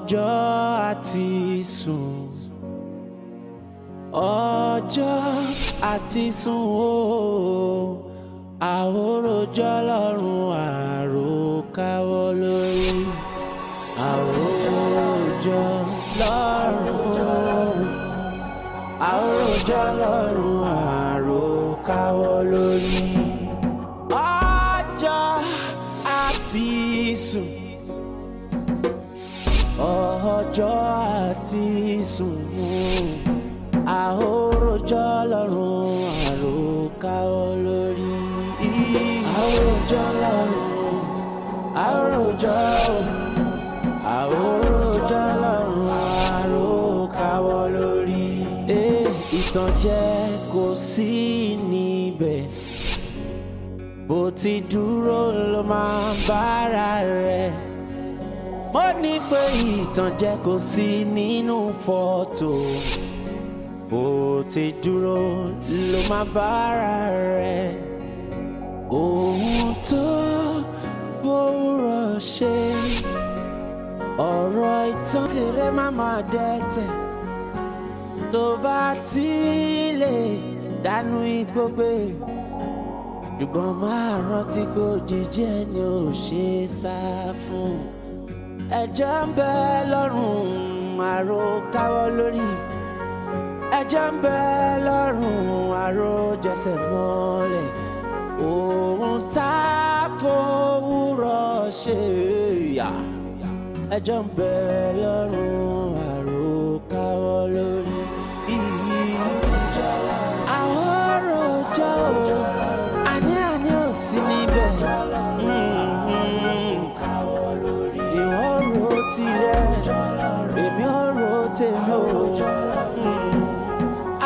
ọjọ́ àti sùn ọjọ́ àti sùn o àhóròjọ́ lọ́rùn àárọ̀. ìtànjẹ kò sí níbẹ̀ bó ti dúró ló máa ń bára rẹ̀ mo ní pé ìtànjẹ kò sí nínú fọ́tò bó ti dúró ló máa bára rẹ̀ ohun tó fòrò ṣe ọ̀rọ̀ ìtàn kéré má máa dẹ́tẹ̀ tó bá ti lè dánú igbó gbé ṣùgbọ́n máa rántí pé òjijì ẹni ò ṣe é sá fún ẹjọ́ ń bẹ lọ́rùn àrò káwọ́ lórí ẹjọ́ ń bẹ lọ́rùn àrò jẹsẹ̀ mọ́lẹ̀ òun tá a fowórọ̀ ṣe é yà ẹjọ́ ń bẹ lọ́rùn. ìwọ ro tirẹ èmi ò ro tèmi o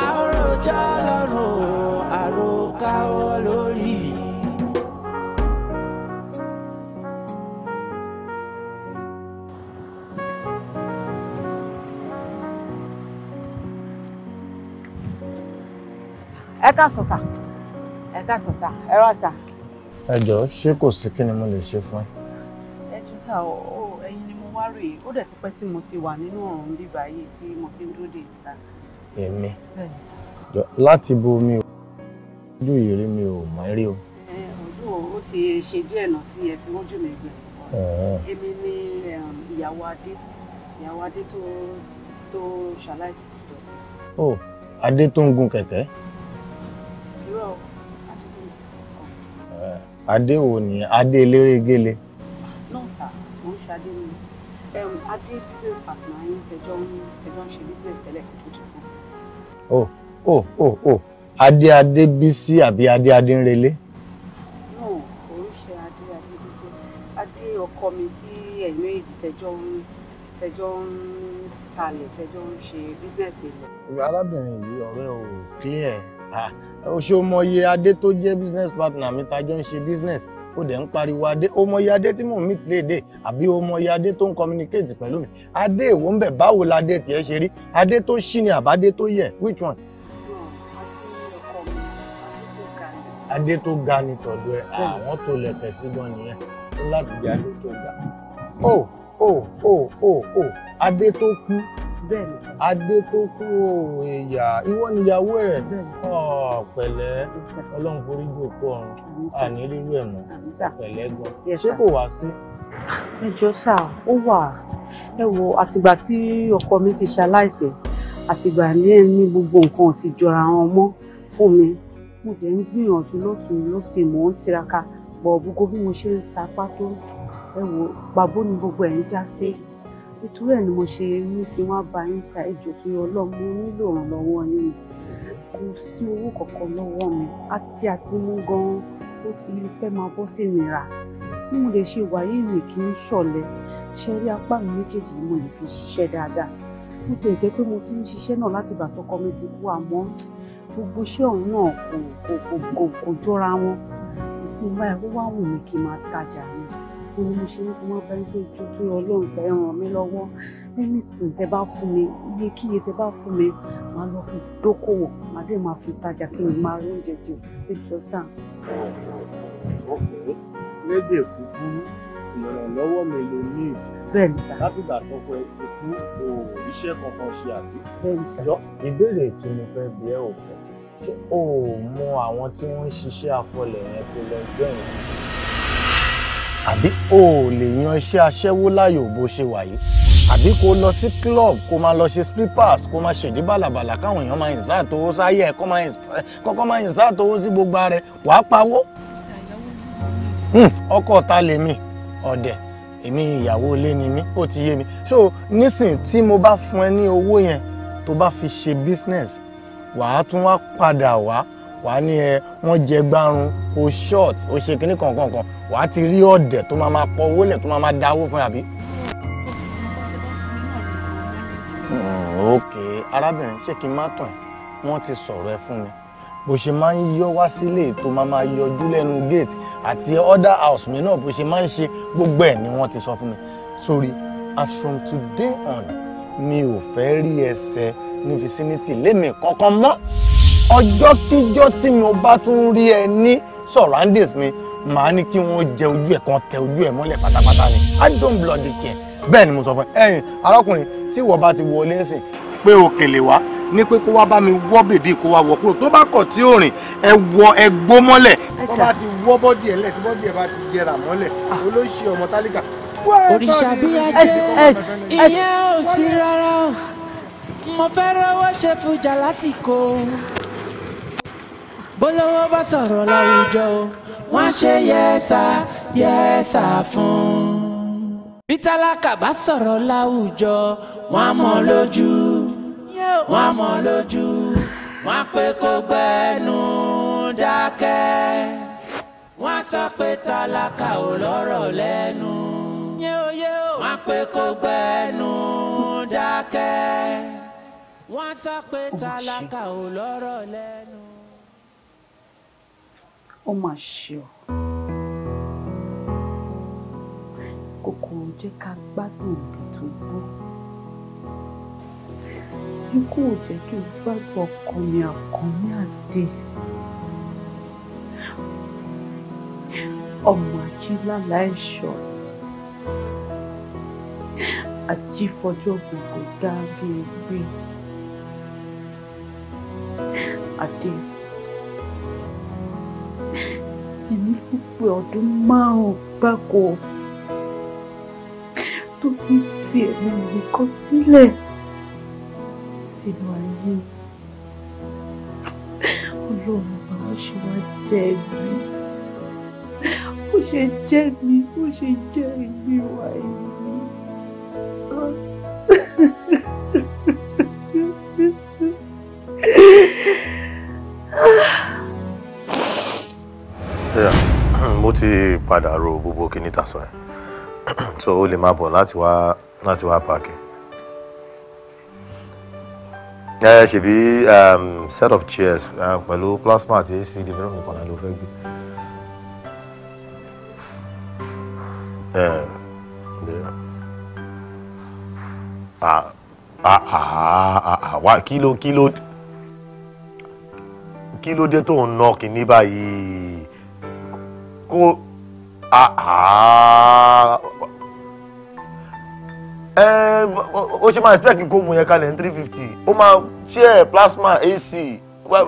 àròjọ lọ́rùn àròkáwọ́ lórí. ẹ ká sọ̀tà ẹ ká sọ̀tà ẹ rà sà ẹ jọ̀ọ́ ṣé kò sí kí ni mo lè ṣe fún ẹ. ẹ jù sá o ẹ̀yin ni mo wá rèé ó dẹ̀ ti pẹ́ tí mo ti wà nínú ọ̀run bíbá yìí tí mo ti ń dúró dé ìta. èmi láti bo mi ò ojú ìrírí mi ò mọ̀ rí o. ojú o ti ṣe díẹ̀ náà tí ẹ ti rójú mi gbẹ̀. èmi ni ìyàwó adé ìyàwó adé tó tó ṣaláìsí tó sí. o adé tó ń gun kẹ̀kẹ́. irọ́ o adé wo ni adé eléré gele. no sir mo ń ṣadé mi adé business partner yín tẹjọ ń tẹjọ ń ṣe business tẹ́lẹ̀ kó tó ti kú. o o o o adé adé bísí àbí adé adé ń relé. no kò ń ṣe adé adé bísí adé ọkọ mi tí ẹ̀yìn méjì tẹjọ ń tẹjọ ń talẹ̀ tẹjọ ń ṣe business ilẹ̀. arábìnrin yìí ọ̀rẹ́ o clear. Ah, ṣé o mọye adé tó jẹ́ business partner mi ta jọ ń ṣe business ó dẹ̀ ń pariwo adé o mọye adé tí mò ń meet léde àbí o mọye adé tó ń communicate pẹ̀lú mi adé èwo ń bẹ̀ báwo la adé tiẹ̀ ṣe rí adé tó ṣí ni àbádé tó yẹ which one. adé tó ga ni tọ̀dọ̀ ẹ ah, àwọn tó lẹ̀ tẹ̀sí gan nìyẹn ó láti jẹ́ adé tó ga. o oh, o oh, o oh, o o adé tó kú bẹ́ẹ̀ ni sà. adékókò ẹ̀yà ìwọ níyàwó ẹ̀ pẹ̀lẹ́ ọlọ́run forí jù òkú ọ̀run àní rírú ẹ̀ mọ́ pẹ̀lẹ́ gan ṣé kò wá sí. ẹ jọ sà ó wà ẹ wo àtìgbà tí ọkọ mi ti ṣaláìsí àtìgbà ní ẹ ní gbogbo nǹkan ti jọra wọn mọ́ fún mi mo dẹ̀ ń gbìyànjú lọ́tún lọ́sì mò ń tiraka bọ̀ gbogbo bí mo ṣe ń sapá tó ẹ wo pàbó ni gbogbo ẹ̀ ń já sí nítorí ẹ̀ ni mo ṣe ní kí wọ́n bá yín sa ìjò tó yọ ọlọ́run mo nílò ìrànlọ́wọ́ yín kò sí owó kankan lọ́wọ́ mi àti jẹ àti mú gan-an ó ti fẹ́ máa bọ́ sí ìnira bí mo lè ṣe wàyí mi kì í ṣọ̀lẹ ṣe rí apá mi méjèèjì mo lè fi ṣiṣẹ́ dáadáa bó tiẹ̀ jẹ́ pé mo ti ń ṣiṣẹ́ náà láti ìgbà tọkọ mi ti kú àmọ́ gbogbo iṣẹ́ ọ̀hún náà kò kò kò kò jọra wọn ìsinmi báyìí ó wá wù mí kí n máa tajà ni mo ṣe ní kí wọ́n bá ilé ìtútù ọlọ́run ṣe ràn mí lọ́wọ́ anything tẹ bá fún mi iye kíye tẹ bá fún mi màá lọ fi dókòwò màá dé máa fi tajà kí n máa rí oúnjẹ jẹ ètò sàn. lédè kúkúrú ìrànlọ́wọ́ mi ló ní ìdí. látìgbà tọkọ ẹ ti kú òòrùn iṣẹ́ kankan ṣe àbí. jọ ìbéèrè tí mo fẹ́ bi ẹ́ òkè ṣé o ò mọ àwọn tí wọ́n ń ṣiṣẹ́ afọlẹ̀ yẹn tó lọ jọ yẹn àbí o ò lè yan iṣẹ́ aṣẹ́wó láyò bó ṣe wà yìí àbí kó lọ sí club kó máa lọ ṣe slippers kó máa ṣèdí bàlàbàlà káwọn èèyàn máa ń zá tówó sáyé ẹ̀ kọ́kọ́ máa ń zá tówó sí gbogbo ara ẹ̀ wàá pawó. Hmm, ọkọ ta lèmi ọ̀dẹ̀ èmi ìyàwó ilé ni mí ó ti yé mi so nísìn tí mo bá fún ẹ ní owó yẹn tó bá fi ṣe business wàá tún wá padà wá wàá ní ẹ wọ́n jẹ gbárùn o short o ṣe kinní kankan kan wà á ti rí ọ̀dẹ̀ tó máa máa pọ̀ owó lẹ̀ tó máa máa da owó fún yàbí. Hmm, ok arábìnrin ṣé kí n má tàn ẹ́ wọ́n ti sọ̀rọ̀ ẹ fún mi bó ṣe máa ń yọ wá sílé tó máa máa yọjú lẹ́nu gate àti other house mi náà bó ṣe máa ń ṣe gbogbo ẹ̀ ni wọ́n ti sọ fún mi sorry as from today on mi ò fẹ́ rí ẹsẹ̀ ní vicinity lémi kankan mọ́ ọjọ́ kíjọ́ tí mi ò bá tún rí ẹ ní surroundings mi màá ní kí wọ́n jẹ ojú ẹ̀ kan tẹ ojú ẹ̀ mọ́lẹ̀ pátápátá ni i don't bloody care bẹ́ẹ̀ ni mo sọ fún ẹ ẹ̀yin arákùnrin tí ìwọ bá ti wọlé ẹ̀sìn pé òkèlè wá ní pé kó wá bá mi wọ́ bèbí kó wá wọ kúrò tó bá kọ̀ tí ò rìn ẹ wọ ẹ gbó mọ́lẹ̀ tó bá ti wọ́ bọ́dì ẹ̀ lẹ̀ tí bọ́dì ẹ̀ bá ti jẹrà mọ́lẹ̀ ah. olóṣì ọmọ tálíkà. òrìṣà bí ajé ìyẹn ò sí rárá o mo fẹ́ rọwọ́ ṣe fújà lásìkò bólówó bá sọ̀rọ̀ láwùjọ o wọ́n ṣe yẹ́sà yẹ́sà fún un. bí tálákà bá sọ̀rọ̀ láwùjọ wọ́n á mọ̀ lójú wọ́n á mọ̀ lójú wọ́n á pé kó gbẹ́nu dákẹ́ wọ́n á sọ pé tálákà ò lọ́rọ̀ lẹ́nu wọ́n á pé kó gbẹ́nu dákẹ́ wọ́n á sọ pé oh, tálákà ò lọ́rọ̀ lẹ́nu ó mà ṣe o kòkòrò jẹ́ ká gbádùn ibi tó gbó ikú ò jẹ́ kí n gbàgbọ́ ọkọ mi àkànní àdé ọmọ ajílálà ẹ̀ṣọ́ ajífọjọ́ gbogbo dáa bíi bíi àdé ẹ̀mí púpọ̀ ọdún márùn-ún gbáko tó ti fi ẹ̀mí mi kọ́ sílẹ̀ sínú ayé ọlọ́run bàbá ṣe wá jẹ́ mi ó ṣe jẹ́ mi ó ṣe jẹ́ mi wá ẹ̀mí. Ah mo ti padà ro gbogbo kìíní ta sọ yẹn so o lè máa bọ̀ láti wá láti wá paaki. ẹ ṣèbí um, set of chairs uh, pẹ̀lú plasma àti ac development kan náà ló fẹ́ gbé. wá kí ló kí ló kí ló dé tó ń nọ kìíní báyìí kó o ṣe máa expect kó mu yẹn kalẹ̀ ní three fifty o máa share plasma ac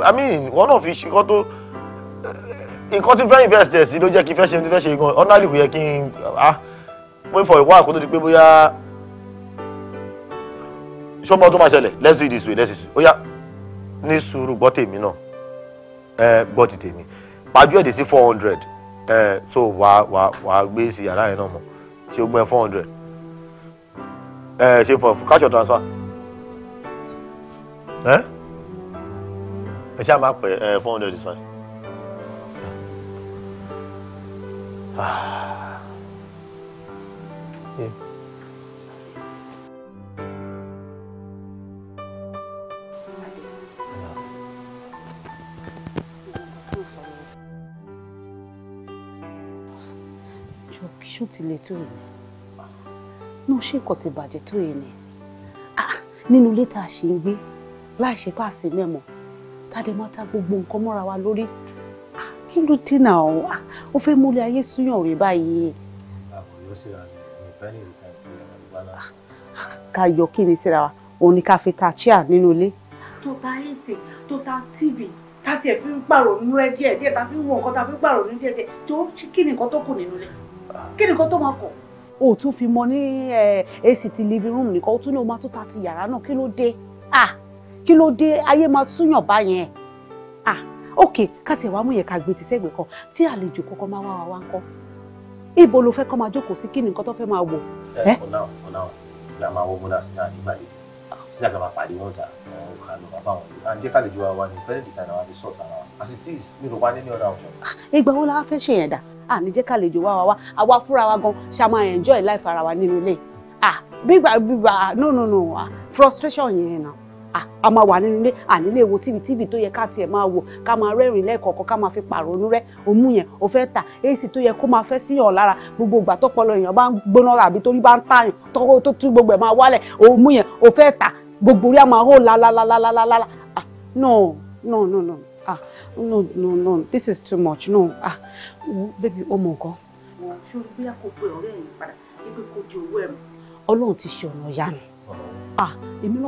i mean one of ìṣe kan tó eh, nǹkan tí fẹ́ invest ẹ̀ sí ló jẹ́ kí fẹ́ ṣe tí fẹ́ ṣe gan ordinary kò yẹ kí n pé ah, for a while kó tó di pé bóyá ṣọmọ tó máa ṣẹlẹ̀ let's do it this way let's do it this way ó yá ní sùúrù gbọ́ tèmi náà gbọ́ ti tèmi pàjọ́ ẹ̀dẹ̀ sí four hundred ẹ so wà wà wà gbé sí yàrá yẹn náà mọ ṣé o gbẹ four hundred ẹ ṣe for cash or transfer ẹ ẹ ṣáà máa pẹ ẹ four hundred is fine. Ah. ṣó ti le tó yìí náà ṣé nǹkan ti bàjẹ́ tó yìí ni ah, nínú ilé tá a ṣe ń gbé láì ṣe páàsì náà mọ̀ tádé máa ta gbogbo nǹkan mọ́ra wa lórí ah, kí ló dé náà ọ̀hún ah, ó fẹ́ múlẹ̀ ayé súyàn rè báyìí. àwọn yóò ṣe ra ní ká yọ kí ni síra wa òun ni ká fi ta chair nínú ilé. tó ta ètè tó ta tv tá a tiẹ̀ fi ń pàrònú rẹ díẹ̀ díẹ̀ tá a fi ń wọ nǹkan tá a fi ń pàrònú díẹ̀ díẹ̀ tó kí ni nǹkan tó kù nínú ilé kí ni nǹkan tó máa kọ̀. o tún fi mọ ní ac ti living room nìkan o tún ní o máa tún ta ti yàrá náà kí ló dé ah kí ló dé ayé máa súyàn báyẹn ah ok káti ẹ̀ wá mú yẹn ká gbé ti sẹ́gbẹ̀ẹ́ kan tí àlejò kọ́kọ́ máa wá wa wá ń kọ́ ibo ló fẹ́ kọ́ máa jókòó sí kí ni nǹkan tó fẹ́ máa wò. ẹ ọ̀nà ọ̀nà la máa wọ bọ́lá sínú àdìgbà yìí sílẹ̀ kí a máa pàdé wọn jà àwọn òkàlù bàbá wọn yìí à ń jẹ́ kálejò wa wà ní fẹ́rẹ̀ dìtà náà wà ní sọ̀tà náà àti tíì mi wá ní ní ọ̀dà ọ̀ṣọ́. ìgbà wo la wá fẹ́ ṣe yẹn dà àní jẹ́ kàlejò wá wa wá àwa fúnra wa gan ṣá máa enjoy life ara wa nínú ilé ah bíbà bíbà no no no ah frustration yẹn Ah, a máa wà nínú ilé àní lè wo tv tv tó yẹ ká tiẹ̀ máa wò ká máa rẹ́rìn lẹ́ẹ̀kọ̀ọ̀kan ká máa fi pàrọ̀nù rẹ́ òmù yẹn ò fẹ́ tà èsì tó yẹ kó máa fẹ́ síyàn lára gbogbo ìgbà tọ́pọlọ èèyàn bá ń gbóná àbí torí bá ń tààyàn tó tú gbogbo ẹ̀ máa wálẹ̀ òmù yẹn ò fẹ́ tà gbogbo orí a máa hó ah no no no no ah no no no this is too much no ah wo bébí ó mọ nǹkan. o bí àkókò ọ̀rẹ́ yìí padà ibi kò di owó ẹ̀ mọ́. ọlọ́run ti ṣe ọ̀nà ìyá mi ah, èmi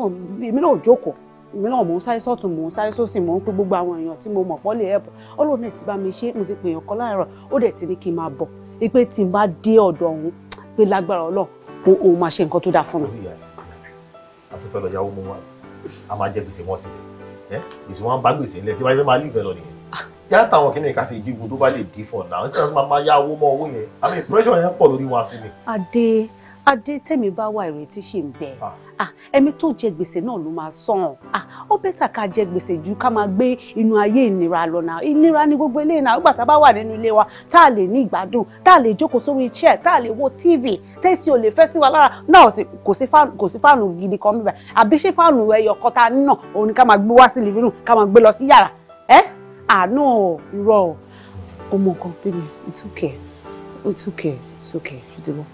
náà jókòó èmi náà mò ń sáré sọ́tún mò ń sáré sósì mò ń pé gbogbo àwọn èèyàn tí mo mọ̀ pọ́lì ẹ̀bùn ọlọ́run ẹ̀ ti bá mi ṣe mo ti pè yàn kọ́ láàárọ̀ ó dẹ̀ ti ní kí n máa bọ̀ pé tí n bá dé ọ̀dọ̀ òun pé lágbára ọlọ́run òun máa ṣe nǹkan tó dáa fún mi. àfẹ́fẹ́ lọ yàwó mú máa jẹ gbèsè wọn ti ẹ gbèsè wọn bá gbèsè ńlẹ síwájú máa lé ìgbẹ́ lọ nìyẹn yá táwọn kìnìún ká fi ìdígun tó bá lè dí fọ̀ náà ṣé wọ́n máa yáwó mọ́ owó yẹn àmì pressure yẹn pọ̀ lórí wa sí mi. adé adé tẹ̀mí bá wà ìrètí ṣì ń bẹ ah. ẹ̀mí tó jẹ gbèsè náà ló máa san ó bẹ́tà ká jẹ gbèsè ju ká máa gbé inú ayé ìnira lọ náà ìnira ni gbogbo eléyìí náà nígbà tá a bá wà nínú ilé wa tá a lè ní ìgbádùn tá a lè jókòó sórí chair tá a lè wo tv tẹ́sí ò lè fẹ́ sí wa lára náà kò sí fáànù gidi kan bíbẹ̀ àbí ṣé fáànù ẹyọ kan tá a náà òun ni ká máa gbé wá sí living room ká máa gbé lọ sí yàrá àánú irọ́ ọmọ kan pé mi it's okay it's okay it's okay ṣùgbọ́n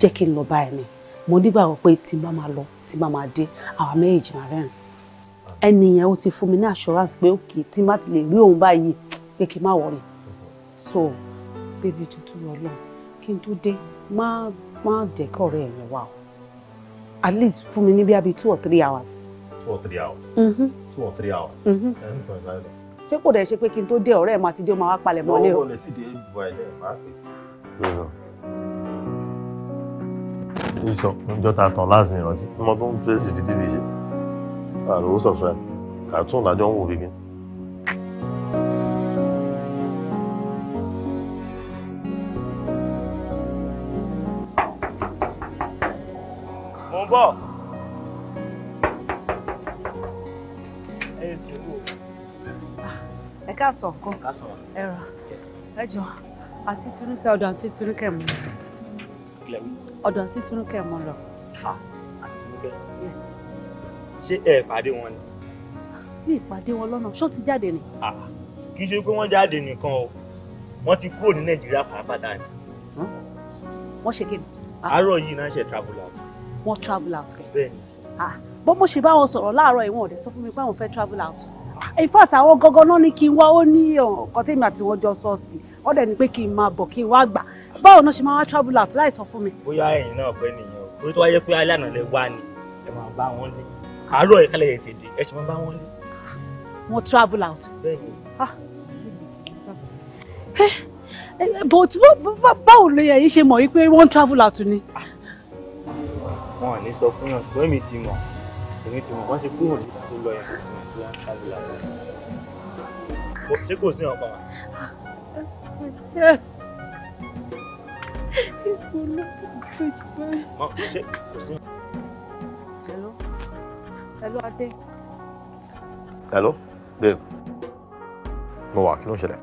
jẹ́ kí n lọ báyìí ni mo nígbàgbọ́ pé tí n bá máa lọ tí n bá máa dé àwọn méjèèjì máa rẹ́rìn ẹnìyẹn ó ti fún mi ní assurance pé òkè tí n bá ti lè rí òun báyìí pé kí n má wọlé so bébí tuntun ọlọ́run kí n tó dé má má dẹ́kọ̀ rẹ̀ yẹn wá o at least fún mi ní bí abi two or three hours. two or three hours. Mm-hmm. two or three hours. Mm-hmm ṣé kò dẹ̀ ṣe pé kí n tó dé ọ̀rẹ́ ẹ̀ máa ti dé ó máa wá palẹ̀ mọ́lé o. ìṣọ̀ níjọ́ ta tán láti mi rántí ọmọ tó ń tẹ́sí di tv ṣe àrò ó sọ̀tún ẹ̀ kàtún làjọ ń wò gígé. mo ń káàsán kan ẹ̀rọ ẹ̀jọ̀ àti túnúkẹ́ ọ̀dọ̀ àti túnúkẹ́ mú ọ̀dọ̀ àti túnúkẹ́ mú lọ. Ah, ṣé ẹ pàdé wọn ni. mi ìpàdé wọn lọ́nà ṣó ti jáde ni. Ah, kì í ṣe pé wọ́n jáde nìkan o wọ́n ti kúrò ní nàìjíríà pàápàá ni. wọ́n ṣe kí ni. aro ah. yìí náà ṣe travel out. wọ́n travel out kẹ́. bẹ́ẹ̀ ni. bọ́n mo ṣe bá wọn sọ̀rọ̀ láàárọ̀ ìwọ̀n ọ̀dẹ̀ sọ fún mi pé àwọn fẹ́ travel out in fact àwọn gangan náà ní kí n wá ó ní ọ̀kan tèmi àti wọn jọ sọ sí wọ́n dẹ̀ ní pé kí n máa bọ̀ kí n wá gbà báwo náà ṣe máa wá travel out láì sọ fún mi. bóyá ẹ̀yin náà pé nìyẹn o torí tó wáyé pé alánà lè wá ni ẹ máa bá wọn lé àárọ̀ ẹ̀ kálẹ̀ ètè dé ẹ ṣe máa bá wọn lé. wọn travel out. bẹ́ẹ̀ni. Ah. Eh, eh, but báwo lè ẹ̀yin ṣe mọ̀ yìí pé wọ́n travel out ni. Ah. wọn ò ní sọ fún yàn ṣùgbọ́n èmi ti mọ̀ èmi ti mọ̀ wọ́n ṣe kúrò nígbà tó lọ wọ́n hello hello adé. hello babe mo wa kilo ló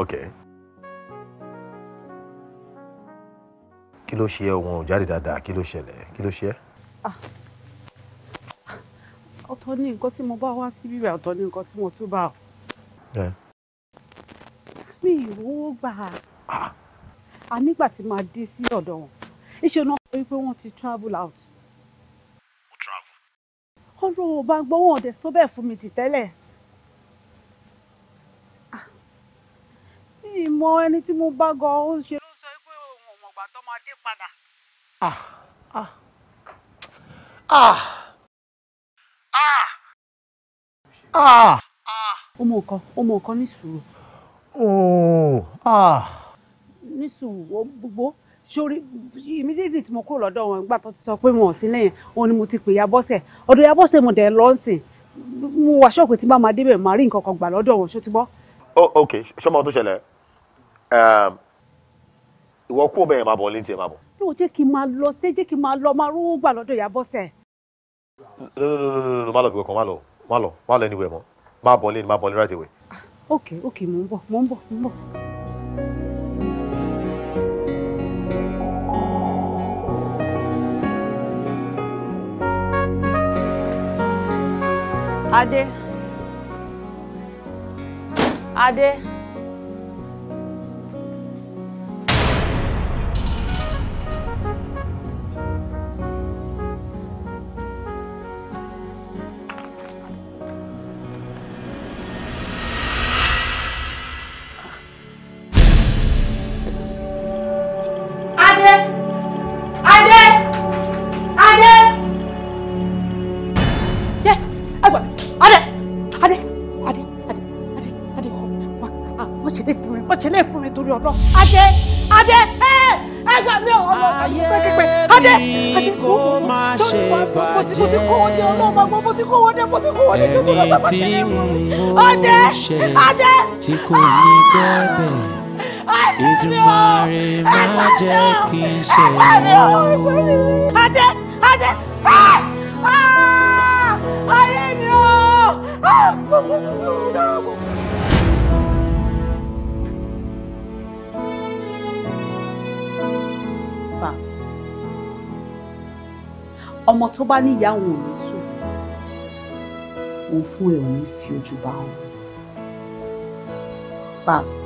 okay. Kilo ló wo ẹ òun kilo jáde Kilo kí ah ọ̀tọ̀ ni nǹkan tí mo bá wá sí bíbẹ̀ ọ̀tọ̀ ni nǹkan tí mo tún bá mi ìrówó gbà á a nígbà tí máa dé sí ọ̀dọ̀ wọn iṣẹ́ náà sọ wípé wọ́n ti travel out. ọ̀rọ̀ ò bá gbọ́ wọn ọ̀dẹ̀ sọ bẹ́ẹ̀ fún mi ti tẹ́lẹ̀. mi ìmọ̀ ẹni tí mo bá gan ó ṣe ló sọ pé òun ò mọ̀gbà tó máa dé padà. ah ah ah. Ah. ọmọ nǹkan ọmọ nǹkan ní sùúrù. Oh. Ah. ní sùúrù gbogbo sórí immediately tí mo kúrò lọ́dọ̀ wọn ìgbà tó ti sọ pé wọn ò sí lẹ́yìn òun ni mo ti pè ya bọ́sẹ̀ ọ̀dọ̀ ya bọ́sẹ̀ mo dẹ̀ lọ sí mo wà ṣọ́ọ̀pù tí bá máa débẹ̀ máa rí nǹkan kan gbà lọ́dọ̀ wọn ṣó ti gbọ́. ok ṣọmọ tó ṣẹlẹ̀ ehm, ìwọ kú ọbẹ yẹn máa bọ̀ létí ẹ máa bọ̀. yóò jẹ́ kí n máa lọ sí jẹ́ kí n máa lọ máa rówó gbà lọ́dọ̀ ya bọ́sẹ̀. no no no má lọ bí kankan má lọ malo lọ má lọ anywhere ma má bọ̀ ma bole right away. Ah, ok oke mò ń bọ̀ mò ń ti kó wọlé mo ti kó wọlé tó tó lọ́wọ́ tí mo ọdẹ ọdẹ tí kò ní gbẹ́bẹ̀ Èdùmàrè má jẹ́ kí n ṣe wọ́n. ọdẹ ọdẹ ah, ah, ayé mi o. Ah, ọmọ tó bá níyàwó ò ní òfu ẹ̀ ò ní fi ojú bá wọn. Babs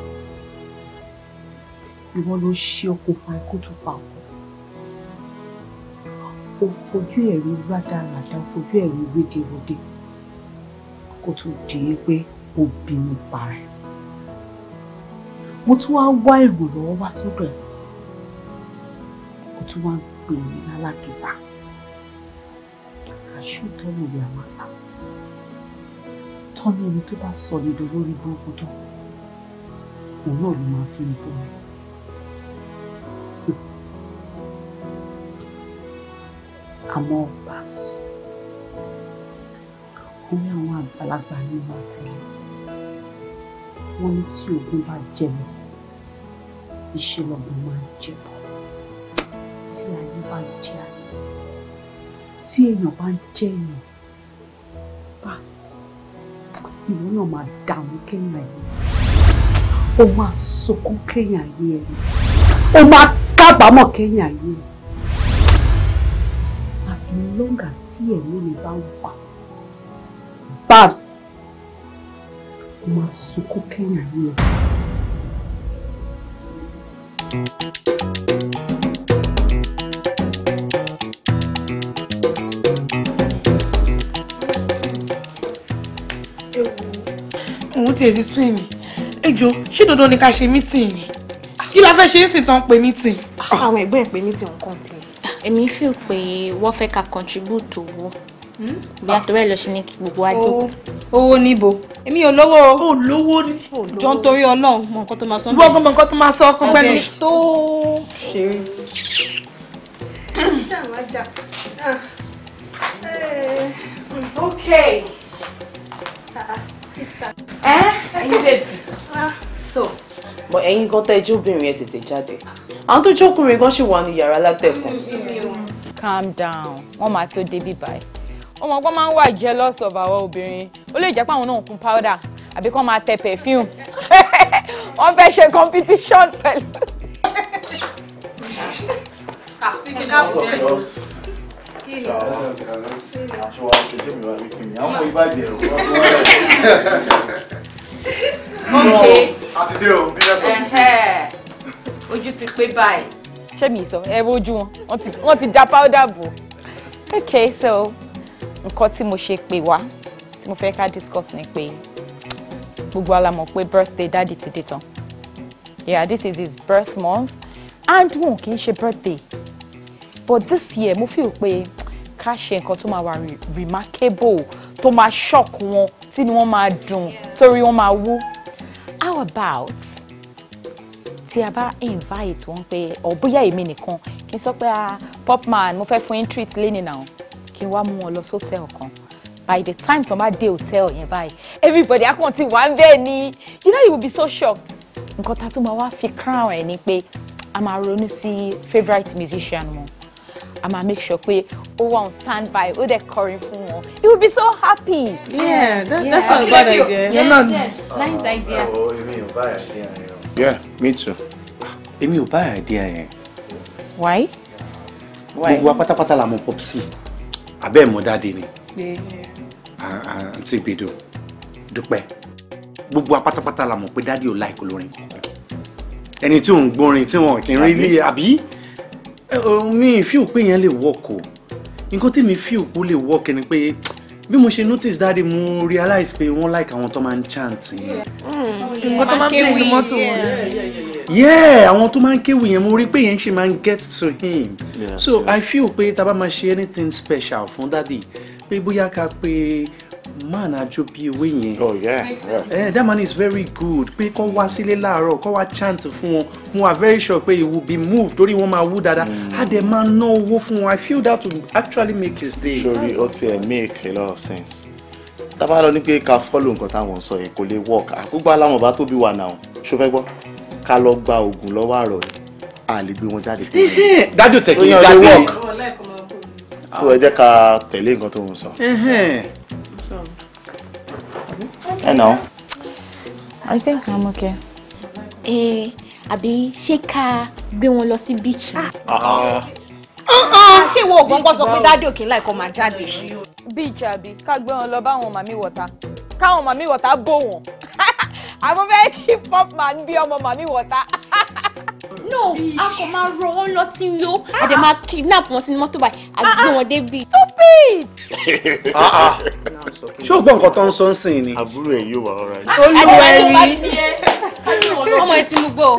ìwọ ló ṣe okùnfà ikú tó pa ọkọ o fojú ẹ̀ rí rádaràdà o fojú ẹ̀ rí rédèrèdè kó tó di pé o bínú para ẹ̀ mo tún wá wá ìrànlọ́wọ́ wá sódò ẹ̀ o tún wá ń pè mí lálákìsà àṣùtọ́ lórí àwọn àpá tọ́ni ẹni tó bá sọ ní dòwó rí burúkú tó òun náà ló máa fi ń bọ́ mi. àmọ́ bá a sọ orí àwọn àgbàlagbà ní ìwà tẹ̀lé wọ́n ní tí ogun bá jẹ lọ iṣẹ́ lọ́gbọ̀n máa ń jẹ bọ̀ tí ayé bá ń jẹ ayé tí èèyàn bá jẹ èèyàn bá a ìwọ náà máa dààmú kéèyàn ẹ̀yìn ó máa sunkún kéèyàn ayé ó máa kábàámọ̀ kéèyàn ayé as long as tí ẹ̀mí mi bá wà babs ó máa sunkún kéèyàn ayé ẹ̀yìn. Thank you. tiẹ̀ ti sún èmi ẹjọ́ ṣé dandan ni ká ṣe mítìn yẹn kí la fẹ́ ṣe é sì tán pé mítìn. àwọn ẹgbẹ́ ẹ̀ pé mítìn nǹkan pé. èmi fi pé wọ́n fẹ́ ka contribute owó bí àtọ́rẹ́ lọ sí ní gbogbo àjò. owó níbo. èmi ò lówó o. lówó rí. jọ ń torí ọlọ́run mọ nǹkan tó máa sọ. wọ́n gbọ́n mọ nǹkan tó máa sọ ọkọ pẹ́ẹ́lú. tó ṣe é sister. ẹ ẹyin babes. so bọ ẹyin kan tẹ ẹjọ obìnrin ẹ tètè jáde àwọn tó jókòrin gan ṣì wà ní yàrá calm down wọn máa tó débi Oh my God, man, ń wà jealous of our obìnrin Only Japan. jẹ́ pé àwọn powder I become máa tẹ perfume wọ́n fẹ́ ṣe competition speaking of ojú ti pé báyìí. ṣé mi sọ ẹ bójú wọn wọ́n ti da powder bò okay so nǹkan tí mo ṣe pè wá tí mo fẹ́ ká discuss ni pé gbogbo ala mọ̀ pé birthday daddy ti dé tán yeah this is his birth month and wọn kì í ṣe birthday but this year mo feel pé ká ṣe nǹkan tó máa wà remarkable tó máa shock wọn tí ni wọ́n máa dùn torí wọ́n máa wú how about tí a bá invite wọn pe. ọ bóyá èmi nìkan kí n sọ pé ah popman mo fẹ́ fún yín treat lẹ́ni náà kí n wá mú wọn lọ kan by the time tó máa dé hòtẹ́ẹ̀lì yẹn báyìí everybody á kàn ti wà ń ni you know you will be so shocked nǹkan tá a tún máa fi crown ẹ̀ ni pe. a máa ronú sí favourite musician wọn a máa make sure pé ó wà on stand by ó dẹ̀ kọrin fún wọn you will be so happy. yeah that, yeah. that's not a bad idea. yes not... yes nice idea. èmi ò bá idea yẹn. yeah me too. èmi ò bá idea yẹn. why. why gbogbo apátápátá la mọ popsi abẹ́ mọ dáadé ni. àǹtí gbèdò dúpẹ́ gbogbo apátápátá la mọ̀ pé dáàdi ò láì kó lórin ẹni tí òun gbórin tí wọn kì í rí lé àbí Eh, oh, mi feel pé yẹn lè work o nǹkan tí mi feel kó lè work ni pé bí mo ṣe notice dáadé mo realize pé wọ́n like àwọn tó máa ń chant yẹn. Mm. nǹkan tó máa ń kéwì mọ́tò wọn. yeah àwọn tó máa ń kéwì yẹn mo rí pé yẹn ṣe máa ń get to him so i feel pé tá a bá máa ṣe anything special fún dáadé pé bóyá ká pé man àjọ bíi ewé yẹn. oh yeah yeah. Eh, that man is very good pé kọ́ wá sílé láàárọ̀ kọ́ wá chant fún wọn mo are very sure pé he will be moved torí wọ́n máa wú dáadáa á mm. dẹ̀ máa ná owó fún wọn i feel that will actually make his day. sori o tiẹ̀ make a lot of sense tábà lọ ní pé ká fọ́lù nǹkan táwọn sọ yẹn kò lè work àkúgbà làwọn bá tóbi wà náà ṣó fẹ́ gbọ́ ká lọ gba oògùn lọ́wọ́ àrọ̀ yìí a lè gbé wọn jáde. dájú tẹ̀kì jáde so ẹ jẹ́ ká tẹ̀lé nǹkan tó ń sọ. I know. I think I'm okay. Eh, àbí ṣé ká gbé wọn lọ sí beach. Ah. Ah. Uh-uh. Ah, ṣé ìwọ ògbóngbò sọ pé dáàdì òkè láì kọ́ máa jáde. beach abi, àbí ká gbé wọn lọ báwọn màmí wọ̀ta káwọn water, wọ̀ta bò I'm a very hip hop man bí ọmọ màmí water. no a kò máa rọ wọn lọ tí ń yó a dẹ̀ máa kidnap wọn sínú mọ́tò báyìí a gbé wọn débi. stupid. Ah, ah. ṣé o gbọ́ nǹkan tó ń sọ ń sìn ni. àbúrò ẹ̀ yóò wà ọ̀rọ̀ ẹ̀. olùwẹ̀ rí ọmọ ẹ ti mú gbó.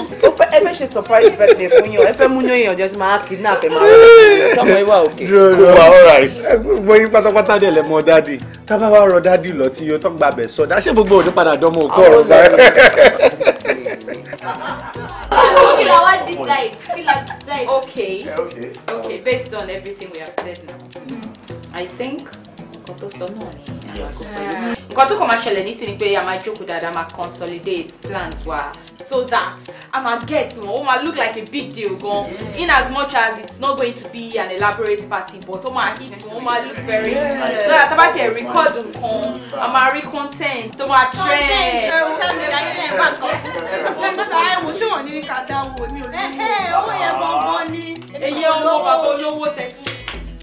ẹ fẹ́ ṣe surprise birthday fún yín o ẹ fẹ́ mú yín ọjọ́ sí máa kidnap ẹ máa rọ ọmọ ẹ wà òkè. kò wà alright. gbogbo yín pátápátá dẹ̀ lẹ mọ dáàdì tábà wà rọ dáàdì lọ tí yóò tó gbàbẹ̀ sọ̀dá ṣé gbogbo òní padà dánmọ́ òkú ọ̀rọ̀ gbà decide? Kí la decide? Okay. Yeah, okay. Okay, based on everything we have said now, mm. I think nǹkan tó sọ náà ni nǹkan tó kàn máa ṣẹlẹ̀ ní sí ni pé a máa jókòó dáadáa máa consolidate plans wa so that a máa get wọn ó máa look like a big deal gan in as much as it's not going to be an elaborate party but ó máa hit wọn ó máa look very so that tábà record nǹkan a máa rí content tó máa trend. social media ilé ẹ̀gbà kan nígbà ẹ̀ wò ṣé wọ́n ní ká dáwọ́ mi ò ní. owó yẹn gangan ni èyí olówó olówó tẹ̀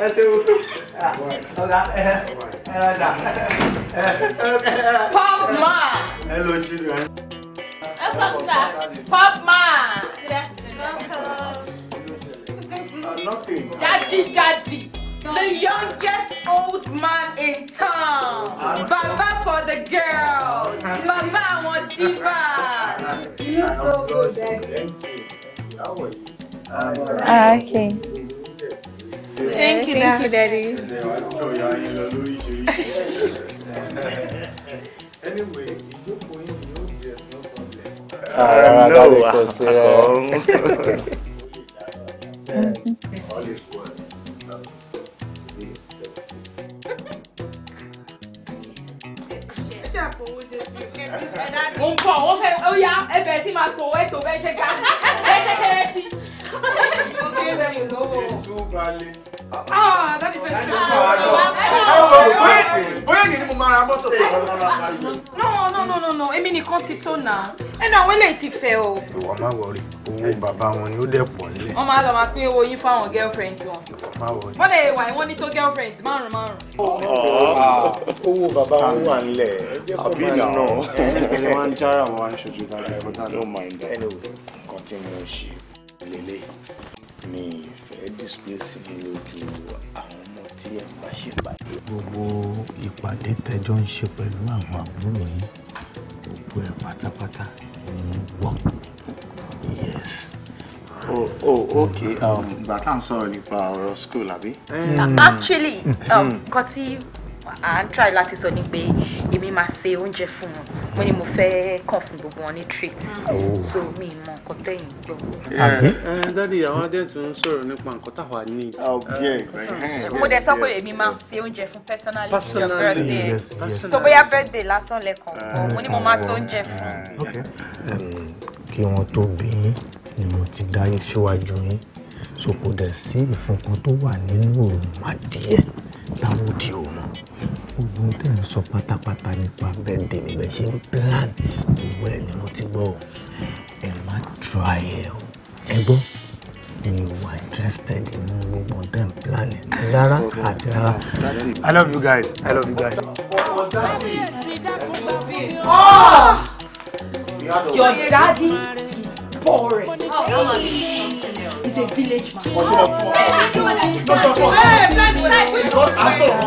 ẹ pop man. hello children. welcome sir pop man. Uh, nothing. daddy daddy. The youngest old man in town. Baba for the girls. Baba àwọn divas. Eh? You so good, Daddy. How are you? okay. Thank you, Thank you, Daddy. anyway, ìjókòó yìí yóò jẹ no problem. Ara dáadé kò sí rẹ̀. All is well. Mo ń bọ̀, wọ́n fẹ́ ó yá ẹbẹ̀ tí máa tò ẹ̀ tó bẹ́ẹ̀ jẹ́ ká ẹ̀ jẹ́ kéré sí. Ó kéré lọ́wọ́. Ètò balẹ̀. Ah, that is very true. Bóyá ni mo máa ra mọ́tò fún ọ. No no no no no èmi nìkan ti tó nà. Ẹnu àwọn eléyìí ti fẹ́ o. Ìwọ máa wọrí owó bàbá wọn ni ó dẹ̀ pọ̀ nílẹ̀. Wọ́n máa lọ máa pín owó yín fáwọn girlfriend wọn. Ìwọ máa wọrí. Wọ́n lè wà wọ́n ní tó girlfriend márùn-ún márùn-ún. Owó bàbá wọn wà nílẹ̀. Àbí nà. Ẹni wá ń jára wọn wá ń ṣojú dáadáa. I don't mind that. Anyway, continue ṣe lélẹ̀ mi displace yín lójú àwọn ọmọ tí ẹ bá ṣe pàdé. gbogbo ìpàdé tẹjọ ń ṣe pẹ̀lú àwọn àbúrò yín gbogbo ẹ̀ pátápátá ni mo gbọ́. oh oh okay Um, gbàtà ń sọ̀rọ̀ nípa ọ̀rọ̀ school àbí. Hmm. actually um, nǹkan tí à ń try láti sọ ni pé èmi máa ṣe oúnjẹ fún wọn mo ní mo fẹ́ kàn fún gbogbo wọn ní treat oh. so mi mọ nǹkan tẹ̀yìn gbọ́. Eh, eh, dádì àwọn adẹ́tù ń sọ̀rọ̀ nípa nǹkan táwa ní. Oh, eh, mo dẹ̀ sọ pé èmi máa ṣe oúnjẹ fún personally for your birthday so bóyá birthday lásán lẹ́kàn kan mo ní mo máa ṣe oúnjẹ fún. kí wọ́n tó bí yín ni mo ti dá síwájú yín so kò dẹ̀ sí ìfúnkan tó wà nínú òòrùn adìẹ táwọn òdì ò gbogbo tẹ̀ ń sọ pátápátá nípa bẹ́ẹ̀ dèmi bẹ́ẹ̀ ṣe ń plan gbogbo ẹ̀ ni mo ti gbọ́ ẹ má try ẹ o ẹ gbọ́ mi ò wà interested nínú gbogbo tẹ̀ ń plan ẹ rárá àti rárá. I love you guys I love you guys. Oh! Your daddy boring. Oh, no, He's a village man. No, no, no.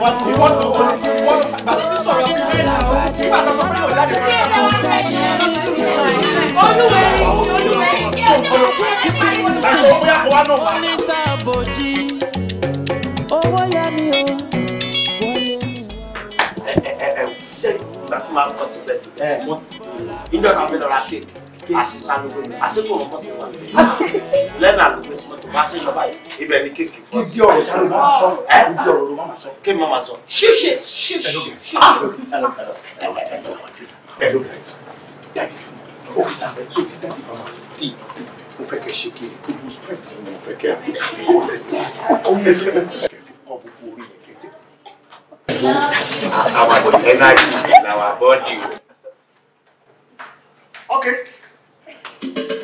what he wants to only one of but this sort of today now. If I don't somebody will daddy. Olúwẹ̀rí, Olúwẹ̀rí. Ẹ̀sọ́ bóyá kò wá náà wá. Olùsà Bòjì, owó yá mi o, wọlé mi wá. Ẹ ẹ ẹ ṣé ìgbà tó máa ń kọ síbẹ̀? Ìjọba mi lọ ra kéèkì àṣìṣà ló gbé àṣìkò ọmọ tó wà lẹ́nà ló gbé símọ́tò bá ṣe lọ́ba yìí ibẹ̀ ni kéèkì fún ọ. ìdí ọ̀rọ̀ ló máa sọ ẹ́ ìdí ọ̀rọ̀ ló máa sọ. kí ni máa sọ. ṣíṣe ṣíṣe. ẹ̀rọ dáàdì tí ó kì í sáfẹ́ tó ti dáàdì bàbá tí mo fẹ́ kẹ́ ṣe kí ni tó bú straight mo fẹ́ kẹ́ kó tẹ̀ kó tẹ̀ kẹ́ fi kọ́ gbogbo orí yẹn kẹ́tẹ́. àwọn àgbẹ̀ náà yìí làwọn àbọ̀dì o. okay. thank you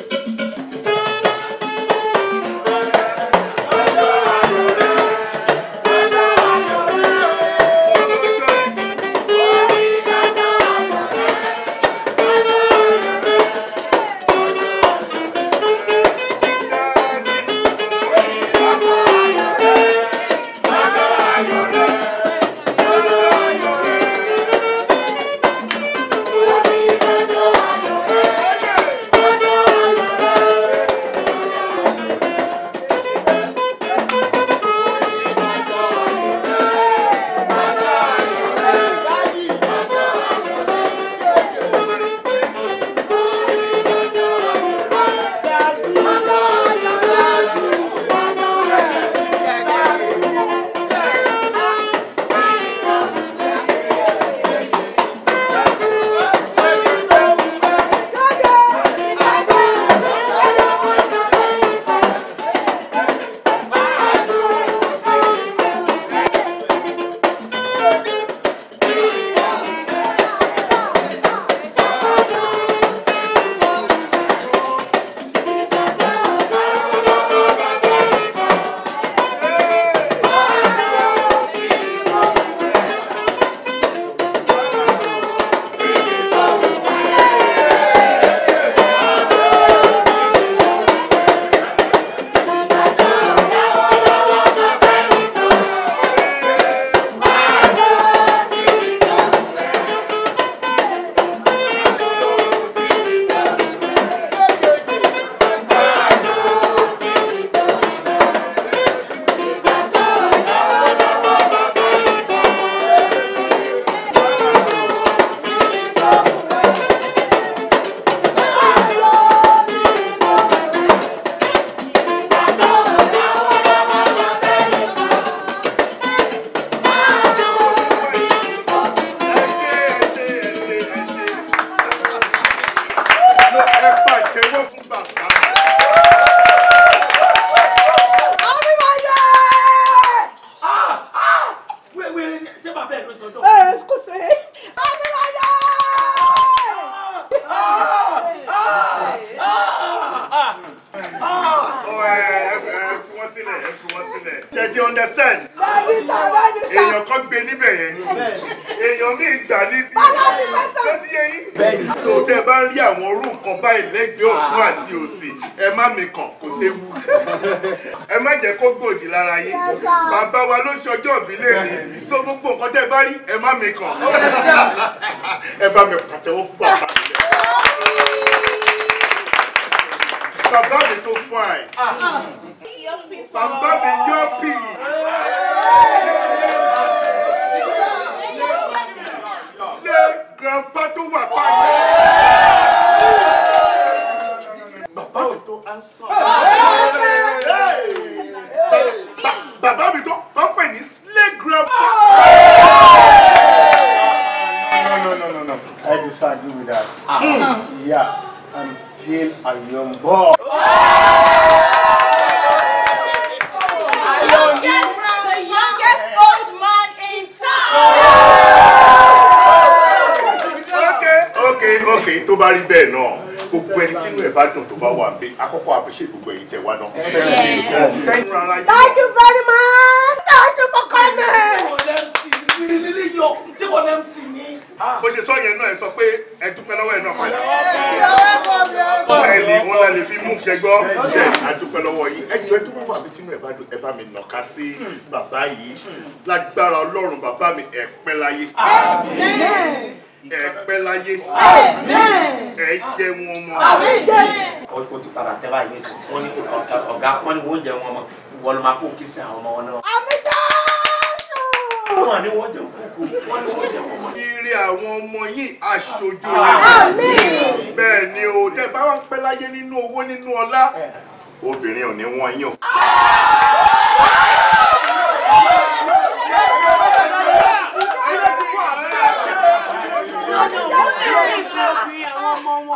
rí ẹ má mi kàn oh, ẹ bá mi pàtẹ́wọ́ fún bàbá mi. bàbá mi tó fún àì. bàbá mi yọ́pì. lé grandpa tó wà pààyè. bàbá mi tó ansan. I do with that? Mm. Yeah, I'm still a young boy. Okay, To bá rí bẹ́ẹ̀ náà gbogbo ẹni tínú ẹ̀ bá dùn tó bá wà ń bẹ akọ́kọ́ àbẹ̀ṣe Thank you very much. Thank you for coming. Ah. bó ṣe sọ yẹn náà ẹ sọ pé ẹ dúpẹ́ lọ́wọ́ ẹ náà padà bẹ́ẹ̀ni wọn la lè fi mú fẹ gbọ́ bẹ́ẹ̀ adúpẹ́ lọ́wọ́ yìí ẹjọ́ ẹ dúpẹ́ wàbí tínú ẹ bá ẹ bá mi nàka sí bàbá yìí lágbára Ọlọ́run bàbá mi ẹ pẹ́ láyé ẹ pẹ́ láyé ẹ jẹ́ wọn mọ́. o ti padà tẹ́ báyìí ní sìn wọ́n ní ọ̀gá wọn jẹ́ wọn mọ́ wọ́n ló kí sí àwọn ọmọ wọn náà wọn ni wọ́n jẹ́ kókó wọn ni wọ́n ire àwọn ọmọ yìí aṣojú rẹ̀ bẹ́ẹ̀ ni o tẹ bá wà pẹ́ láyé nínú owó nínú ọlá obìnrin ò ní wọ́n yín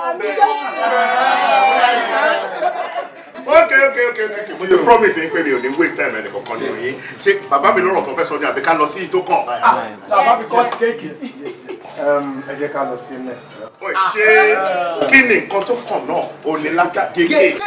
Àmì jẹ́ sí Okay, okay, okay, okay. mo ti promise yín pé mi ò ní waste time ẹnì kankan nínú yín ṣé bàbá mi lọ́rọ̀ tó fẹ́ sọ ni àbí ká lọ sí ìtó kàn. Ah, bàbá mi kọ́ kéèkì. Um, ẹ jẹ́ ká lọ sí next. ó ṣe kí ni nǹkan tó kàn náà ò ní láti gégé.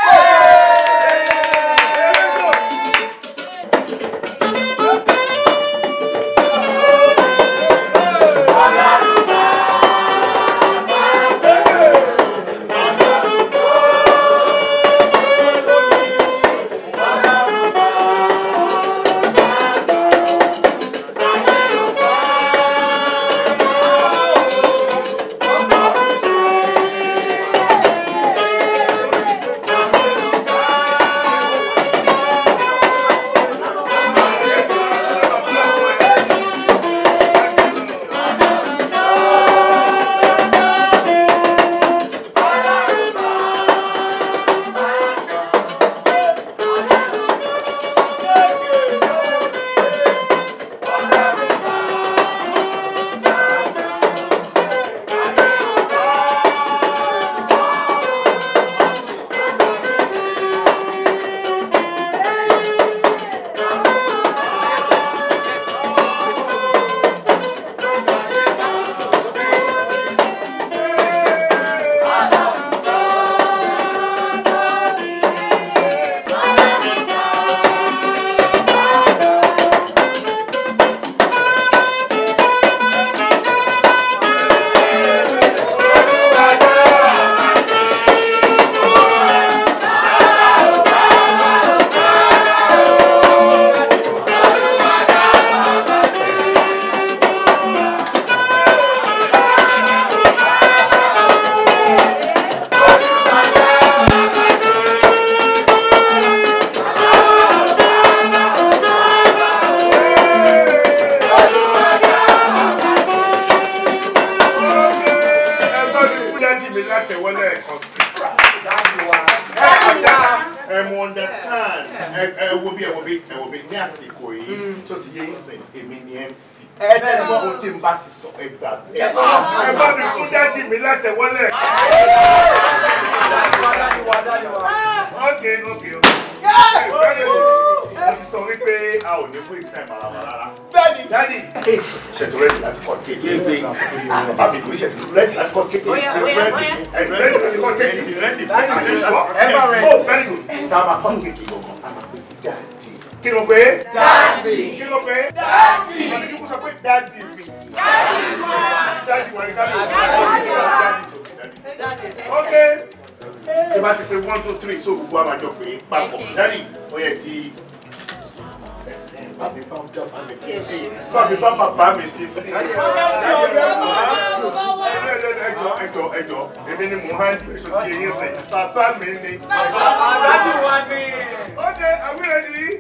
bàbá mi fi sí ẹjọ ẹjọ èmi ni mo hàn sí eyín sìn bàbá mi ni. bàbá wa ni. ó de àwírẹ́ ni.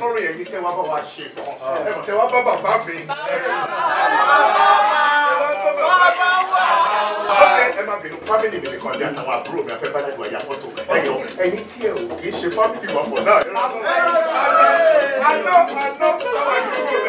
sọ̀rọ̀ yẹn yìí tẹ́ wá bá wa ṣe kan ah. ẹ mọ̀ tẹ́ wá bá bàbá mi. ẹ má bínú fámìlì mi nìkan ní àtàwọn àbúrò mi afẹ́fẹ́ láti wáyà fọ́tò ẹ̀yọ ẹ̀yin tí ẹ ò kì í ṣe fámìlì wà pọ̀ náà. àná àná táwọn ìṣòro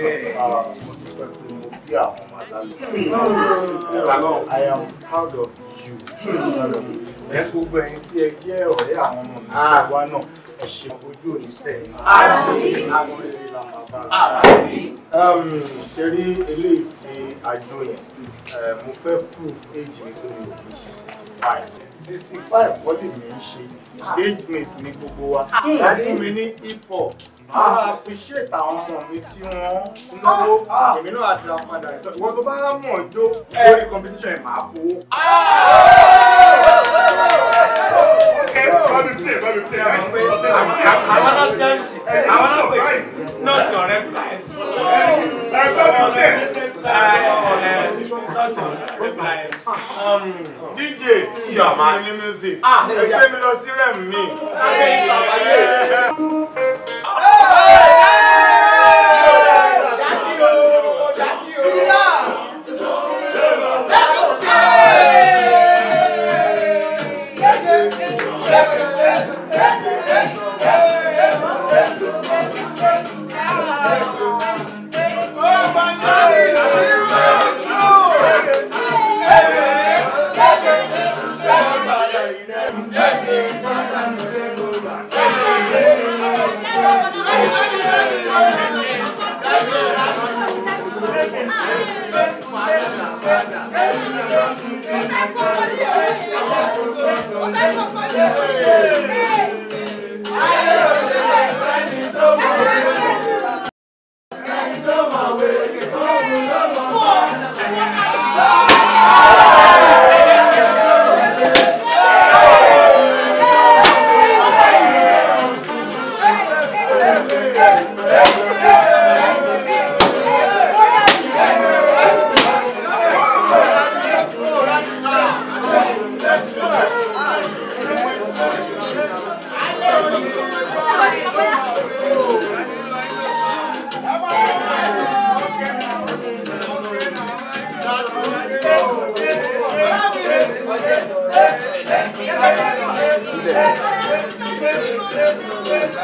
I am proud of you. Ẹ gbogbo ẹ̀yin tí ẹ jẹ́ ọ̀rẹ́ àwọn ọmọ mi wá náà ẹ ṣe ojú òní sẹ́yìn. Àwọn eré la máa bá a. a jó yẹn? Mo fẹ́ prove age mi tó mi ò kí ṣe sixty five. Sixty five kọ́ lè mi ṣe. Age mate ni gbogbo wa. Láti mi ní hip hop máa appreciate àwọn ọmọ mi tí wọ́n náwó èmi náà àti àpadà ìtọ́ ìwọ tó bá mọ̀ ọ́ jó lórí competition ẹ̀ máa fowó. Àwọn náà ti MC. Àwọn náà pè náà ti ọ̀rẹ́ kúrò MC. Ẹgbẹ́ mi lè. Náà ti ọ̀rẹ́ kúrò MC. DJ Iyọ̀ máa ní music. Ẹgbẹ́ mi lọ sí rẹ̀ mi. Hey! Hey! Hey! Oh!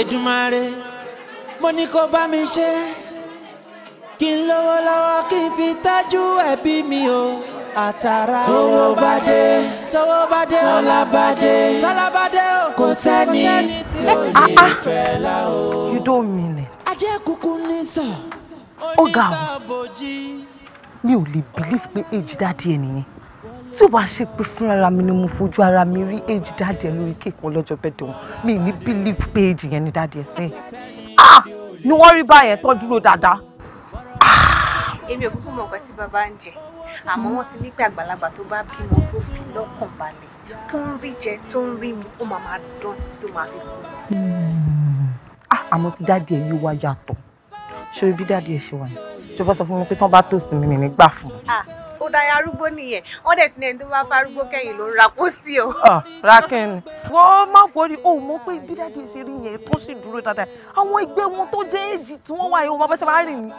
Èdùmàrè mo ní kó bá mi ṣe kí n lówó lọ́wọ́ kí n fi tájú ẹbí mi o àtàrà owó bá dé tọwọ́ bá dé o kò sẹ́ni tí ò ní fẹ́ la o. you don't mean it. ajẹ́ kúkú ní sọ. ó ga o mi ò lè believe pé age dáadé ẹ nìyẹn tí o bá ṣe pé fúnra mi ni mo fojú ara mi rí èjì dáadé ẹ lórí kéèkì ọlọ́jọ́ bẹ́ẹ̀dẹ̀ wọn mi ní believe pé age yẹn ni dáadé ẹ sẹ́yìn ah! ni wọ́n rí báyẹn tó dúró dáadáa. èmi ò kúkú mọ nǹkan tí bàbá ń jẹ àmọ́ wọ́n ti ní pé àgbàlagbà tó bá bímọ tó fi lọ́kàn balẹ̀ tó ń rí jẹ tó ń rí mu ó máa máa dán títí tó máa fi kú. Ah, àmọ́ ti dáàdi ẹ̀ yóò wá yàtọ̀ ṣé ibi dáàdi ẹ̀ ṣe wà ní tó bá sọ fún mi pé tán bá tòsí mi nígbà fún mi ah, ó da ya arúgbó nìyẹn wọn dẹ ti ní ẹni tó bá fa kẹyìn ló ń ra kó sí o. Ah, rákìn wọ́n má wọrí o mọ̀ pé ibi dájú ìṣeré yẹn tó sì dúró dáadáa àwọn ẹgbẹ́ wọn tó dé èjì tí wọ́n wà yìí wọ́n bá fẹ́ sábà rìn ní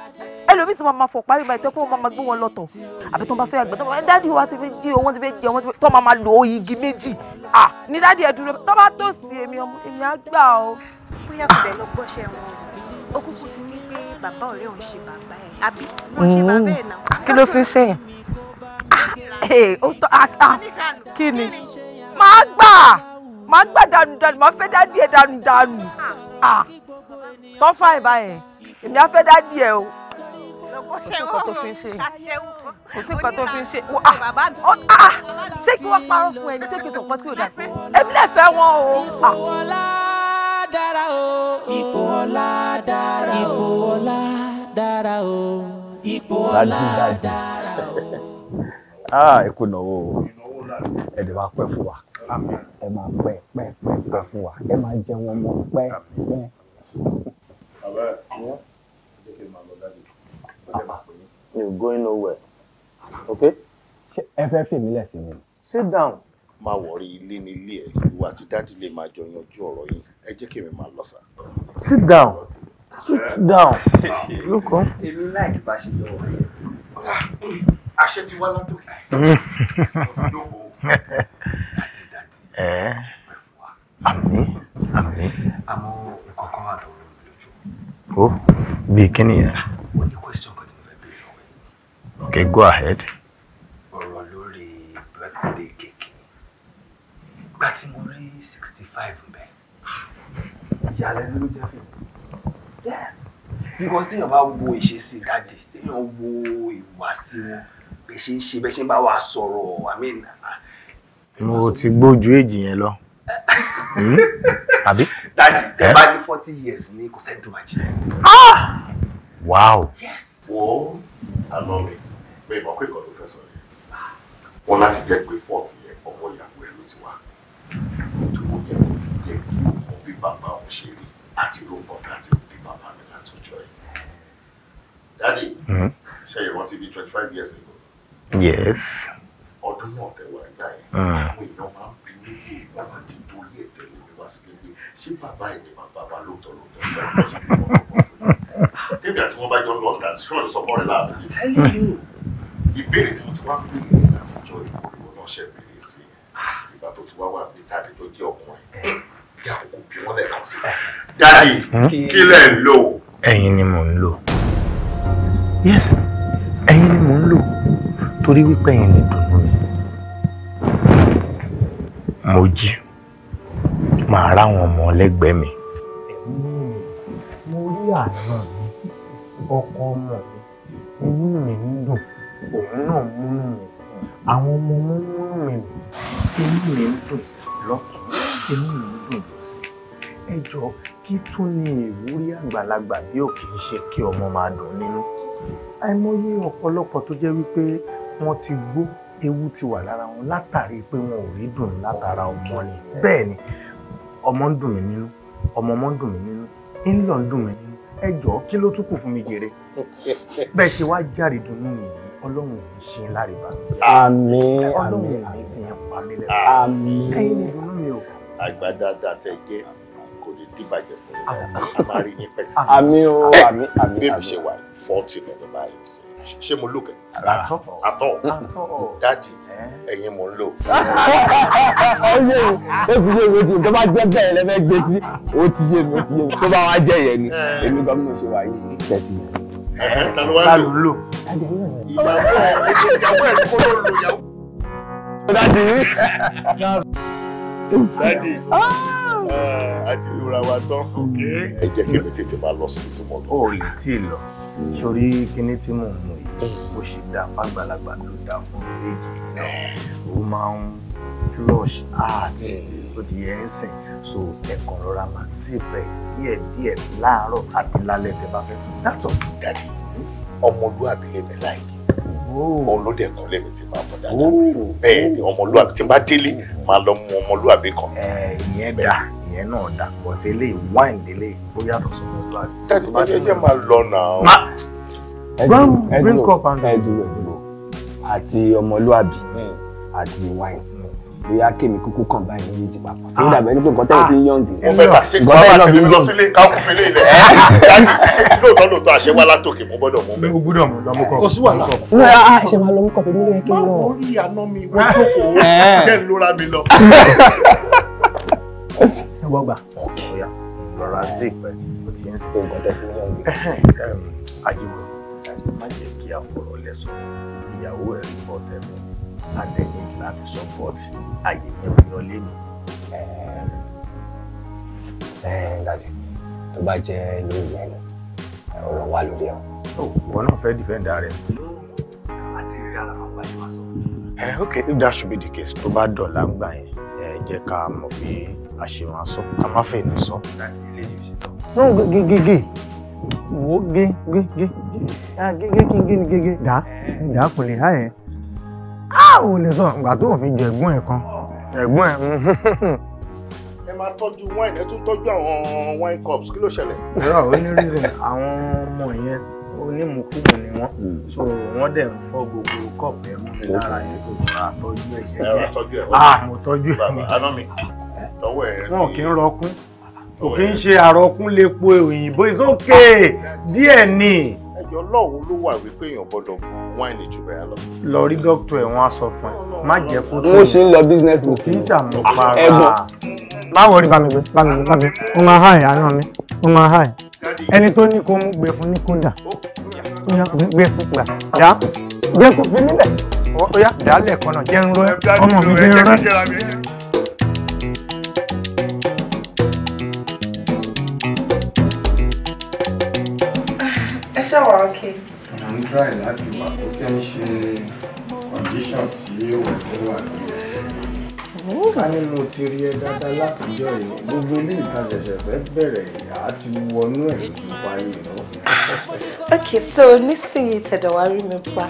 ẹlòmíì sì máa ma fọ parí báyìí tó kó wọn máa gbé wọn lọ́tọ̀ àbí tó ń bá fẹ́ àgbẹ̀ tó máa dáàdì wa ti fi jí owó ti fi jẹ owó ti fi tó máa ma lo igi méjì à ní dáàdì ẹ dúró tó bá tó sí èmi ọmọ èmi á gbà o. bóyá kò dẹ̀ lọ gbọ́ṣẹ́ wọn o kúkú ti ní pé bàbá ọ̀rẹ́ òun ṣe bàbá ẹ̀ àbí wọ́n ṣe bàbá ẹ̀ náà. kí ló fi ń ṣèyàn eh, kí ni máa gbà máa gbà dànùdànù máa fẹ́ dáàdì ẹ̀ dànùdànù tọ́fà ẹ̀ báyẹn èmi á fẹ́ dáàdì ẹ̀ o kò sí nǹkan tó fi ń ṣe yìí kò sí nǹkan kí wọ́n parọ́ fún ẹni ṣé kí n sọ̀kan tí ò dà pé lè fẹ́ wọn o. ipò ọlá dára o ipò ọlá dára o ipò ọlá dára o ipò ọlá dára o. ẹ kò o ẹ dẹ̀ wá pẹ́ fún wa ẹ máa pẹ́ pẹ́ pẹ́ pẹ́ fún wa ẹ máa jẹun ọmọ pẹ́ pẹ́. You're ah. going nowhere ah. okay. ẹ fẹ́ fèmí lẹ̀sìn mi. sit down. máa wọrí ilé ní ilé ẹ ìwà àti dáàdì lè máa jọ yanjú ọ̀rọ̀ yín ẹ jẹ́ kí èmi máa lọ sà. sit down sit down Look lóko. èmi láìkí bá ṣe lọ wáyé. Ah, àṣẹ ti wá látòkè. àti dàdí. Eh? ẹ ẹ àmì àmì. àmọ́ nǹkan kan wà lọ́wọ́ lójú. ó oh, bíi kí nìyẹn. Okay, go ahead. ọ̀rọ̀ lórí birthday cake gba tí mo rí sixty five mbẹ ìyàlẹ́nu ló jẹ́ fún mi yes because téèyàn bá wo ìṣesí dáàdì téèyàn wo ìwàsí wọn bẹ́ẹ̀ ṣe ń ṣe bẹ́ẹ̀ ṣe ń bá wa sọ̀rọ̀ i mean. Ah. mo ti gbójú èjì yẹn lọ hmm? àbí. dáàdì eh? tẹ bá ní forty years ní kò sẹ́ńtò máa jẹ. Ah! wow. yes. wọ́n àná mi bẹ́ẹ̀ mọ̀ pé ìkọ́ fẹ́ sọ yẹn wọ́n láti jẹ́ pé fọ́ọ̀tì yẹn ọwọ́ ìyàwó ẹ̀ ló ti wá ìdúró yẹn kò ti jẹ́ kí ọmọ bí bàbá òun ṣe rí àti ló ń bí bàbá mi látọjọ́ ẹ̀. Daddy hmm? ṣe ìrántí bíi twenty five years ago. Yes. ọdún náà tẹ̀wá ẹ̀dá yẹn hmm. àwọn èèyàn máa ń bí nílé wọn láti torí ẹ̀ tẹ̀lé mi wá sí pé ṣé ìbéèrè tí mo ti wá pè ní àtijọ́ ìwọ náà ṣe béèrè sí ìgbà tó ti wá wà ní tàbí tó jẹ́ ọkùnrin bí àkókò bí wọ́n lẹ̀ kàn sí. dáàdì hmm? kí lẹ̀ lò. ẹyin ni mò ń lò. yes ẹyin ni mò ń lò torí wípé ẹyin ni dùnú mi. mo jí màá ráwọn ọmọ lẹ́gbẹ̀ẹ́ mi. mo rí àná mi ọkọ ọmọ mi inú mi ń dùn òun náà múnú mi àwọn ọmọ wọn múnú mi inú mi ń dùn lọ́tún inú mi ń dùn lọ́sí ẹ jọ kí tún ní ìwúrí àgbàlagbà bí ò kì í ṣe kí ọmọ máa dùn nínú àìmọye ọ̀pọ̀lọpọ̀ tó jẹ́ wípé wọ́n ti gbó ewu ti wà lára wọn látàrí pé wọn ò rí dùn látara ọmọ ni bẹ́ẹ̀ ni ọmọ ń dùn mí nínú ọmọ ọmọ ń dùn mí nínú ń lọ ń dùn mí nínú ẹ jọ̀ọ́ kí ló tún kù fún mi jèrè bẹ́ẹ̀ ṣe wá jáde dùnú nìyí ọlọ́run ṣe láríba. àmín àmín àmín àmín ẹ̀yin ni ìdùnnú mi o. àgbà dáadáa tẹ jẹ kò ní dìbàjẹ́ fún mi a máa rí ní pẹtì. àmín o ah, àmín àmín. bébí ṣe wà fọ́ọ̀tì lọ́dọ̀ báyìí sí ṣé mo lùkẹ́. àtọ̀ àtọ̀ dáàdì ẹ̀yin mò ń lò. ọyẹ o ti yé mi o ti tó bá jẹ́ bẹ́ẹ̀ lẹfẹ gbé sí o ti yé mi o ti yé mi tó bá wá jẹ́ yẹn ni eh. èmi gómìnà ṣe wà yìí thirty years ta ló wá lò ìyàwó ẹ̀ ìyàwó ẹ̀ kó ló lo ìyàwó. dadi dadi ah. ah, a ti lura wa tán ẹ jẹ́ kí mi tètè máa lọ síbi tí mo lọ. o kíní tí mò ń mú yìí bó ṣe dáa fàgbàlagbà ló dáa fún méjì ó máa ń flush heart. Eh, tó ti yẹ ẹ́ sìn so ẹ̀kan rọra máa sí ìfẹ́ díẹ̀ díẹ̀ láàárọ̀ àti lálẹ́ tẹ bá fẹ́ sùn dátọ̀. dadi ọmọlúwàbí lèmi láìkí òun oh. ló dẹ̀ kún lèmi tí máa mọ̀ dáadáa oh. bẹ́ẹ̀ ni ọmọlúwàbí tí n bá délé máa lọ mú ọmọlúwàbí kan. ẹ ìyẹn dà ìyẹn náà dà pọ̀ délé wáìn délé bóyá tó sọ ọmọlúwàbí. dadi ẹ jẹ́ máa lọ náà. brown green cup and. ẹ dúró ẹ dúró àti ọmọlúwàbí hmm. àti wáìn bóyá kémi kúkú kàn báyìí lórí ti papọ̀ kí n dàbẹ̀ ní pé nǹkan tẹ́yìn ti ń yọ̀ǹdì. mo fẹ́ bá ṣe kí wọ́n bá tẹ̀lé lọ sílé káwọn fi lé ilẹ̀ láti ṣe lóòótọ́ lóòótọ́ àṣẹ wá látòkè mo gbọ́dọ̀ mú bẹ́ẹ̀. mo gbọ́dọ̀ mú lọ́mú kọ́. kò sí wàhálà. ṣe máa lọ́mú kọ́ pé mílíọ̀nù kí n lọ. máa orí àná mi wọ́n jókòó kẹ́ eh. ń lóra mi lọ. ẹ wọ́n gbà. lọ́ra zik pẹ̀ ó ti ń ṣe nǹkan tẹ́ fi ń yọ̀ǹdì. ajiwo má jẹ́ kí àfọ̀rọ̀ lẹ́sọ̀rọ̀ ìyàwó ẹ̀rí bọ̀ tẹ̀mí àtẹ̀yìn láti support àyè yẹn mi. láti tó bá jẹ́ ilé ìyẹn ni ọ̀rọ̀ wà lórí ẹ̀. Oh, ìwọ náà fẹ́ defend ara rẹ̀. àti rí ara máa gbájú wá sọ. ok if that should be the case tó bá dọ̀la ń gbà yẹn jẹ́ ká mọ̀ bí a ṣe máa sọ ká má fẹ́ ní sọ. láti ilé yìí ṣe tán. no gègé wo gé gé gé gé gé gé gé gé dá dá kò lè há yẹn a ò lè sọ ìgbà tó fi jẹ ẹ̀gbọ́n ẹ̀ kan ẹ̀gbọ́n ẹ̀ mhm. ẹ máa tọ́jú wine ẹ tún tọ́jú àwọn wine cups kí ló ṣẹlẹ̀. ìrọ̀ ó ní reason àwọn ọmọ yẹn onímùkúmù ni wọ́n hmm. so wọ́n dẹ̀ ń gbogbo cup ẹ̀ mú mi lára yẹn tó rà tọ́jú ṣe yẹn ah mo tọ́jú ẹ̀ mi. àná mi tọwọ́ ẹ̀ ti. wọn kì í rọkún kò kí ń ṣe àrọkún lè po òyìnbó it's okay ah, díẹ̀ ni òfin ọlọ́run ló wà wípé èèyàn gbọ́dọ̀ wáìnì jù bẹ́ẹ̀ lọ. lọ rí dókítà ẹ̀ wọ́n á sọ fún ẹ má jẹ́ kó tó mo ṣe ń lọ business meeting kì í ṣàmùpara báwo rí bámi gbé bámi gbé bámi ó máa háì àná mi ó máa háì ẹni tó ní kó mú gbé fún ní kúndà gbé fún gbà dá gbé fún fi nílẹ̀ ó yá dálẹ̀ kan náà jẹ́ ń rọ ọmọ mi jẹ́ ń ṣàwà òkè. mo ń try láti wà kó kí n ṣe condition tí wọ́n ti wà lórí ẹsẹ̀. ká ní mo ti rí ẹ dáadáa látijọ́ yìí gbogbo ilé ìtaṣẹ̀ṣẹ̀ fẹ́ bẹ̀rẹ̀ ìyá ti wọnú ẹ̀ lójú parí ìlú. ok so nísìnyí tẹ̀dọ̀wá rí mi pa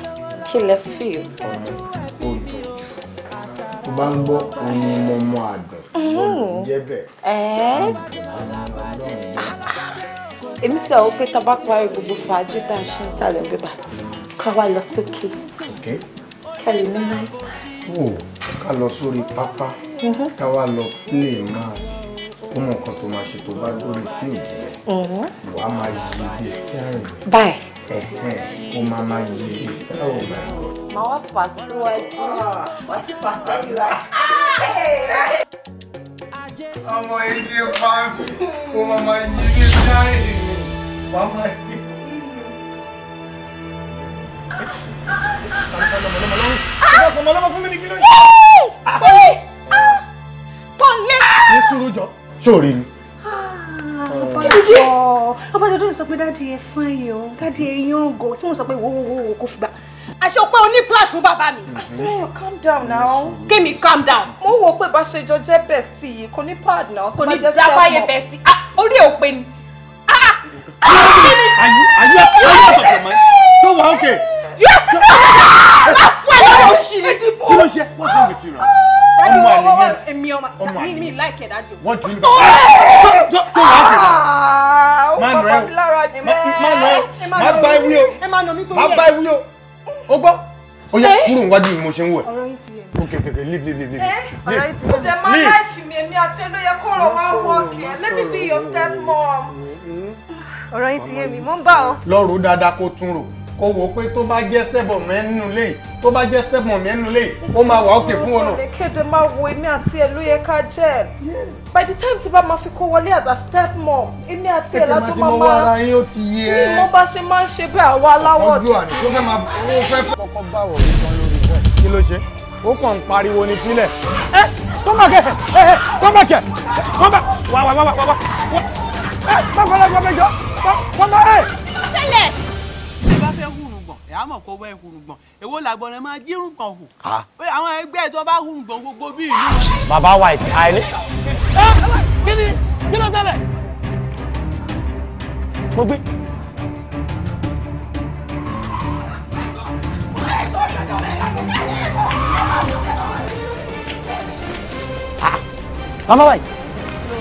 kí lẹ fi. ọmọ o dùn jù tó bá ń gbọ́ oyin mọ́mọ́ àdùn ló ń mm-hmm. jẹ́ bẹ́ẹ̀. ẹ̀ẹ́ eh? èmi tí àwọn pé tábà tó wáyé gbogbo fàájì tá a ṣe ń sàlẹ̀ bíbá ká wá lọ sókè kẹlẹ̀ ní mọ́ọ̀sì. wò ká lọ sórí pápá mhm. ká wá lọ play match ó mọ nǹkan tó máa ṣe tó bá lórí field yẹn mhm. wàá máa yí bí steering. báyìí. ẹ̀hẹ́n ó máa máa yí bí steering oh my god. màá wá fà síwájú wá sí fà sẹ́yìn rà ọmọ ilé bá kó máa máa yí bí steering mama yìí. ọmọ ọlọ́mọ fún mi ní kí ń sọ pé dáàdi ẹ fún ẹyàn dáàdi ẹ yàn gò tí wọn sọ pé wòwòwò kò fìgbà àṣẹ ọpẹ oní class fún bàbá mi. àtúnyẹ̀yọ̀ calm down now. kémi calm down. mo wò ó pé bá ṣe jọ jẹ́ bestie yìí kò ní pad náà. kò ní jáfáyé bestie orí ẹ̀ ò pe ni. Are you are you are you out of your mind? So we're okay. You are have to fún ẹ lọ́wọ́ òṣì ní dìbò. Kí ló ṣe? What's wrong with you now? Ọmọ àlè yẹn. Èmi ọmọ àlè mi mi láìkẹ̀ dájú. Wọ́n ti ní bá. Tó wà á kẹ̀ náà. Má nù ẹ́ o. Má nù ẹ́ o. Má gbá ewé o. Má gbá ewé o. O gbọ́. Ó yẹ kúrò níwájú mi mo ṣe ń wọ̀ ẹ́. Ọ̀rọ̀ yìí ti yẹ. Okay okay okay leave leave leave leave. Ọ̀rọ̀ yìí ti yẹ. Ó jẹ́ máa láìkì mi, èmi àti ẹ ló yẹ kó rọ̀ wá wọ́ọ̀kì. Let me be your step mom ọ̀rọ̀ yín ti yé mi mo ń bá ọ. lọ́rùú dáadáa kó tún rò kó wò ó pé tó bá jẹ́ sẹ́bọ̀n mẹ́nu lé tó bá jẹ́ sẹ́bọ̀n mẹ́nu lé ó máa wà ókè fún ọ̀nà. ọ̀rẹ́ kéde máa wo èmi àti ẹ̀ ló yẹ ká jẹ́ ẹ̀. by the time tí bá máa fi kó wọlé as a step mom èmi àti ẹ̀ lájú máa máa ara yín ó ti yé ẹ. bí wọ́n bá ṣe máa ń ṣe bẹ́ẹ̀ àwa aláwọ̀ ọ̀dọ́. ọjọ́ àná tó fẹ́ máa ó fẹ́ kọ́kọ́ bá wọ̀ kan lórí ẹ lọ́kọ̀ọ́lọ́kọ̀ mẹ́jọ wọ́n lọ ẹ. tẹ́lẹ̀. ẹ bá fẹ́ hurùngbọ̀n ẹ̀ á mọ̀ kó wẹ́ hurùngbọ̀n èwo làgbọ̀n ẹ máa jírùngbọ̀n hù. àwọn ẹgbẹ́ ẹ̀ tó bá hurùngbọ̀n gbogbo bí ìlú. bàbá white àìní. ẹ kí ni kí ló tẹ́lẹ̀. mo gbé. Mama White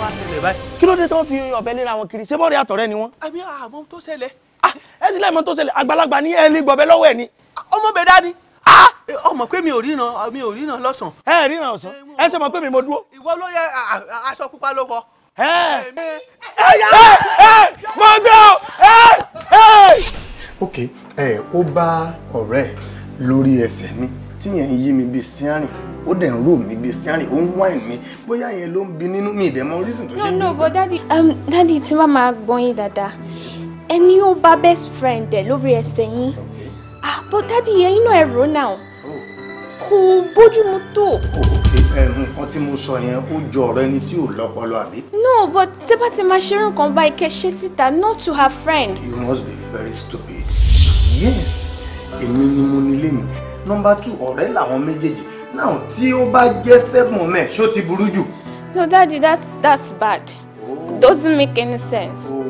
wá ṣẹlẹ̀ báyìí. kí ló dé tí wọ́n fi ọ̀bẹ léra wọn kiri ṣé àtọ̀rẹ́ ni wọ́n. àbí àmọ́ tó ṣẹlẹ̀. Ah, ẹ sì láì tó ṣẹlẹ̀ àgbàlagbà ní ẹni gbọ̀bẹ lọ́wọ́ ẹ̀ ni. ọmọ bẹ dá ni. Ah, ọmọ pé mi ò ríran mi ò ríran lọ́sàn. ẹ ríran ọ̀sán ẹ ṣe pé mi mo dúró. ìwọ ló yẹ aṣọ pupa ló wọ. ẹ ẹ mo gbọ́ ẹ ẹ. ok ẹ ó bá ọ̀rẹ́ lórí ẹsẹ̀ mi tíyẹn yí mi bíi stiarin ó dẹ̀ ń rò mí bíi stiani ó ń wáìn mi bóyá yẹn ló ń bi nínú mi ìdẹ̀mọ reason tó ṣe mí. no no but dadi um, dadi tí wàá máa gbọ́n yín dáadáa ẹni ó bá best friend ẹ̀ lórí ẹsẹ̀ yín ah but dadi ẹ̀yin náà ẹ̀rọ oh. náà kò bójúmu tó. nǹkan tí mo sọ yẹn ó jọ ọ̀rọ̀ ẹni tí ò lọ́pọlọ àbí. no but tẹ́ bá ti máa ṣeré nǹkan báyìí kẹ́ ṣe síta not to her friend. you must be very stupid yes èmi ni mo nílé mi nọmba two ọ̀rẹ́ làwọn méjèèjì now tí ó bá jẹ́ show ti buruju. no daddy that's that's bad oh. doesn't make any sense. Oh.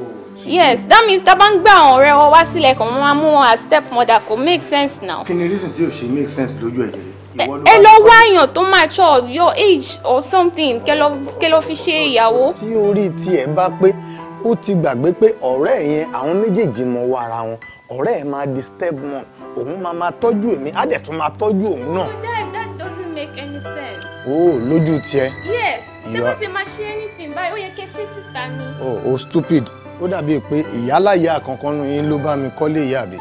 yes that means tá a bá ń gbé àwọn ọ̀rẹ́ wọn wá sílẹ̀ kan wọ́n stepmother kò make sense now. Can you listen to ò She makes sense lójú you rẹ̀ Hello, why wá too tó máa your age or something kẹ lọ fi ṣe ìyàwó. tí Ti tiẹ̀ bá pé ó ti gbàgbé pé ọ̀rẹ́ yẹn àwọn méjèèjì mọ wọ ara ma disturb mọ́ òun máa máa tọ́jú èmi á dẹ̀ tún máa tọ́jú òun náà oh lójú tiẹ̀. yes tẹ́wọ́n ti máa ṣe anything báyìí ó yẹ kẹ́ ṣe síta ni. oh oh stupid ó dàbíi pé ìyálàyà kankan nù yín ló bá mi kọ́lé ìyá mi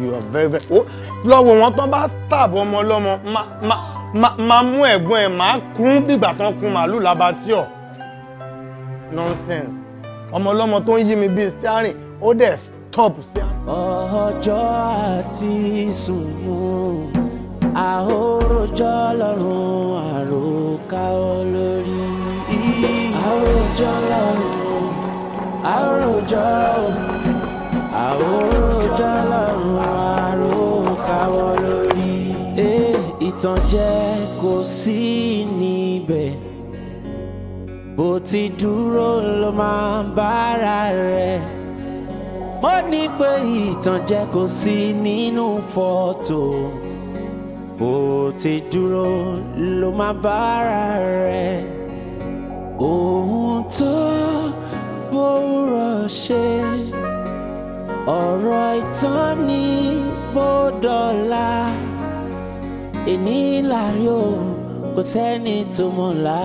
you are very very oh lọ́wọ́ wọn tán bá tààbọ̀ ọmọ ọlọ́mọ máa mú ẹ̀gbọ́n ẹ̀ máa kún bígbà tán kún màálù labatíọ̀ nonsense ọmọ ọlọ́mọ tó ń yí mi bíi stearin ó dẹ̀ stop stearin. ọjọ́ àti sùnmù àhórójọ́ lọ́rùn àròkà olórí. àhórójọ́ lọ́rùn àhórójọ́ àhórójọ́ lọ́rùn àròkà olórí. ìtànjẹ kò sí níbẹ̀ bó ti dúró ló máa ń bára rẹ̀ mo ní pé ìtànjẹ kò sí nínú fọ́tò bó ti dúró ló má bára rẹ̀ ohun tó fòwúrọ̀ ṣe ọ̀rọ̀ ìtàn ní bódọ́là èní o kò sẹ́ni tó mọ̀lá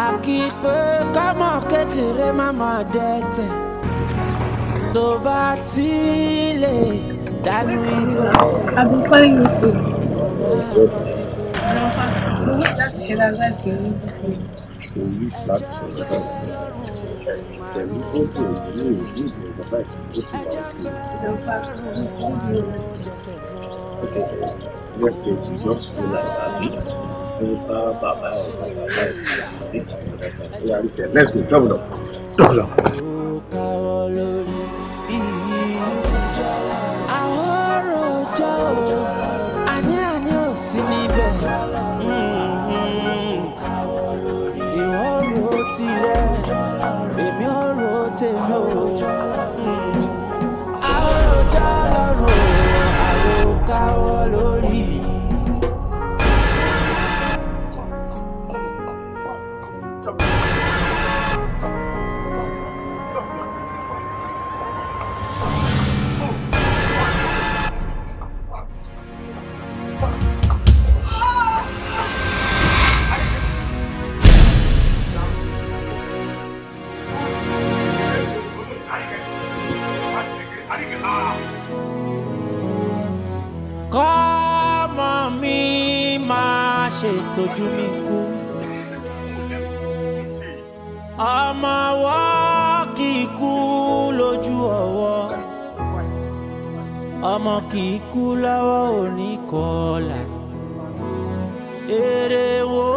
àkìpé kámọ̀ kékeré má má dẹ́tẹ̀ tó bá ti lè. I've been calling you since. Mo wish láti ṣe lágbàá pẹ̀lú ìbùkún. Mo wish láti ṣe lágbàá pẹ̀lú ìbùkún. Pẹ̀lú gbogbo ìlú Okay, let's say you just feel like that. Fún bá bàbá ọ̀sán bàbá ẹ̀sìn àbí ìtàn ìrẹsẹ̀. Let's go, double up, double up. ojú mi kú. ọmọ wa kì í kú lójú ọwọ́ ọmọ kì í kú lọ́wọ́ oníkọlà èrè wo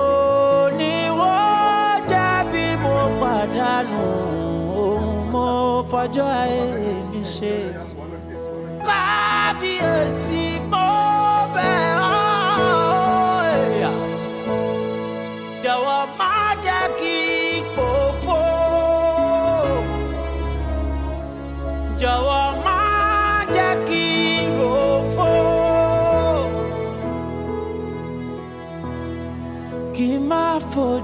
ni wọ́n jẹ́ bí mo pàdánù ohun mo fọjọ́ èmi ṣe kábíyèsí.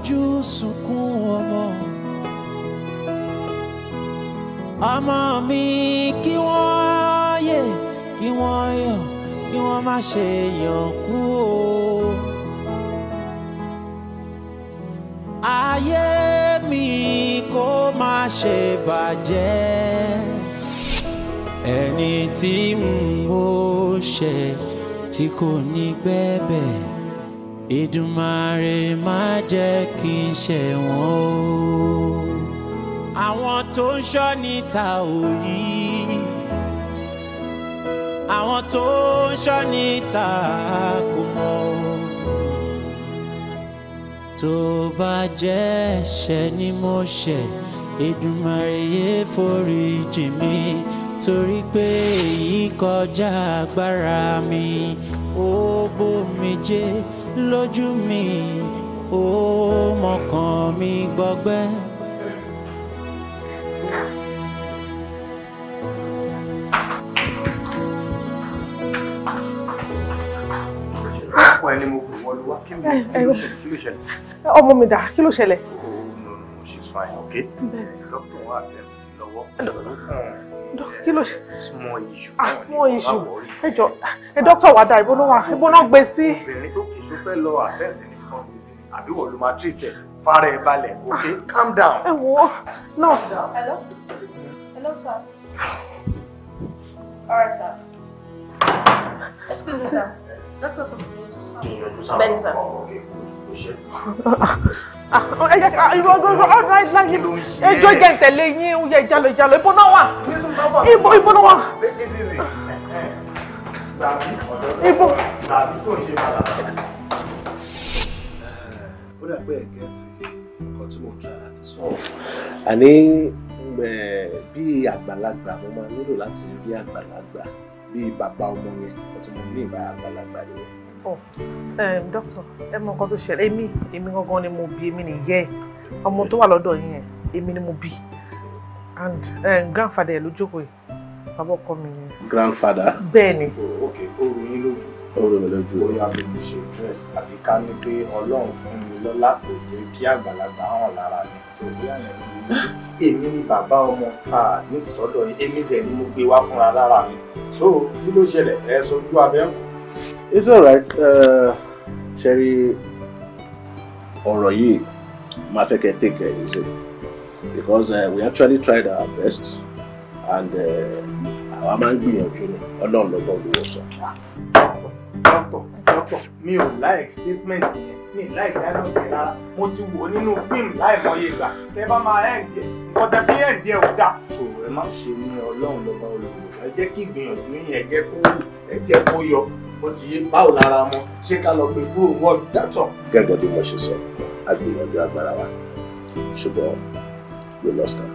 ojú sunkún ọmọ. ọmọ mi kí wọ́n yè kí wọ́n yọ̀ kí wọ́n má ṣe mi kó má ṣe bàjẹ́ ẹni tí mo ṣe tí kò ní gbẹ́bẹ̀. Èdùmàrè má jẹ́ kí n ṣẹ̀wọ̀n o. Àwọn tó ń ṣọ́ níta ò rí. Àwọn tó ń ṣọ́ níta kò mọ̀ o. Tó bá jẹ́ ẹ̀ṣẹ̀ ni mo ṣẹ̀, Èdùmàrè yé forí jì mí torí pé èyí kọjá agbára mi ó bò mí jẹ́ lójú mi ó mọ̀kàn mi gbọgbẹ́. ọmọ mi dà kí ló ṣẹlẹ̀. oh she's fine okay. dókítà wa bẹ̀rẹ̀ lọ́wọ́ small issue. ah small issue ẹ jọ ẹ dókítà wàdà ìbò ló wà ìbò náà gbé sí. obìnrin tó kì í ah, calm down. ẹ wo nurse. hello hello sir. all right sir. excuse me sir. doctor sọ fún mi. sir ìwọ gbogbo ọdún àìsàn yìí ẹjọ́ jẹ́ ìtẹ̀lé yín ó yẹ jalo jalo ibo náà wà ibo ibo náà wà. ibo. ó dà pé ẹ̀kẹ́ ti nǹkan tí mo jà láti sọ. àní bí àgbàlagbà mo máa nílò láti rí àgbàlagbà bí bàbá ọmọ yẹn ọtí mo ní ìbá àgbàlagbà nìyẹn dókítà ẹ mọ nǹkan tó ṣẹlẹ̀ èmi èmi gangan ni mo bí èmi nìyẹ́ ọmọ tó wà lọ́dọ̀ yín yẹn èmi ni mo bí and grandfather ẹ̀ ló jókòó yìí bàbá ọkọ mi ni. grandfather. bẹ́ẹ̀ni. Oh, ok oru yín lójú. oru mi lójú. bóyá mi ò ṣe dress àbí ká ní pé ọlọ́run fún mi lọ́lá kò yẹ kí àgbàlagbà hàn lára mi bóyá yẹn ló ń èmi ni bàbá ọmọ ká ní ìsọdọ̀ èmi dẹ̀ ni mo gbé wá fúnra lára mi. so kí ló ṣẹlẹ̀ ẹ sojú abẹ́rùn it's alright ṣẹ́rí uh, ọ̀rọ̀ yìí máa fẹ́ kẹ́ take care easy because uh, we actually tried our best and uh, àwa máa ń gbìyànjú ni ọlọ́run ló gbọ́dọ̀ wọ̀ sọ. dọ́pọ̀ dọ́pọ̀ mi ò like statement yẹn mi like dialogue yẹn rárá mo ti wò nínú fíìmù láìmọye ìgbà tẹ bá máa end ẹ nǹkan tẹ bí end ẹ ò dáa. so ẹ má ṣe ní ọlọ́run ló bá olùwòsàn ẹ jẹ́ kí ìgbìyànjú yín ẹ jẹ́ kó ẹ jẹ́ kó yọ ó ti yé báwo lára wọn ṣé ká lọ pé e kúrò wọn dátọ. gẹ́gẹ́ bí mo ṣe sọ a gbìyànjú agbára wa ṣùgbọ́n we lost her.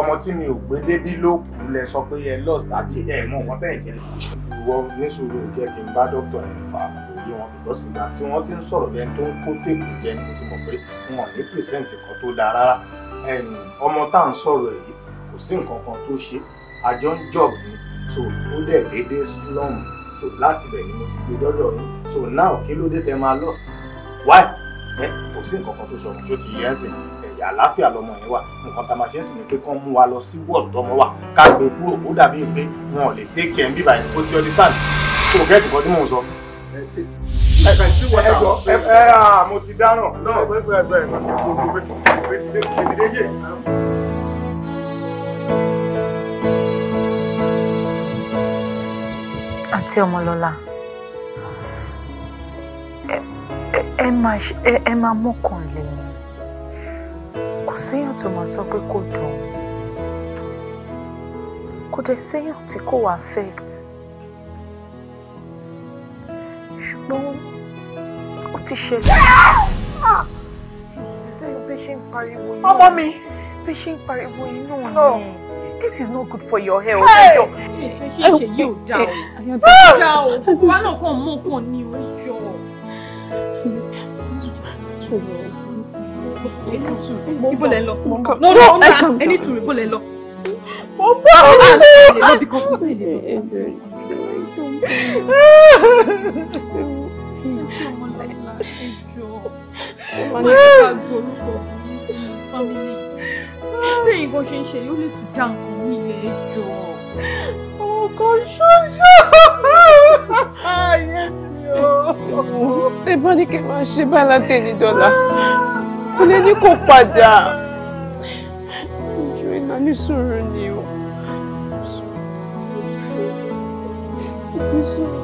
ọmọ tí mi ò gbé débí ló kù lẹ sọ pé ẹ lost àti ẹ mọ nǹkan bẹ́ẹ̀ jẹ́. ìwọ nísòro ìjẹ́ kí n bá dókítà ẹ̀ fà òye wọn because ìgbà tí wọ́n ti ń sọ̀rọ̀ bẹ́ẹ̀ tó ń kó téèpù jẹ ni mo ti mọ̀ pé wọn ò ní pèsèǹtì kan tó dáa ọmọ tá à ń sọ̀rọ̀ yìí kò sí nǹkan kan tó ṣe àjọ ń jọ̀ mí so ó dẹ̀ déédé slum so láti bẹ̀ ni mo ti gbé dọ́dọ̀ yín so now kí ló dé tẹ máa lọ why ẹ kò sí nǹkan kan tó ṣọ̀rọ̀ ṣó ti yẹ ẹ́ sìn ẹ̀yà àlàáfíà lọmọ yẹn wà nǹkan tá a máa ṣe ń sìn ni pé kán mú wa lọ sí wọ́ọ̀dù tọmọ wà ká gbé kúrò ó dàbí pé wọn ò lè take care bíbá ẹni kó ti ọdí sáàlì kó o gẹ́tù kan tí mò ń sọ. ẹjọ ẹ ẹ mo ti dáràn. náà pẹ́pẹ́ ẹgbẹ́ ẹ̀ máa ń gbogbo pé kò ní dé yé. àǹtí ọmọlọ́lá ẹ máa ẹ máa mọ́kàn lè ní kò séèyàn tó máa sọ pé kò dùn kò dẹ̀ séèyàn tí kò wá affect ṣùgbọ́n ó ti ṣe sí i bí ṣe ń pariwo yìí ọmọ mi bí ṣe ń pariwo yìí náà ni this is not good for your health ẹjọ. ṣe ṣe yóò dá o dá o wà náà kàn mọ́ kàn ní oríjọ. ibo lẹ lọ no no ẹni sùn ibo lẹ lọ. mo bá ọ sọ. Ọmọ ní ká gbórúkọ fámìlì lẹ́yìn kan ṣe ń ṣe yóò lè ti dá nǹkan mi ilé ẹjọ́. ọkàn ṣoṣo ayé mi o. ẹ bá ní kí n máa ṣe báyìí láti dọ́là kò lè ní kó padà ìjọ iná ní sùúrù ni o. Thank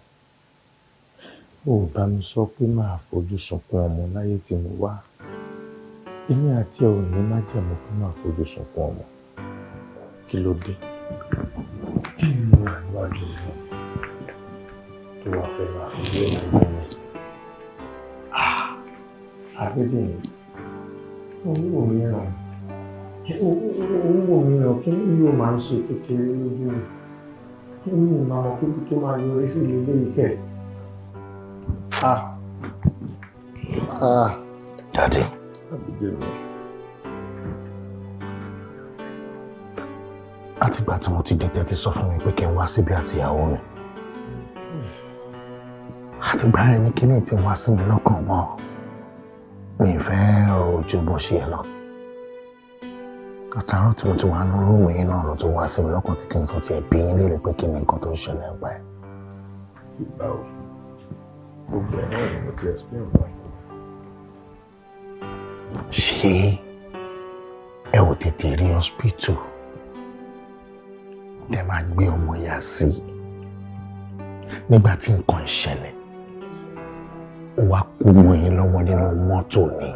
ò bá mi sọ pé màá fojú sunkún ọmọ láyé tí mo wá èmi àti ẹ ò ní má jẹ̀mọ́ pé màá fojú sunkún ọmọ kí ló dé kí ni mo wà níwájú rẹ tó wàá fẹ́ máa fojú ẹ̀ lọ́wọ́ mi àbẹ̀dẹ̀ mi olúwo mi ràn kí ni yóò máa ń ṣe kékeré lójú mi kí ni ìmọ̀ kúkú tó máa yọrí sí ilé ìkẹ́ẹ̀. Ah. Ah. Daddy. Àtìgbà tí mo ti dé tẹ́tí sọ fún mi pé kí n wá síbi àtìyàwó mi. Àtìgbà yẹn ni kíní ti wá sí mi lọ́kàn mọ́. Mi fẹ́ rojú bó ṣe yẹ lọ. Àtàrọ̀ tí mo ti wà ní rúùmù yìí náà ló tún wá sí mi lọ́kàn kí n tó tiẹ̀ bí yín léèrè pé kí ni nǹkan tó ń ṣẹlẹ̀ ń pa ẹ̀ gbogbo ẹ̀ náà ni mo ti explain fún ẹ. ṣé ẹ ò tètè rí hospital tẹ máa gbé ọmọ yà sí nígbà tí nǹkan ṣẹlẹ̀ ó wá kú mọ́ yín lọ́wọ́ nínú mọ́tò ni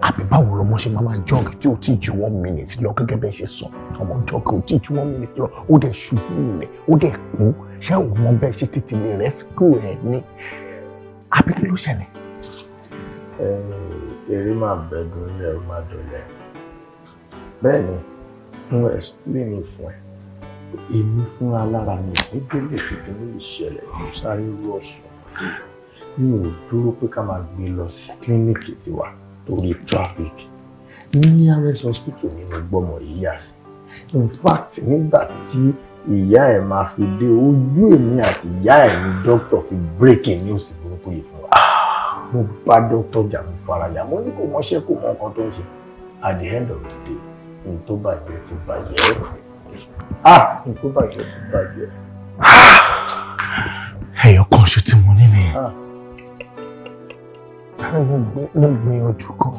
àbí báwo lọmọ ṣe máa máa jọ́ọ̀gì tí ò tí ì ju one minute lọ gẹ́gẹ́ bẹ́ẹ̀ ṣe sọ ọmọ jọ́ọ̀gì ò tí ì ju one minute lọ ó dẹ̀ ṣubú ilẹ̀ ó dẹ̀ kú ṣé ò mọ bẹ́ẹ̀ ṣe tètè lè rẹ́síkú ẹ̀ ni àbí kí ló ṣẹlẹ̀. eré máa bẹ̀dùn ní ẹ̀rù máa dọ̀lẹ́ bẹ́ẹ̀ ni mo explain fún ẹ èmi fúnra lára mi ò délé tuntun ní ìṣẹ̀lẹ̀ mo sáré rú ọ̀sùn ọ̀dẹ́ mi ò dúró pé ká máa gbé lọ sí kílíníìkì tiwa torí traffic ní nearest hospital ni mo gbọ́mọ yìí sí in fact nígbà tí ìyá ẹ̀ máa fi dé ojú èmi àti ìyá ẹ̀ ni dókítà fi breaking news burúkú yìí fún wa mo bá dókítà jà mo faraya mo ní kò mọṣẹ́ kó mọ nǹkan tó ń ṣe at the end of the day n tó bàjẹ́ ti bàjẹ́ ah n tó bàjẹ́ ti bàjẹ́. Ah! ẹyọ kan ṣe tí mo ní nìyẹn ah! mo gbìyànjú kan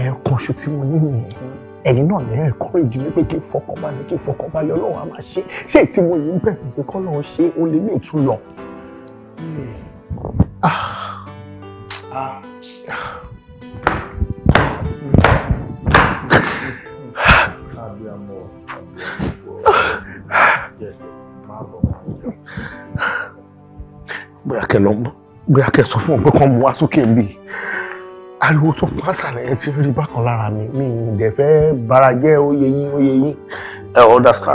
ẹyọ kan ṣe tí mo ní nìyẹn ẹ̀yin náà lè encourage mi pé kí n fọkànbalẹ̀ kí n fọkànbalẹ̀ ọlọ́run á máa ṣe ṣé tí mo yìí ń bẹ̀rù pé kọ́ lọ́run ṣe o lè ní ìtúyọ. bóyá kẹ lọ bóyá kẹ sọ fún ọ pé kọ́ mu wá sókè ń bì í ariwo tó ń pàṣàlẹ̀ ẹ ti rí bákan lára mi mi dẹ̀ fẹ́ bara jẹ́ oyè yín oyè yín ẹ ọ̀dà sá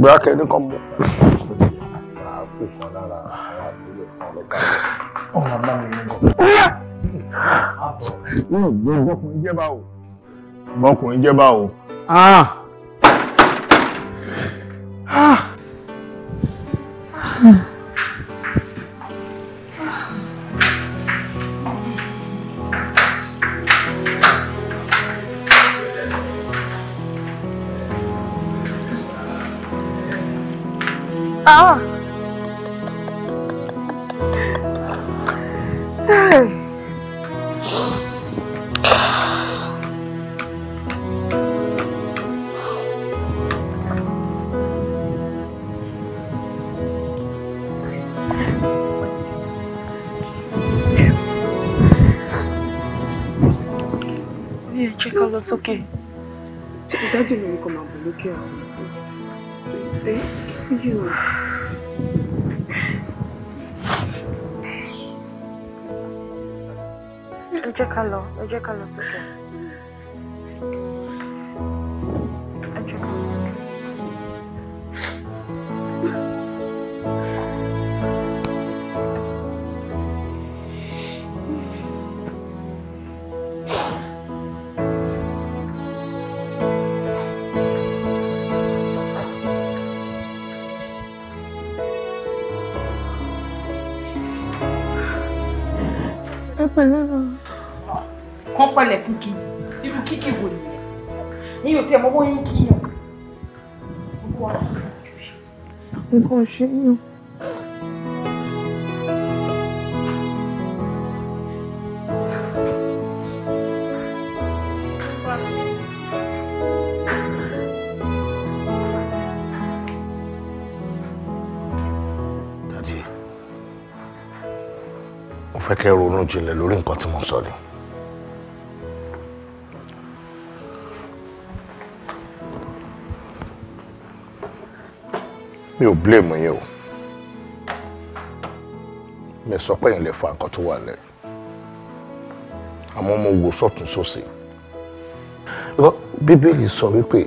bírákẹ́ ní kan mọ́. ọ̀rọ̀ bá mi jẹ́ báwo. ọkùnrin jẹ́ báwo. Hmm. Ah. Hey. Ká lọ sókè. Ìdájì mi ni kò máa to you. Ẹ jẹ́ ká lọ, ẹ jẹ́ ká lọ sókè. kí irú kíkì wò ni mi ò tiẹ̀ mọ bó yín kíyàn. nǹkan ṣe yàn. fẹ́ ronú jinlẹ̀ lórí nǹkan tí mo sọ ni. mi ò blame yín o mi sọ pé yín lè fa nǹkan tó wà lẹ àmọ́ mo wò sọ́tún sósì bíbélì sọ wípé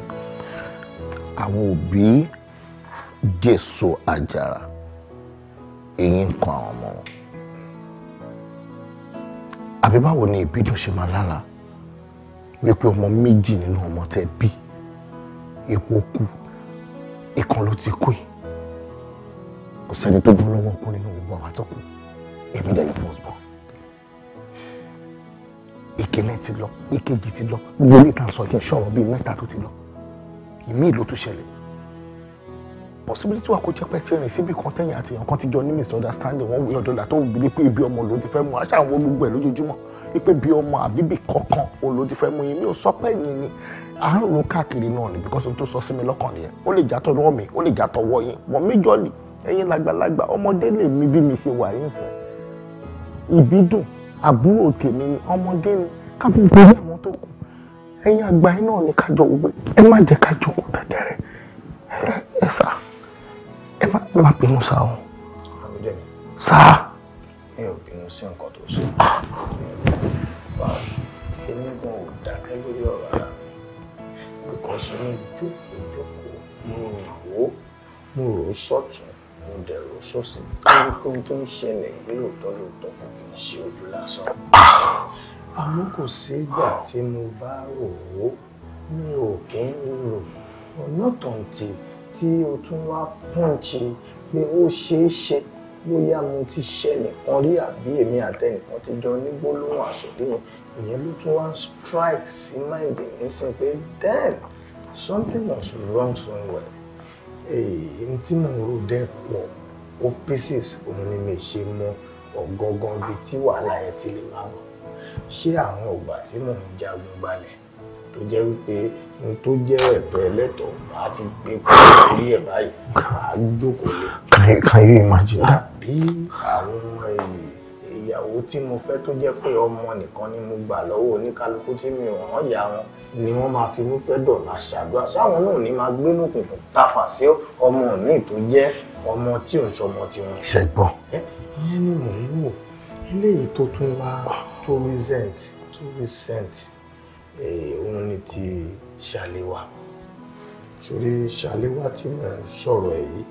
àwọn òbí jèso àjàrà eyín kan àwọn ọmọ wọn àbí báwo ni ìbínú ṣe máa lára wípé ọmọ méjì nínú ọmọ tẹ́ bí epo kú ìkan ló ti kú yìí kò sẹ́ni tó dúró lọ́wọ́ kún nínú gbogbo àwọn àtọ́kù èmi dẹ̀ ní first born ìkíní ti lọ ìkejì ti lọ gbogbo ní ìtàn sọ yẹn ṣọ̀rọ̀ bíi mẹ́ta tó ti lọ ìmíì ló tún ṣẹlẹ̀ possibility wa kó jẹ́ pé tí ìrìn síbi kan tẹ̀yìn àti ìyànkan ti jọ ní misunderstanding wọn wí ọ̀dọ́là tó wù ní pé ibi ọmọ ló ti fẹ́ mú aṣáà wọ gbogbo ẹ̀ lójoojúmọ́ wípé bí ọmọ àbíbì kankan òun ló ti fẹ́ mú yín mi ò sọ pé yín ni à ń ro káàkiri náà ni because ohun tó sọ sí mi lọ́kàn nìyẹn ó lè jàtọ̀ lọ́wọ́ mi ó lè jàtọ̀ wọ́ yín wọ́n méjọ́ lì ẹ̀yin làgbàlagbà ọmọdé lè mi bí mi ṣe wà yín sìn ìbí dùn àbúrò tèmi ni ọmọdé ni kábíyèsí àwọn tó kù ẹ̀yin àgbà yín náà ni kájọ gbé ẹ má jẹ́ kájọ kù tẹ̀tẹ̀rẹ̀ ẹ sá ẹ má bínú sá o sá. mi ò bínú sí nǹkan tó sọ ah. fáwọn èmi gan ò dákẹ́ lórí ọ̀rọ̀ ara mi kò sọ ní jókòó jókòó mo rò ó mo rò ó sọ̀tún mo dẹ̀rọ sọ́ọ̀sì ohun tó ń ṣẹlẹ̀ lóòótọ́ lóòótọ́ kò kì í ṣe ojú lásán àmọ́ kò sígbà tí mo bá rò ó mi ò kí ń rò ọ̀nà tọ̀ǹtì tí o tún wá pọ́ǹchì pé ó ṣeé ṣe bóyá mo ti ṣe nìkan rí àbí èmi àtẹnìkan ti jọ ní gbólóhùn àsọdé ìyẹn ló tún wá ń strike sí mind nísìnyí pé then something was wrong somewhere n tí mò ń rò dẹ́ ó pieces òun ni mi ṣe mọ ọ̀gangan bíi tí wàhálà yẹn ti lè máa bọ̀ ṣé àwọn ọgbà tí mò ń jagun balẹ̀ tó jẹ́ wípé n tó jẹ́ ẹ̀tọ́ ẹlẹ́tọ̀ máa ti gbé kúrò lórí ẹ̀ báyìí máa jókòó lé. can you imagine that. àbí àwọn eh, ìyàwó tí mo fẹ́ tó jẹ́ pé ọmọ nìkan ni mo gbà lọ́wọ́ oníkálukú tí mi ò hàn yà wọn ni wọ́n máa fi wípé dọ̀là ṣàdúrà sáwọn náà ní máa gbé lókùnkùn tapà sí ọmọ míì tó jẹ́ ọmọ tí ò ń ṣọmọ tiwọn. ṣẹgbọn. ìyẹn ni mò ń wò eléyìí tó tún wá tó resent tó resent òun ni ti ṣàléwà sórí ṣàléwà tí mò ń sọ̀rọ̀ ẹ̀ yìí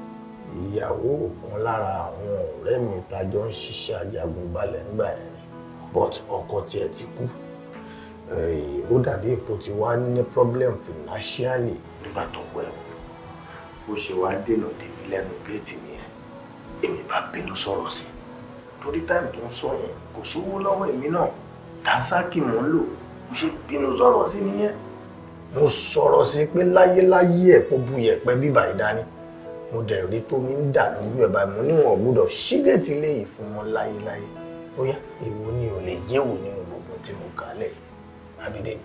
ìyàwó kan lára àwọn ọ̀rẹ́ mi tá a jọ ń ṣiṣẹ́ ajagun balẹ̀ nígbà yẹn ni but ọkọ tiẹ̀ ti kú. Eh, ó dàbí ipò tí wàá ní problem financially nígbà tó pẹ̀lú bó ṣe wàá dènà dèmí lẹ́nu géètì nìyẹn èmi bá bínú sọ̀rọ̀ sí i torí táìmù tó ń sọ yẹn kò sówó lọ́wọ́ èmi náà dànsákì mò ń lò mo ṣe bínú sọ̀rọ̀ sí nìyẹn. mo sọ̀rọ̀ sí pé láyéláyé ẹ̀ kó bu yẹ̀pẹ̀ bíbà ìdání mo dẹ̀ rí tó mi ń dà lójú ẹ̀ báyìí mo níwọ̀n gbúdọ̀ ṣígẹ̀tì léyìí fún wọn láyéláyé bóyá èwo ni ò lè jẹ́wò nínú gbogbo tí mo kà lẹ́yìn. Abide.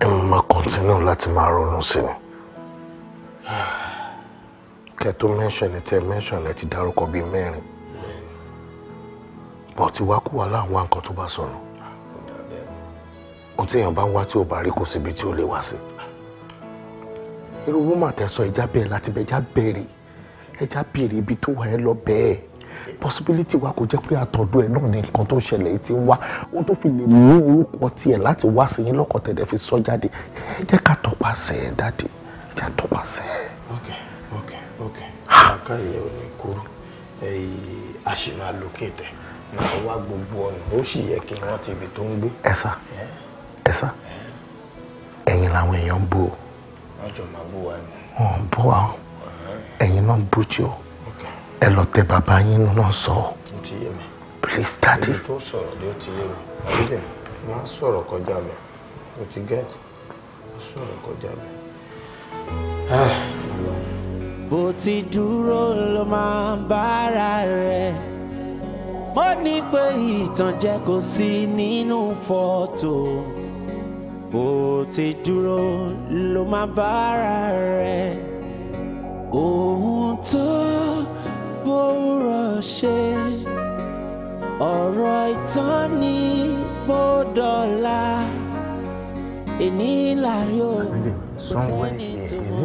Ẹ máa continue láti máa ronú sí ni. Kẹ́ tó mention ẹ tẹ́ mention ẹ ti dárúkọ bíi mẹ́rin. Bọ̀ tí wá kú wà láwọn nǹkan tó bá sọ̀rọ̀. Ohun tí èèyàn bá wá tí ò bá rí kò síbi tí ò lè wá sí. Irú wúmà tẹ ẹja bẹ̀rẹ̀ láti bẹ̀ ẹja bẹ̀rẹ̀ ẹja bẹ̀rẹ̀ ibi tó wà ẹ lọ bẹ́ẹ̀ possibility wa kò jẹ́ pé àtọ̀dọ̀ ẹ̀ náà ni nǹkan tó ṣẹlẹ̀ yìí ti ń wá ohun tó fi lè mú orúkọ tiẹ̀ láti wá sí yín lọ́kàn tẹ̀lé fi sọ jáde ẹ jẹ́ ká tọpasẹ̀ ẹ̀ dáàdì ẹ jẹ́ tọpasẹ̀ ẹ̀. ok ok ok àká ìyẹn ò ní kúrú a sì wá gbogbo ọ̀nà ó sì yẹ kí wọ́n ti ibi tó ń gbé. ẹ sá ẹ sá ẹ̀yin làwọn èèyàn ń bò. wọ́n jọ máa bò wá ni. wọ́n bò wá ẹ̀yin náà ń bò jù ọ́ ẹ lọ tẹ bàbá yín nínú náà sọ ọ please daddy. èyí tó sọ̀rọ̀ ló ti yé mi àbílẹ̀ máa sọ̀rọ̀ kọjá mi o ti get máa sọ̀rọ̀ kọjá ah, mi. bó ti dúró ló máa ń bára rẹ̀ mo ní pé ìtànjẹ kò sí nínú fọ́tò bó ti dúró ló máa bára rẹ̀ ohun tó gbòòrò ṣe ọ̀rọ̀ ìtàn ní bọ́dọ̀lá èní láàrin o kò sẹ́ni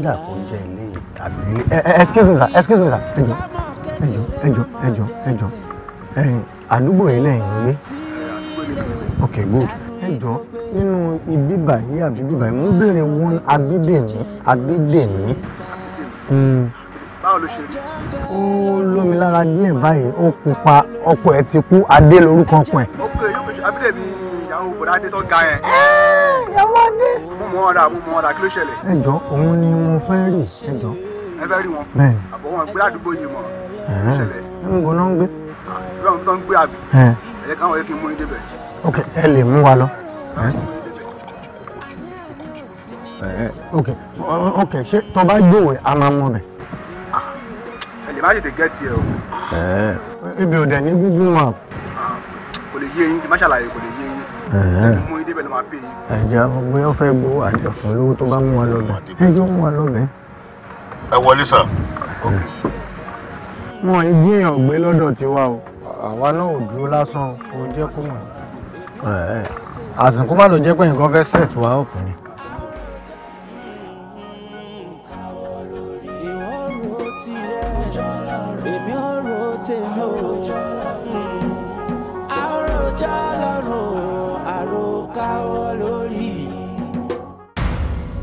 tó ń bá. excuse me sir excuse me sir ẹjọ ẹjọ ẹjọ ẹjọ ẹjọ àdúgbò yìí lẹ́yìn ni. ok good ẹjọ nínú ibíbà yìí àbí bíbà yìí mo ń béèrè wọn abídèmí abídèmí. Hmm báwo ló ṣe rí. ó lómi lára díẹ̀ báyìí ó pupa ọkọ ẹ̀ ti kú adé lórúkọ ọkọ ẹ̀. ok yóò fi ṣe abídẹ̀bí ìyàwó bọ̀dá adé tó ga yẹn. ìyàwó adé. mo mọ ọ̀dà mo mọ ọ̀dà kí ló ṣẹlẹ̀. ẹ jọ òun ni mo fẹ́ rí ẹ jọ. ẹ fẹ́ rí wọn. bẹ́ẹ̀ni àbọ̀ wọn gbé àdúgbò yìí mọ̀ ṣẹlẹ̀. ń gbóná ń gbé. ìrọ̀rùn tó ń ok ok ok ṣé tó a máa mú bẹ̀ má tètè gẹ́ tiẹ̀ o. ibi ò dẹ̀ ní gúngún wa. Ah, kò lè yé yín kì má ṣàlàyé kò lè yé yín. ẹni mú ilé máa pè yín. ẹ̀jẹ̀ bóyá fẹ́ gbó àjọ fún olówó tó bá mú wa lọ́bẹ̀ ẹjọ́ mú wa lọ́bẹ̀. ẹ wọlé sà. wọn igi èèyàn gbé lọ́dọ̀ tiwa o àwa náà ò dúró lásán o jẹ́ kó mọ̀. àsìkò má ló jẹ́ pé nǹkan fẹ́ set wa ọkùnrin.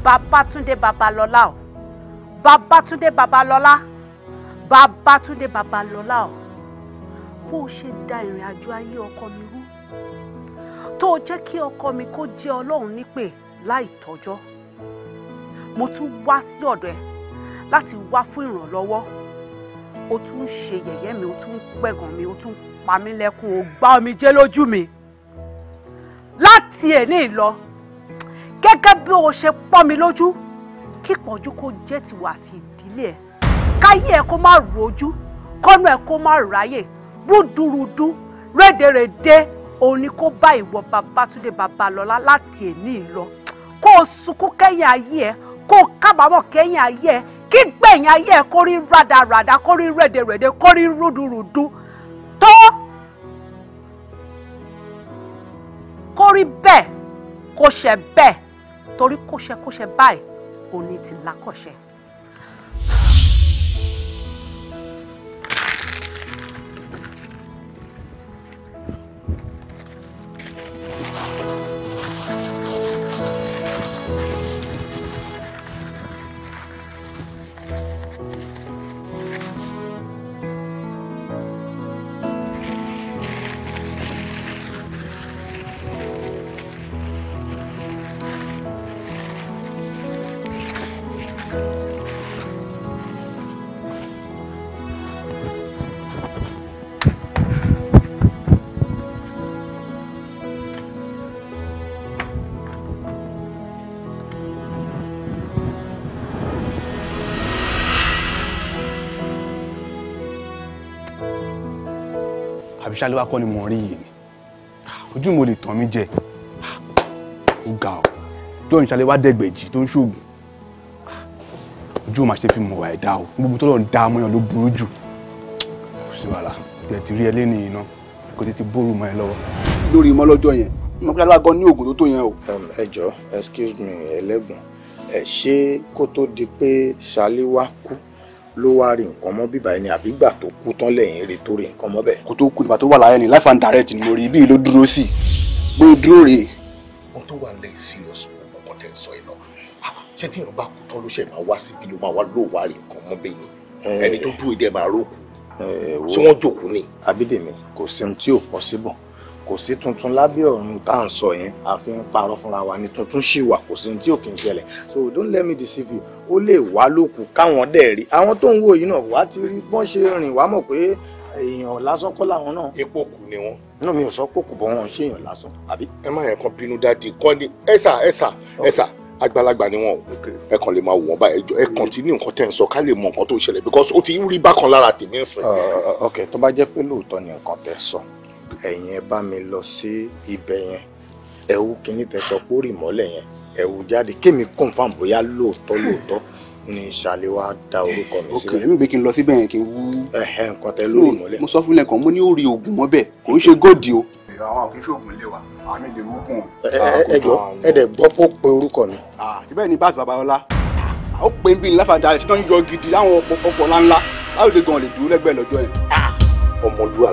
Babátúndé Babalọ́lá o Babátúndé Babalọ́lá Babátúndé Babalọ́lá o bó o ṣe da ìrìn àjò ayé ọkọ mi rú tó o jẹ́ kí ọkọ mi kó jẹ́ ọlọ́run nípè láì tọ́jọ́ mo tún wá sí ọ̀dọ̀ ẹ̀ láti wá fún ìrànlọ́wọ́ o tún ṣe yẹ̀yẹ́ mi o tún ń mi o tún ń pa mí lẹ́kún o gbá omijé lójú mi láti ẹ̀ ní ìlọ gẹ́gẹ́ bí o ṣe pọ́ mi lójú kí ìpọ́njú kó jẹ́ tìwọ àti ìdílé ẹ̀ káyé ẹ̀ kó má rojú kọ́nà ẹ̀ kó má ráyè búdúrúdú rédèrèdè òun ni kó bá ìwọ Babátúndé Babalọlá láti èní lọ kó o sunkún kẹ́yìn ayé ẹ̀ kó o kábàámọ̀ kẹ́yìn ayé ẹ̀ kí gbẹ̀yìn ayé ẹ̀ kó rí rádaràdà kó rí rédèrèdè kó rí rúdurùdu tó kó rí bẹ́ẹ̀ kó ṣe bẹ́ẹ̀ torí kóṣẹkóṣẹ báyìí òní ti lákọ̀ṣẹ. Thank you. ṣáà ló wá kọ́ ni mò ń rí yìí ni ojú mo lè tàn mí jẹ ó ga ọ john ṣáà lè wá dẹ́gbẹ̀jì tó ń ṣoògùn ojú ma ṣe fi mọ̀ wá ẹ̀dá o gbogbo tó lọ ń dá amúyàn ló burú jù kò sí wàhálà ilẹ̀ ti rí ẹ lẹ́nu iná kò tètè bóru mọ́ ẹ lọ́wọ́. lórí ìmọ̀ lọ́jọ́ yẹn mo kí alága ní oògùn tó tó yẹn o. ẹ jọ excuse me ẹlẹ́gbọ̀n ẹ ṣé kó tó di pé ṣálíwá kú ló wá rí nǹkan mọ́ bíbá ẹni àbí gbà tó kú tán lẹ́yìn eré tó rí nǹkan mọ́ bẹ́ẹ̀. kó tó kú ìgbà tó wà láyé ni life and direct ni mo rí ibi ló dúró sí bó o dúró rèé. wọ́n tó wà lẹ́yìn serious ọkọ̀ tẹ̀ ń sọ iná ah, ṣé tí ìrọ̀bá kú tán ló ṣe máa wá síbi ló máa wá ló wá rí nǹkan mọ́ bẹ́ẹ̀ ni eh, ẹni tó dúró dẹ̀ máa rókù tí eh, wọ́n jòkó ni. Abídèmí kò sí ohun tí ò possible kò sí tuntun lábẹ́ ọ̀run tá à ń sọ yẹn àfi ń parọ́ fúnra wa ni tuntun ṣì wà kò sí ní tí ò kì í ṣẹlẹ̀ so don't let me deceive you ó lè wá lókun káwọn dẹ̀ rí àwọn tó ń wò yìí náà wá ti rí bọ́n ṣe rìn wá mọ̀ pé èèyàn lásán kọ́ làwọn náà. epo kù ni wọn. inú mi ò sọ pòkù bọ́ wọn ṣe èèyàn lásán àbí. ẹ má yẹn kan bínú dáàdi kọ́ ni ẹ̀sà ẹ̀sà ẹ̀sà àgbàlagbà ni wọn o ẹ kàn lè máa wò wọn báyìí ẹ kọ́ntínú nǹkan tẹ̀ ń sọ ká lè mọ nǹkan tó ṣẹlẹ̀ because ó ti ń rí bákan lára tèmi ń sìn. Uh, uh, uh, ok tó bá jẹ́ pé lóòótọ́ ni nǹkan tẹ́ sọ ẹ̀yin ẹ bá mi lọ sí ibẹ̀ yẹn ẹ wú tẹ sọ pé ó rì mọ́lẹ̀ yẹn ẹ jáde kémi confam bóyá lóòótọ́ lóòótọ́ ni ìsàlẹ̀ wa da orúkọ mi síbẹ̀. ok èmi kí n lọ síbẹ̀ yẹn kí n wú. ẹhẹ nǹkan tẹ lórí mọ́lẹ̀. mo sọ fún lẹ́kàn mo ní ó oògùn mọ́ bẹ́ẹ̀ kò ń ṣe góòdì o. àwọn kì í ṣoògùn wa àmì lè mú kùn. ẹ jọ ẹ dẹ gbọ́ pé orúkọ mi. síbẹ̀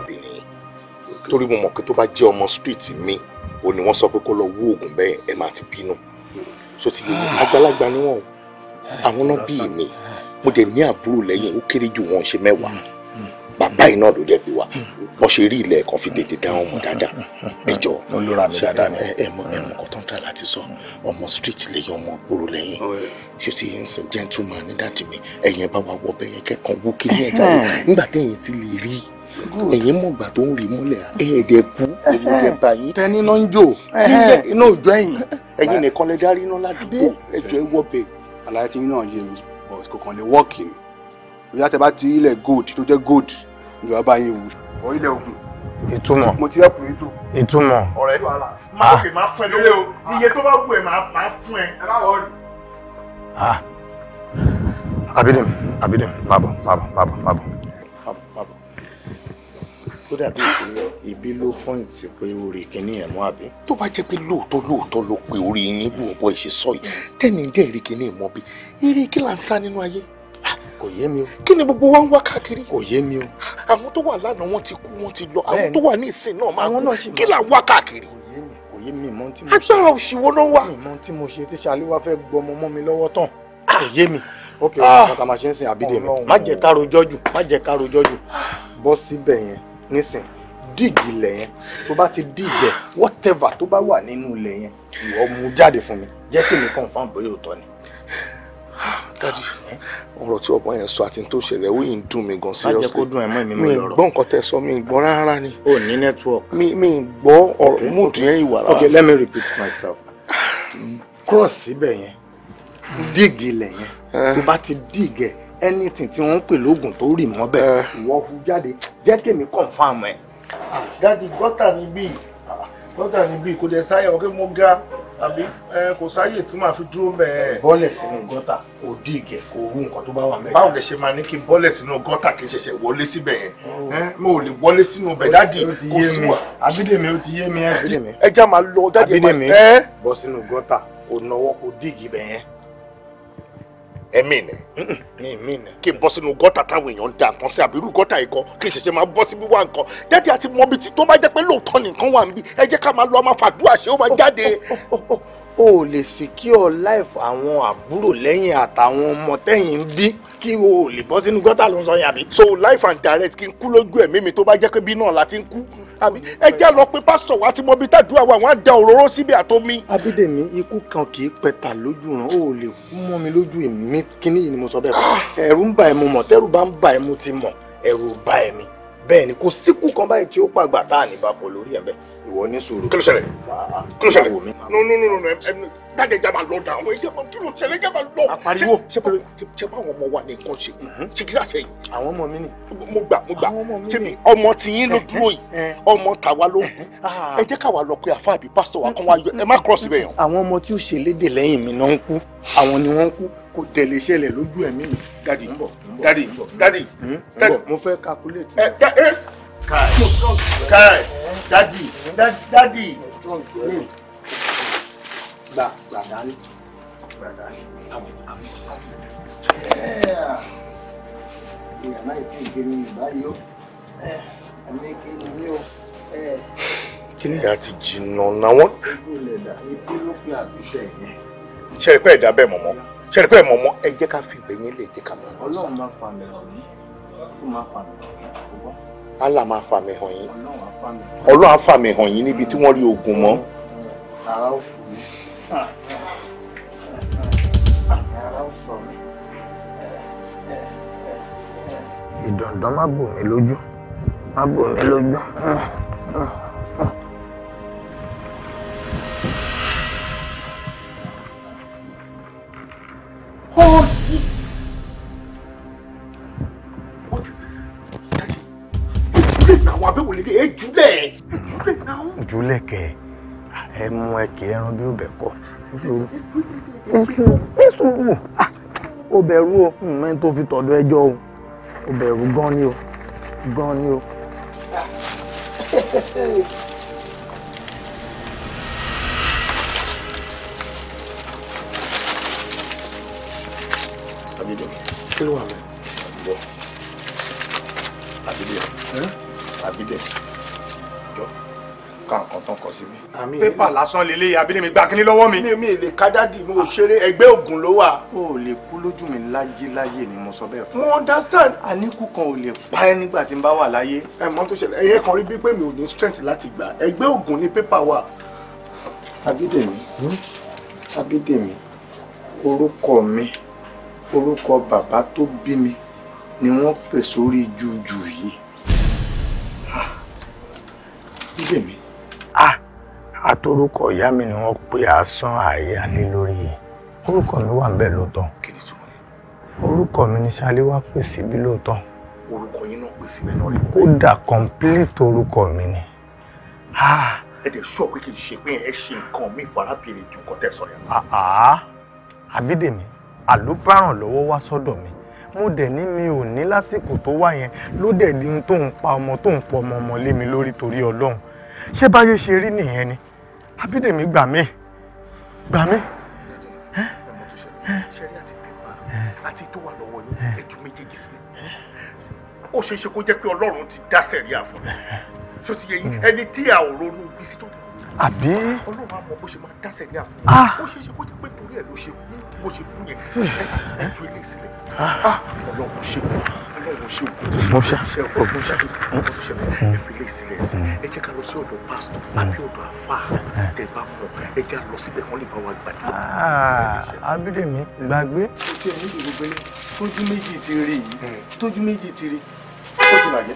ni ni torí mo mọ̀ pé tó bá jẹ́ ọmọ street mi o ní wọ́n sọ pé kó lọ wú oògùn bẹ́ẹ̀ ẹ máa ti bínú so ti yẹn àgbàlagbà ni wọn o àwọn náà bí èmi mo dẹ̀ ní àbúrò lẹ́yìn ó kéré jù wọn ṣe mẹ́wàá bàbá yìí náà ló dẹ̀ bí wa bọ́n ṣe rí ilẹ̀ kan fi tètè dá wọn dáadáa ẹjọ́ ṣáadá ẹ ẹ mọ ẹ mọ nǹkan tà láti sọ ọmọ street lẹ́yìn ọmọ gbòòrò lẹ́yìn oh, ṣé ti ń sin gentleman ní dàtí mi ẹ̀yìn ẹ bá wa wọ bẹ́yẹn kẹ́kọ̀ọ́ wú kí ní ẹ̀dá nígbà tẹ̀yìn ti lè rí i ẹ̀yin mọ̀gbà tó ń rí mọ́lẹ̀ ẹ̀ẹ́dẹ̀ kú ẹ̀yìn bá yín. tẹni náà ń jò iná òjò ẹ̀yìn ẹ̀yin nìkan lè darí iná ládùúgbò ẹ̀jọ̀ ẹ̀ wọ́ bẹ̀. àlàyé tí yín náà yé mi but kò kàn lè wọ́ọ̀kì ni bí a ti bá ti ilẹ̀ gold tó jẹ́ gold ni wàá bá yín wù. ọ ilẹ̀ ogun. ìtumọ̀ mo ti yọ̀pù ìtù. ìtumọ̀. ọ̀rẹ́ máa ah. fẹ́ máa fún ẹ lówó iye tó bá wù ẹ máa fún ẹ ẹ má wọ̀ọ́rì. Ah. abidim abidim mabọ mabọ mabọ mabọ ó dàbí ìpínlẹ̀ ibi ló fọ́ǹtì pé orí kìíní ẹ̀ mọ́ àbí. tó bá jẹ́ pé lóòótọ́ lóòótọ́ ló pe orí yín lóòótọ́ ìṣe sọ yìí tẹ́ni dẹ́ èrè kìíní mọ́ bí eré kí là ń sá nínú ayé. kò yé mi o. kí ni gbogbo wa ń wá káàkiri. kò yé mi o. àwọn tó wà lánàá wọ́n ti kú wọ́n ti lọ àwọn tó wà ní ìsìn náà máa kú kí là ń wá káàkiri. kò yé mi mọ́ tí mo ṣe. agbára òṣìwọ́ ló wà. ìmọ̀ tí mo ṣe tí ṣàlíwá fẹ́ gbọmọ mọ́ mi lọ́wọ́ tán ah! kò yé mi ok ọ̀rọ̀ ah! kan tá a máa ṣe ń sin àbídèmí má jẹ́ ká rojọ́ jù má jẹ́ ká rojọ́ jù ah! bọ́ síbẹ̀ yẹn nísìn díìgì ilẹ̀ yẹn tó bá ti díìgì whatever tó bá wà nínú ilẹ̀ yẹn ìwọ mú jáde fún mi jẹ́ kí mi confirm bóyá òótọ́ ni. dadi ọ̀rọ̀ tí ọ̀bọ̀n yẹn sọ àti tó ṣẹlẹ̀ ó yìí ń dùn mí gan seriously. má jẹ́ kó dùn ẹ̀ mọ́ mi mi lọ́rọ̀. mi gbọ́ nǹkan tẹ́ sọ mi gbọ́ rárá ni. o ní network. mi mi gbọ́ ọ̀rọ̀ mood yẹn ìwà rárá. okay let me repeat myself. cross síbẹ̀ yẹn díìgì ilẹ̀ yẹn eh. tó bá ti díìgì anything tí wọ́n ń pè lóògùn tó rì mọ́ bẹ́ẹ̀ eh. ìwọ hu jáde jẹ́ kèmí confam ẹ̀. Ah, dáàdi gọ́tà ni bíi ah, gọ́tà ni bíi kò dẹ̀ sáyẹ̀ ọ̀kẹ́ mo ga àbí eh, kò sáyè tí màá fi dúró bẹ́ẹ̀. bọ́lẹ̀ sínú gọ́tà kò dí ìgẹ̀ kò rú nǹkan tó bá wà mẹ́ta. báwo lẹ ṣe máa ní kí n bọ́lẹ̀ sínú gọ́tà kí n ṣẹ̀ṣẹ̀ wọlé síbẹ̀ yẹn oh. eh, mo ò lè wọlé sínú bẹ̀ dáàdi kò sí wa. abídèmí ó ti yé mi ẹ já máa lọ jáde máa ẹ. abídèmí bọ́ sínú gọ́tà kò náwó kò dí ìgì bẹ̀ ẹ mìíní. mi mìíní. kí n bọ́ sínú gọ́tà táwọn èèyàn ń da nǹkan sí àbírú gọ́tà yìí kan kí n ṣẹ̀ṣẹ̀ máa bọ́ sí wíwá nǹkan jáde àti mọbi tí tó bá jẹ́ pé lóòótọ́ nìkan wà níbí ẹ jẹ́ ká máa lọ máa fàdúrà ṣé ó máa jáde. Oh, oh, oh, o lè secure life àwọn àbúrò lẹ́yìn àtàwọn ọmọ tẹ́yìn ń bí kí o lè bọ́ sínú gọ́tà ló ń sọ yẹn so life and direct kí n kú lójú ẹ̀mí mi tó bá jẹ́ pé bí náà la ti ń kú àbí ẹ jẹ́ lọ pé pásítọ̀ wa ti mọ ibi tàdúrà wa àwọn á da òróró síbi àtomi. abídèmí ikú kan kì í pẹ̀tà lójú ràn ó lè mọ́ mi lójú èmi kíní yìí ni mo sọ bẹ́ẹ̀ ẹ̀rù ń bà ẹ̀ mo mọ̀ tẹ́rù bá ń bà ẹ̀ mo ti mọ̀ ẹ̀rù ò bà ẹ̀ mi bẹ́ẹ̀ ni kò síkú kan báyìí tí ó pàgbà tá à ní bá pọ̀ lórí ẹ̀ bẹ́ẹ̀ ìwọ ní sùúrù. kí ló ṣẹlẹ̀ kí ló ṣẹlẹ̀ no no no no dáadé jábà lọ dà àwọn ẹ̀jẹ̀ máa kí ló ṣẹlẹ̀ jábà lọ. àpariwo ṣe bá àwọn ọmọ wa ní nǹkan ṣe mhm. ṣe àwọn ọmọ mi ni. mo gbà mo gbà tèmi ọmọ tiyín ló eh, dúró yìí eh, eh. ọmọ tàwa ló kù ah. ẹ jẹ́ káwa lọ pé àfa àbí pásítọ̀ wa kan wá yọ ẹ má kúrọ̀ síbẹ̀ yàn. àwọn ọmọ tí ó ṣe léde lẹ́yìn mi náà ń kú àwọn ni wọ́n ń kú kò tẹ̀lé ṣẹlẹ̀ lójú ẹ̀mí mi. dadi dadi dadi. mo fẹ́ calculate. ẹ ẹ kai kai dadi hmm? dadi. Hmm? gbà gbà dání gbà dání àwọn àwọn àwọn èèyàn náà ti gbé mi báyìí ó eh, ẹ̀mí kí ni mí o. Eh. kí ni ìyá ti jìnnà náwọn. ibi ló pe àbíṣe yẹn. ṣe rí pé ẹ̀dá bẹ́ẹ̀ mọ̀mọ́ ṣe rí pé mọ̀mọ́ ẹ jẹ́ ká fi ìgbẹ́yìn lè jẹ́ ká máa lọ sí. ọlọ́run máa fa mi hàn mí ó máa fa mi hàn mí. Allah máa fa mi hàn yín ọlọ́run á fa mi hàn yín níbi tí wọ́n rí ogun mọ́. Ìdọ̀ndọ̀ má bò mí lójú, má bò mí lójú. Ìjúlẹ̀ oh, kẹ̀ ẹ mú ẹkẹ ẹran bí ó bẹ̀ kọ́ ní sùúrù ó o mẹ́rin tó fi tọ̀dọ̀ ẹjọ́ o ó bẹ̀rù gan ni o gan ni o. kí ló wà mẹ́. àbídẹ́ àbídẹ́ ka tán kọ sí mi. pépà lásán lélẹ́ yìí abínibí kínní lọ́wọ́ mi. mi ì lè ká dáàdì mo ṣeré ẹgbẹ́ ògùn ló wà. o lè kú lójú mi láyé láyé ni mo sọ bẹ́ẹ̀ fún. mo understand. àníkù kan ò lè pa ẹ́ nígbà tí n bá wà láyé. ẹ mọ̀ tó ṣẹlẹ̀ ẹyẹ kan rí bí pé mi ò ní strength láti gbà ẹgbẹ́ ògùn ni pépà wà. abídèmí hmm? abídèmí orúkọ mi orúkọ bàbá tó bí mi ni wọ́n pè sórí jújù yìí. bídèmí ah atorúkọ ìyá mi ni wọ́n pe asán àyálé lórí orúkọ mi wà níbẹ̀ lóòótọ́ orúkọ mi ni ṣáléwá pè síbí lóòótọ́ orúkọ yín náà pè síbẹ̀ náà rí kódà complete orúkọ mi ni ah ẹ dẹ̀ sọ pé kì í ṣe pé ẹ ṣe nǹkan mi farabìnrin ju nǹkan tẹ̀sán yẹn. àbídèmí àlùbáràn lọ́wọ́ wá sọ́dọ̀ mi mo dẹ̀ ní mi ò ní lásìkò tó wà yẹn ló dẹ̀ di ohun pa ọmọ tó ń ọmọ ọmọ lé mi lórí torí ọlọ́run ṣé báyé ṣe rí nìyẹn ni abídèmí gbà mí gbà mí. ṣẹ́rí àti pépà àti tó wà lọ́wọ́ yín ẹ̀jú méjèèjì sílẹ̀ ó ṣeé ṣe kó jẹ́ pé ọlọ́run ti dá sẹ̀ríà fún ṣó ti yẹ yín mm. ẹni tí a ò ronú bí sí tó dé àbí. ọlọ́run á mọ bó ṣe máa dá sẹ̀ríà fún mi ah! ó ṣeé ṣe kó jẹ́ pé torí ẹ̀ ló ṣe kú bó ṣe kú yẹn ẹ̀jú ilé sílẹ̀ ah! Ah! ọlọ́run ṣe kú ṣe òkú bọ́ṣà bọ́ṣà ẹ fi lé sílẹ̀ sí ẹ jẹ́ ká lọ sí ọ̀dọ̀ pásítọ̀ tàbí ọ̀dọ̀ àfà tẹ bá mọ̀ ẹ jẹ́ lọ síbẹ̀ wọ́n lè bá wa ah, gbàdúrà. Abídèmí gbàgbé. ó ti ẹni ìdìbò tout tójú méjì ti rí yìí tójú méjì ti rí ó ti bàjẹ́.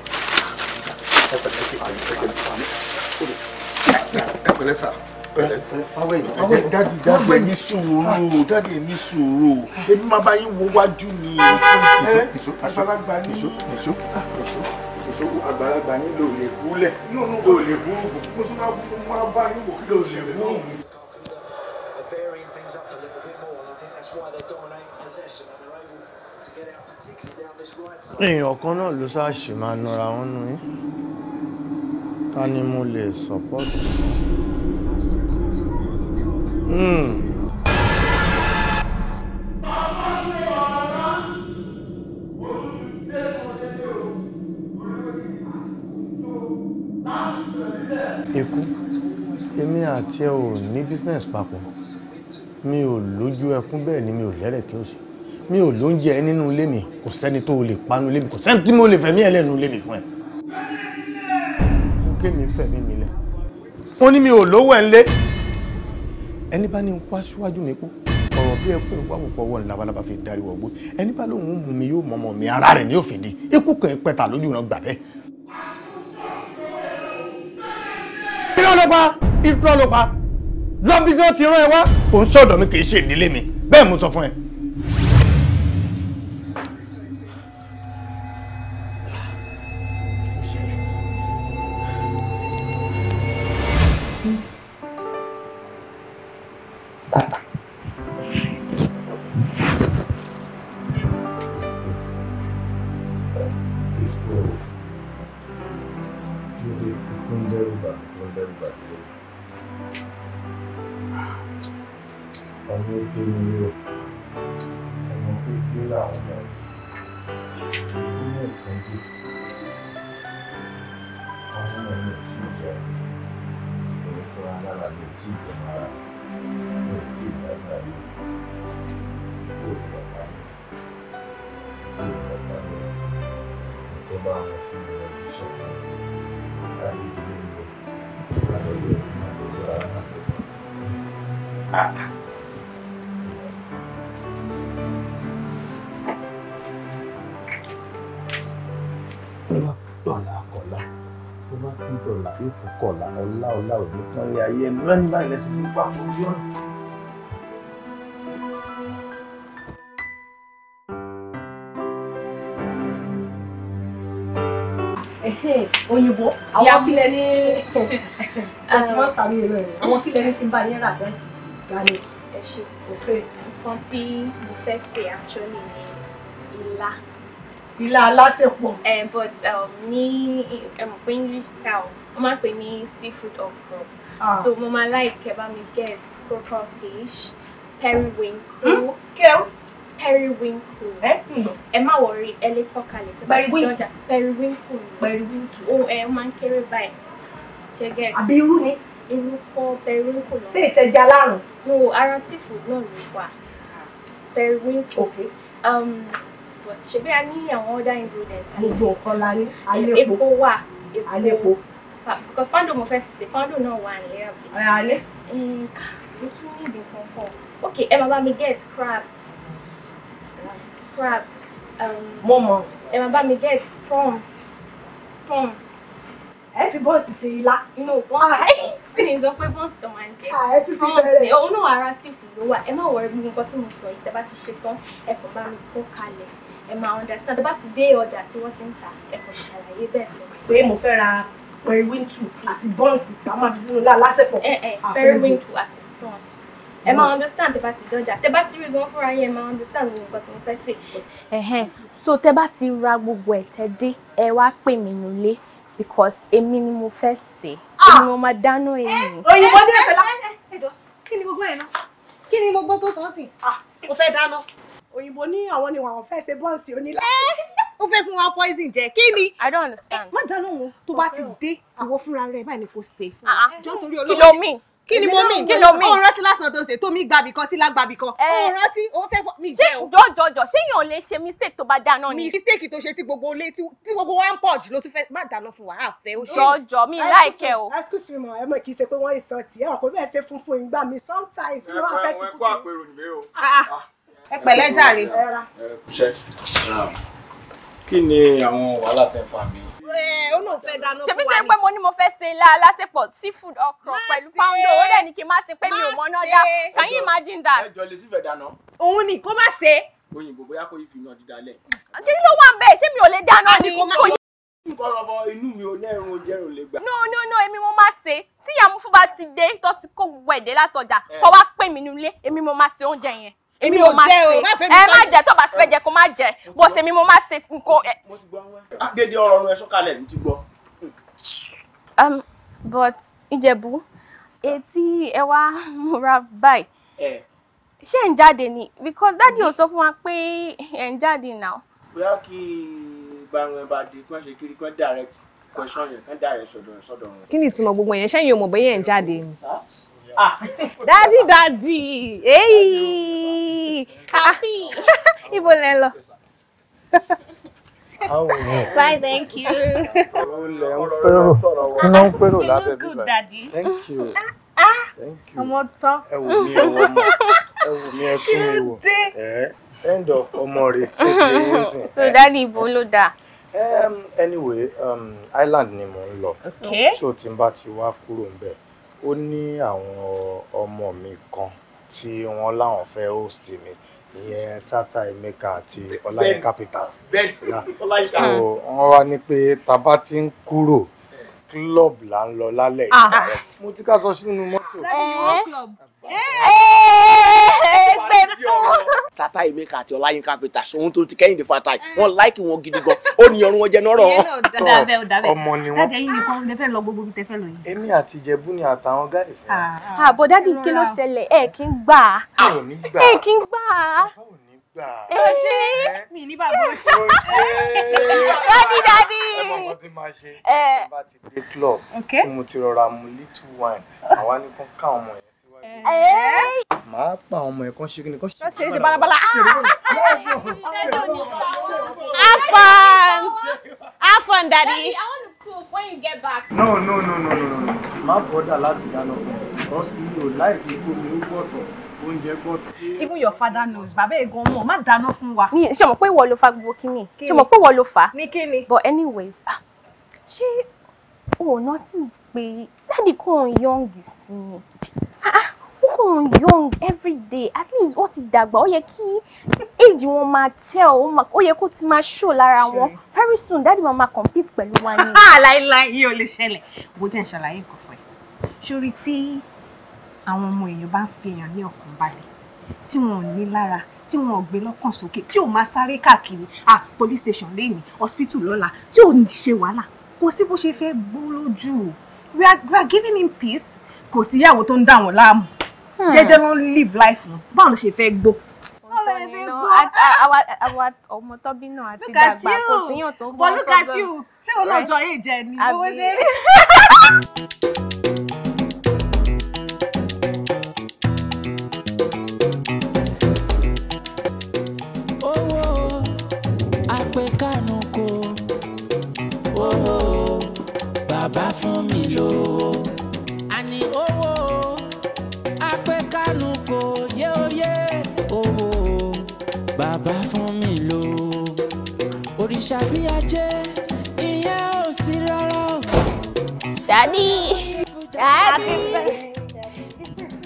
ẹ pẹ̀lẹ́ sà dadi dadi èmi sùúrù dadi èmi sùúrù èmi máa bá yín wo wájú ni. àgbàlagbà ni àgbàlagbà ni lò lè kúlẹ̀ lò lè burú mo tún máa bá yín wò kí lò lè burú. èèyàn kan náà ló ṣáàṣì máa nọra wọn nù yín ká ní mo lè sọpọ́tù. Mm. ikú èmi àti ẹ ò ní business papọ̀ mi ò lójú ẹkún bẹ́ẹ̀ ni mi ò lẹ́rẹ̀kẹ́ òsì mi ò lóúnjẹ ẹ nínú ilé mi kò sẹ́ni tó lè panu ilé mi kò sẹ́ni tí mo lè fẹ̀mí ẹ lẹ́nu ilé mi fún ẹ. mo kémi fẹ̀mí mi lẹ̀ wọ́n ní mi ò lówó ẹ̀ ń lé ẹni bá ní wá síwájú mi kú ọ̀rọ̀ bí ẹkú ẹ̀kú àwòkọ́ wọ̀ ní labalábá fi darí wọ̀gbó ẹni bá lóun mú mi yóò mọ̀mọ́ mi ara rẹ̀ ní òfìdí ikú kan pẹ̀ta lójú ìran gbà bẹ́ẹ̀. irọ́ ló pa irọ́ ló pa lọ́bí tó ti rán ẹ wá òun sọ̀dọ̀ mi kì í ṣe ìdílé mi bẹ́ẹ̀ mo sọ fún ẹ. àyè ẹ̀mí lọ́ní báyìí lẹ́sìn ní pápọ̀ ojú ọ̀nà. òyìnbó àwọn kílẹ̀ ní ẹ̀sìn wọn sàmì ìlú ẹ̀rọ àwọn kílẹ̀ ní kí n bá yẹn rà bẹ́ẹ̀ ganis. ẹ ṣe òkè nǹkan tí mo fẹ́ ṣe actually ni ilá ilá alásèpọ̀. Eh, but um, ní ẹ̀mọ̀ pé English style wọ́n máa ń pè ní seafood okra. Ah. so mo máa like ẹ bá get croaker fish periwinkle. Hmm? kẹ́ẹ̀ periwinkle. ẹ má wọrí ẹ lè kọ́ kalẹ̀ periwinkle. periwinkle. o oh, ẹ máa ń kéré báyìí ṣe get. àbí irú ni. irú periwinkle náà. ṣé ìṣẹ̀já no ara seafood no ló wà periwinkle. okay. Um, but ṣebí a ní other ingredients. gbogbo nǹkan la ní. epo wà. epo Ah, because pando mo fẹ́ fi ṣe pando náà wà nílé àbí. ọ̀yà alẹ́. Eh, ah, mo tún ní ìdí kankan ok ẹ máa mi get crabs crabs. Um, mọ. ẹ máa mi get prawns prawns. ẹ fi bọ́ọ̀sì se ilá. no ah, bọ́ọ̀sì sí ni sọ pé bọ́ọ̀sì tó máa ń jẹ prawns ni òun náà ara sí ìfù ló wà ẹ má wọrí gbogbo nǹkan tí mo sọ yìí tẹ bá ti ṣe tán ẹ kàn bá mi kó kalẹ̀ ẹ máa understand tẹ bá ti dé ọjà tí wọ́n ti ń ta ẹ kàn ṣàlàyé bẹ́ẹ̀ fún mi. mo fẹ́ ra pẹ̀rìwíntù àti bọ́ǹsì tá a máa fi sínú ilá lásẹ̀pọ̀. ẹ ẹ pẹ̀rìwíntù àti bọ́ǹsì ẹ máa understand tẹ́ bá ti dọjà tẹ́ bá ti rí gan fúnra yín ẹ máa understand gbogbo nǹkan tí mo fẹ́ ṣe. ẹhẹn so tẹ́ bá ti ra gbogbo ẹ̀ tẹ́ dé ẹ wá pè mí nulẹ̀ because èmi ni mo fẹ́ ṣe ah! èmi mo máa dáná èmi. òyìnbó ní ẹsẹ̀ lá. Eh, eh, eh, kí ni gbogbo ẹ̀ náà kí ni gbogbo tó sọ sí. Ah, mo fẹ́ dáná. òyìnbó ní àwọn ni wọn fẹ́ ṣe bọ́ǹsì onílà. ó fẹ́ fún wa poison jẹ kí ni. i don't understand. má dá lóhùn tó bá ti dé ìwọ fúnra rẹ báyìí ni kò ṣe. Ah, ah. jọ torí olówó kí ló mì kí ni mo mì kí ló mì. òun rántí lásán tó ṣe tó mi gbàbí kan tí lágbàbí kan. òun eh. rántí òun fẹ́ fọ mi jẹ o. jọjọjọ ṣé yàn lè ṣe mistake tó bá dáná ni. mistake tó ṣe tí gbogbo olé tí gbogbo one punch ló tún fẹ́ má dáná fún wa àfẹ́ o ṣe. jọjọ mi ah, láìkẹ o. excuse me ma ẹ mọ kì í ṣe pé wọn ìsọtì ẹ ọkọ bẹ́ẹ̀ ṣe funfun ìgbà mi sometimes ló wà fẹ́ ti kú. ẹ pẹ̀lẹ́ jàre kí ni àwọn wàhálà tẹ́ ń fà mí ṣebí pé mo ní mo fẹ́ ṣe ilá alásèpọ̀ seafood okra pẹ̀lú poundo ó dẹ̀ ní kí n má ṣe pé mi ò mọ́ná dá can you imagine that. ẹjọ lè sífẹ̀ dáná. òun ni kó má ṣe. òyìnbó bóyá kò yí fi iná dídá lẹ̀. kí ló wà bẹ́ẹ̀ ṣé mi ò lè dáná ni kò yí. nkọrọbọ inú mi ò lẹ́rùn oúnjẹ ò lè gbà. no no no èmi mo máa ṣe tí ìyá mufúba ti dé tó ti kó gbogbo ẹ̀dẹ́ látọjà kó wá pè mí nílé èmi mo máa ṣe oúnjẹ yẹn èmi ò jẹ o ẹ má jẹ tó bá ti fẹ́ jẹ kó má jẹ bó tèmi mo má ṣe nǹkan. mo ti gbọ́ wọn. Ah, dédé ọ̀rọ̀ ọ̀run ẹ̀ṣọ́ kalẹ̀ ní ti gbọ́. Um, but ìjẹ̀bú etí ẹ wá múra báyìí ṣé ń jáde ni because dádì ò sọ fún wa pé ẹ̀ ń jáde now. bóyá kí gbarun ẹ bá di kí wọ́n ṣe kiri kí direct question yẹn kí direct so sọ̀dọ̀ so kí ni ìtumọ̀ gbogbo yẹn ṣẹ́yìn ò mọ̀ bóyá ẹ̀ ń jáde ni. Ah. Daddy, daddy, hey, happy. Ah. ibo lẹ lo. Bye, thank you. Kí ló ń pérò lábẹ́ bíbá? Ah, thank you. Ọmọ tán. Ẹ wò mí ẹ wò mọ̀, ẹ wò mí ẹ tún mi wò. End of ọmọ rẹ̀ kékeré ń sìn. So dádì ibo ló dáa? Um, anyway, um, Island ni mò ń lọ. So tí n bá ti wá kúrò ń ó ní àwọn ọmọ mi kan tí wọ́n láwọn fẹ́ host mi ìyẹn tata emeka àti ọláyé capital wọ́n wá ní pé tá bá ti ń kúrò eh. club là ń lọ lálẹ́ ah. mo ti ká sọ sínú mọ́tò tata emeka àti ọláyínká peters ohun tó ti kẹ́yìn de fata yìí wọ́n láìkì wọn gidi gan ó ní ọrùn wọn jẹ nọ́rọ̀ wọn. ọmọ ni wọn. dájú yìí kan lè fẹ́ lọ gbogbo ibi tẹ́ fẹ́ lọ yìí. èmi àti ìjẹ̀bú ni àtàwọn gáàsì. Ah, ah. àbọ̀ dádì kí ló ṣẹlẹ̀ ẹ̀ kí ń gbà á ẹ̀ kí ń gbà á gbà. ẹ ṣe mi ní bàbá òṣèré. dadi dadi. ẹ mọ nǹkan tí máa ṣe. ẹ bá ti dé club. mo ti rọra mu little wine àwa ní kó ká ọmọ yẹn màá pa àwọn ọmọ ẹ̀kan ṣe kí ni kọ́ ṣe ṣe ṣe balabala. afọn afọn dadi. When you get back. No, no, no, no, no, no. Má bọ́dà láti dáná fún mi. Because mi ò láìpẹ́ kó mi ó gbọ́tọ̀ oúnjẹ gbọ́tọ̀. Even your father knows. Bàbá ẹ̀ gan mọ̀, má dáná fún wa. Mi ṣe mọ̀ pé ìwọ ló fa gbogbo kíni. Ṣe mọ̀ pé ìwọ ló fa. á. Ní kíni. But anyways, ṣé o ò notice pé dáàdì kò ń yọ̀ǹgì sí mi? kàn young every day at least wọ́n ti dàgbà ó yẹ kí age wọn máa tẹ̀ ó yẹ kó ti máa show lára wọn very soon dáàdi máa máa compete pẹ̀lú wa ni. láíláí yìí ò lè ṣẹlẹ̀ bó jẹ́ ìṣàlàyé nǹkan fún ẹ sórí tí àwọn ọmọ èèyàn bá ń fi èèyàn ní ọkàn balẹ̀ tí wọn ò ní lára tí wọn ò gbé lọ́kàn sókè tí ò máa sáré káàkiri ah police station lẹ́yìn hospital lọ́la tí ò ní ṣe wàhálà kò sí bó ṣe fẹ́ gbó lójú we are giving him peace kò síyàwó tó ń dà wọ́n láàmú Hmm. jẹ́jẹ́ ló ń live life nù báwo ló ṣe fẹ́ gbó. ọmọ tọ́bí náà àti dàgbà kò síyàn tó ń bọ́ lọ́kàtí ò ṣé òun náà eh? jọ jẹ ni owó ṣe rí. bàbá fún mi lò. òrìṣà ìyẹn ò sí rárá dadi dadi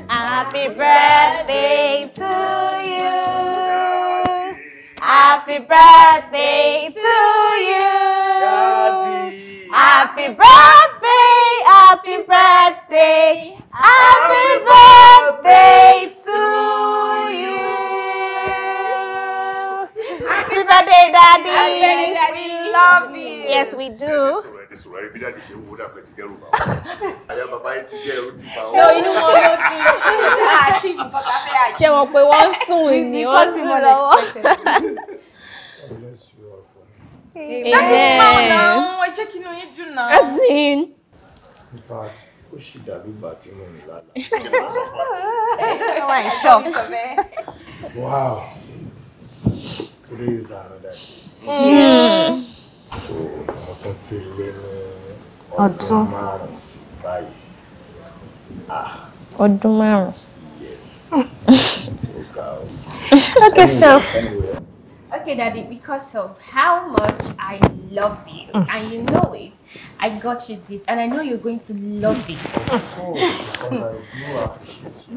happy birthday to you happy birthday to you happy birthday happy birthday happy birthday to you. birthday, Daddy. Happy birthday, Daddy. We love you. Yes, we do. no, inú wọn ló dùn. Achieve nǹkan tá a fẹ́ achieve. Ṣé wọ́n pé wọ́n sùn ní wọ́n sùn lọ́wọ́? Amen. That is small now. Ẹ jẹ́ kí inú yín dùn náà. As in. In fact, ó ṣì dàbí ìgbà tí mo rìn lálàá. Wọ́n wà ní ṣọ́ọ̀kì. Wow today is another day. mo tún ti lé ní ọdún ah. yes. okay so. Okay, Daddy, because of how much I love you, mm. and you know it, I got you this, and I know you're going to love it. Oh,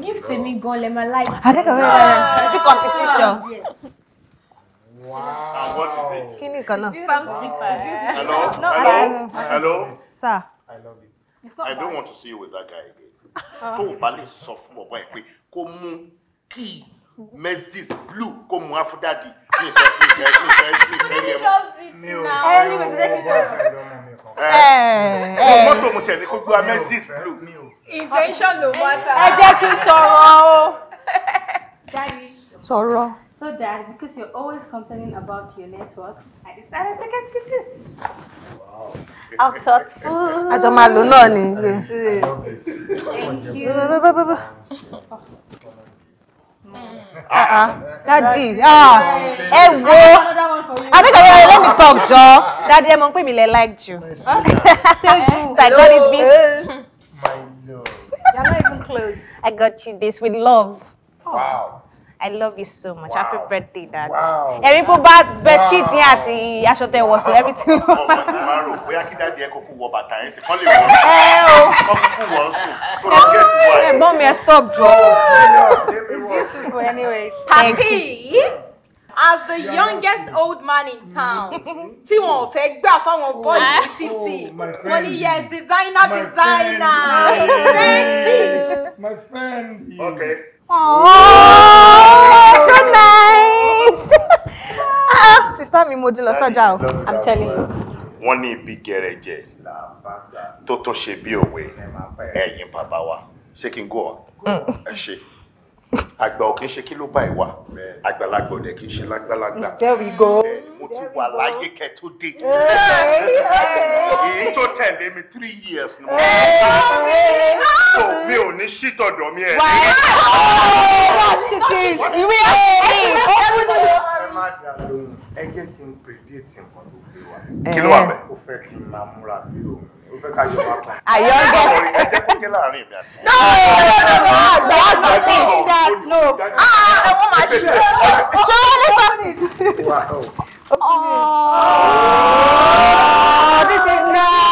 Give to me, Golem, I like I think I'm going to competition. Yes. Wow. And what is it? Kíni kan náà. Wow. Hello? No, Hello? Hello? Sir. I love it. I don't want to see you with that guy again. Oh. Tó o bá lè sọ fún bọ̀bọ̀ ẹ̀ pé blue kó mú afúdádì ní ìfẹ́ ní ìfẹ́ ní ìfẹ́ ní ìfẹ́ ní ẹ̀mú. Mi ò fẹ́ owó boyfriend ọmọ blue. Intention ló wá ta. Ẹ jẹ́ kí So Dad, because you're always complaining about your network, I decided to get you this. Wow. How thoughtful. Àjọ máa lò náà ni. Thank you. Uh-uh. Daddy, ah, I wo, àbíkọ̀ mi let me talk jọ, Daddy ẹ mọ̀ really mi lè like you. So I got this beat. My love. You're not even close. I got you this with love. Oh. Wow. I love you so much. Wow. Happy birthday, Dad. Wow. Ẹ̀rí bó bá bedsheet yẹn àti aṣọ tẹ wọ̀ everything. Ọmọ ti máa rò bóyá kí dáàdi ẹ kókó wọ bàtà yẹn sí kán lè wọ̀ ọ́. Ẹ stop. Kán kúkú wọ̀ ọ́ sùn. Kó anyway, happy as the yeah, youngest yeah. old man in town tí wọn ò fẹ́ boy, fáwọn boys ní títì oh, designer my designer friend. thank you. my friend. Okay. Oh, so nice. Ah, ah, sister mi mo dé lọ o. I'm telling you. Wọ́n ní ibi gẹ̀rẹ̀jẹ̀ tó tún ṣe bí òwe ẹ̀yìn bàbá wa. Ṣé kí n gò wá? Mm. Ẹ ṣe. Àgbà ò kí ń ṣe kí ló bá ìwà. Àgbàlagbà ò dẹ̀ kí There we go ti wà láyé kẹ tó dé èyí tó tẹ̀lé mi three years ni so mi ò ní sí tọ̀dọ̀ mi ẹ̀. wà á yọ ìwé ẹ̀rí ọ̀hún. ẹ má dà lóhùn ẹ jẹ́ kí n predict nǹkan tó gbé wa. Eh. kí ló wà bẹ́ẹ̀. ó fẹ́ kí n máa múra bí òun ó fẹ́ ká yọ wá pa. àyọ̀ ń bọ̀. ẹ jẹ́ kó jẹ́ láàrin mi àti. no no no no àgbà sí ìdíjà no ah ẹ̀wọ̀n máa ṣe é. ṣé ó ní pàṣẹ. Oh, this is nice.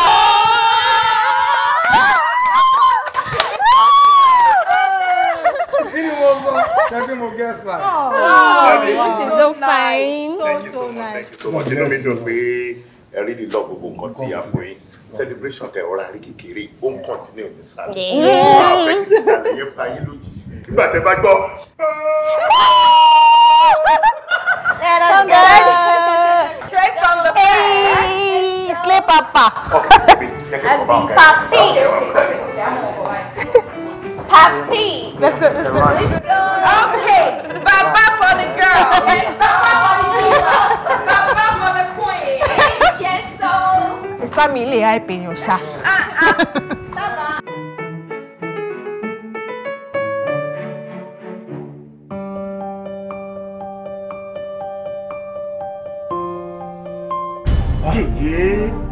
Kevin will guess like. Oh, oh this is so, so fine. Nice. Thank you so, so much. Nice. Thank you so much. Inú mi dùn pé ẹ rí continue. gbogbo nǹkan Celebration the ọ̀rá rí kékeré, ó continue ní sáré. Ó máa fẹ́ kí ìsàlẹ̀ yẹn pa yín lójijì. Nígbà tẹ bá gbọ́. Let on the hey, Slay Papa. Oh, okay, Papi. Papi. Let's go, let's go. Okay, for the girl. Papa for the girl. Papa for the queen. Yes, so. Sister Millie, I pay your shot. Ah, uh-uh. ah. Bye-bye.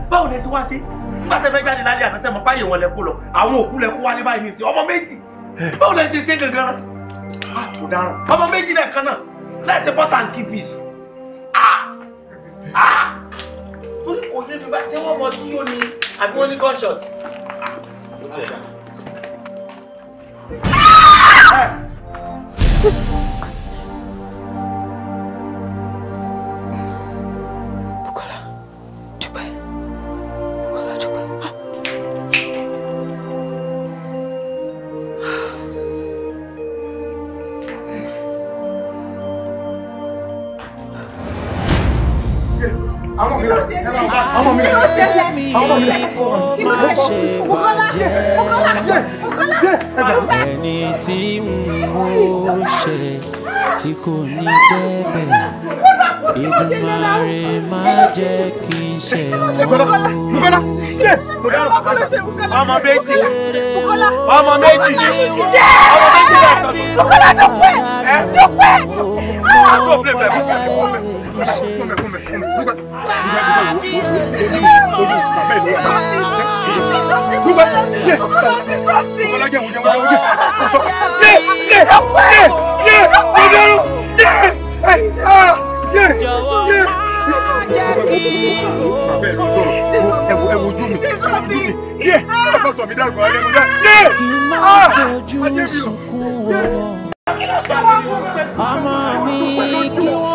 báwo lẹ ti wá sí nígbà tẹ́ fẹ́ jáde lálẹ́ àná tẹ́ mọ̀ páyé wọn lẹ kó lọ àwọn òkú lẹ kó wálé báyìí ní ìsìn ọmọ méjì báwo lẹ ti ṣe gangan kò dára ọmọ méjì lẹ́ẹ̀kan náà láìsí pọ́tà ń kí fish torí kò yé mi bá tí wọ́n mọ tí yóò ní àbí wọ́n ní gunshot. Ah! ọmọ ẹni tí mo ṣe tí kò ní bẹ́ẹ̀ Èdùmàrè má jẹ́ kí n ṣe mọ́. ọmọ Ọmọ kí n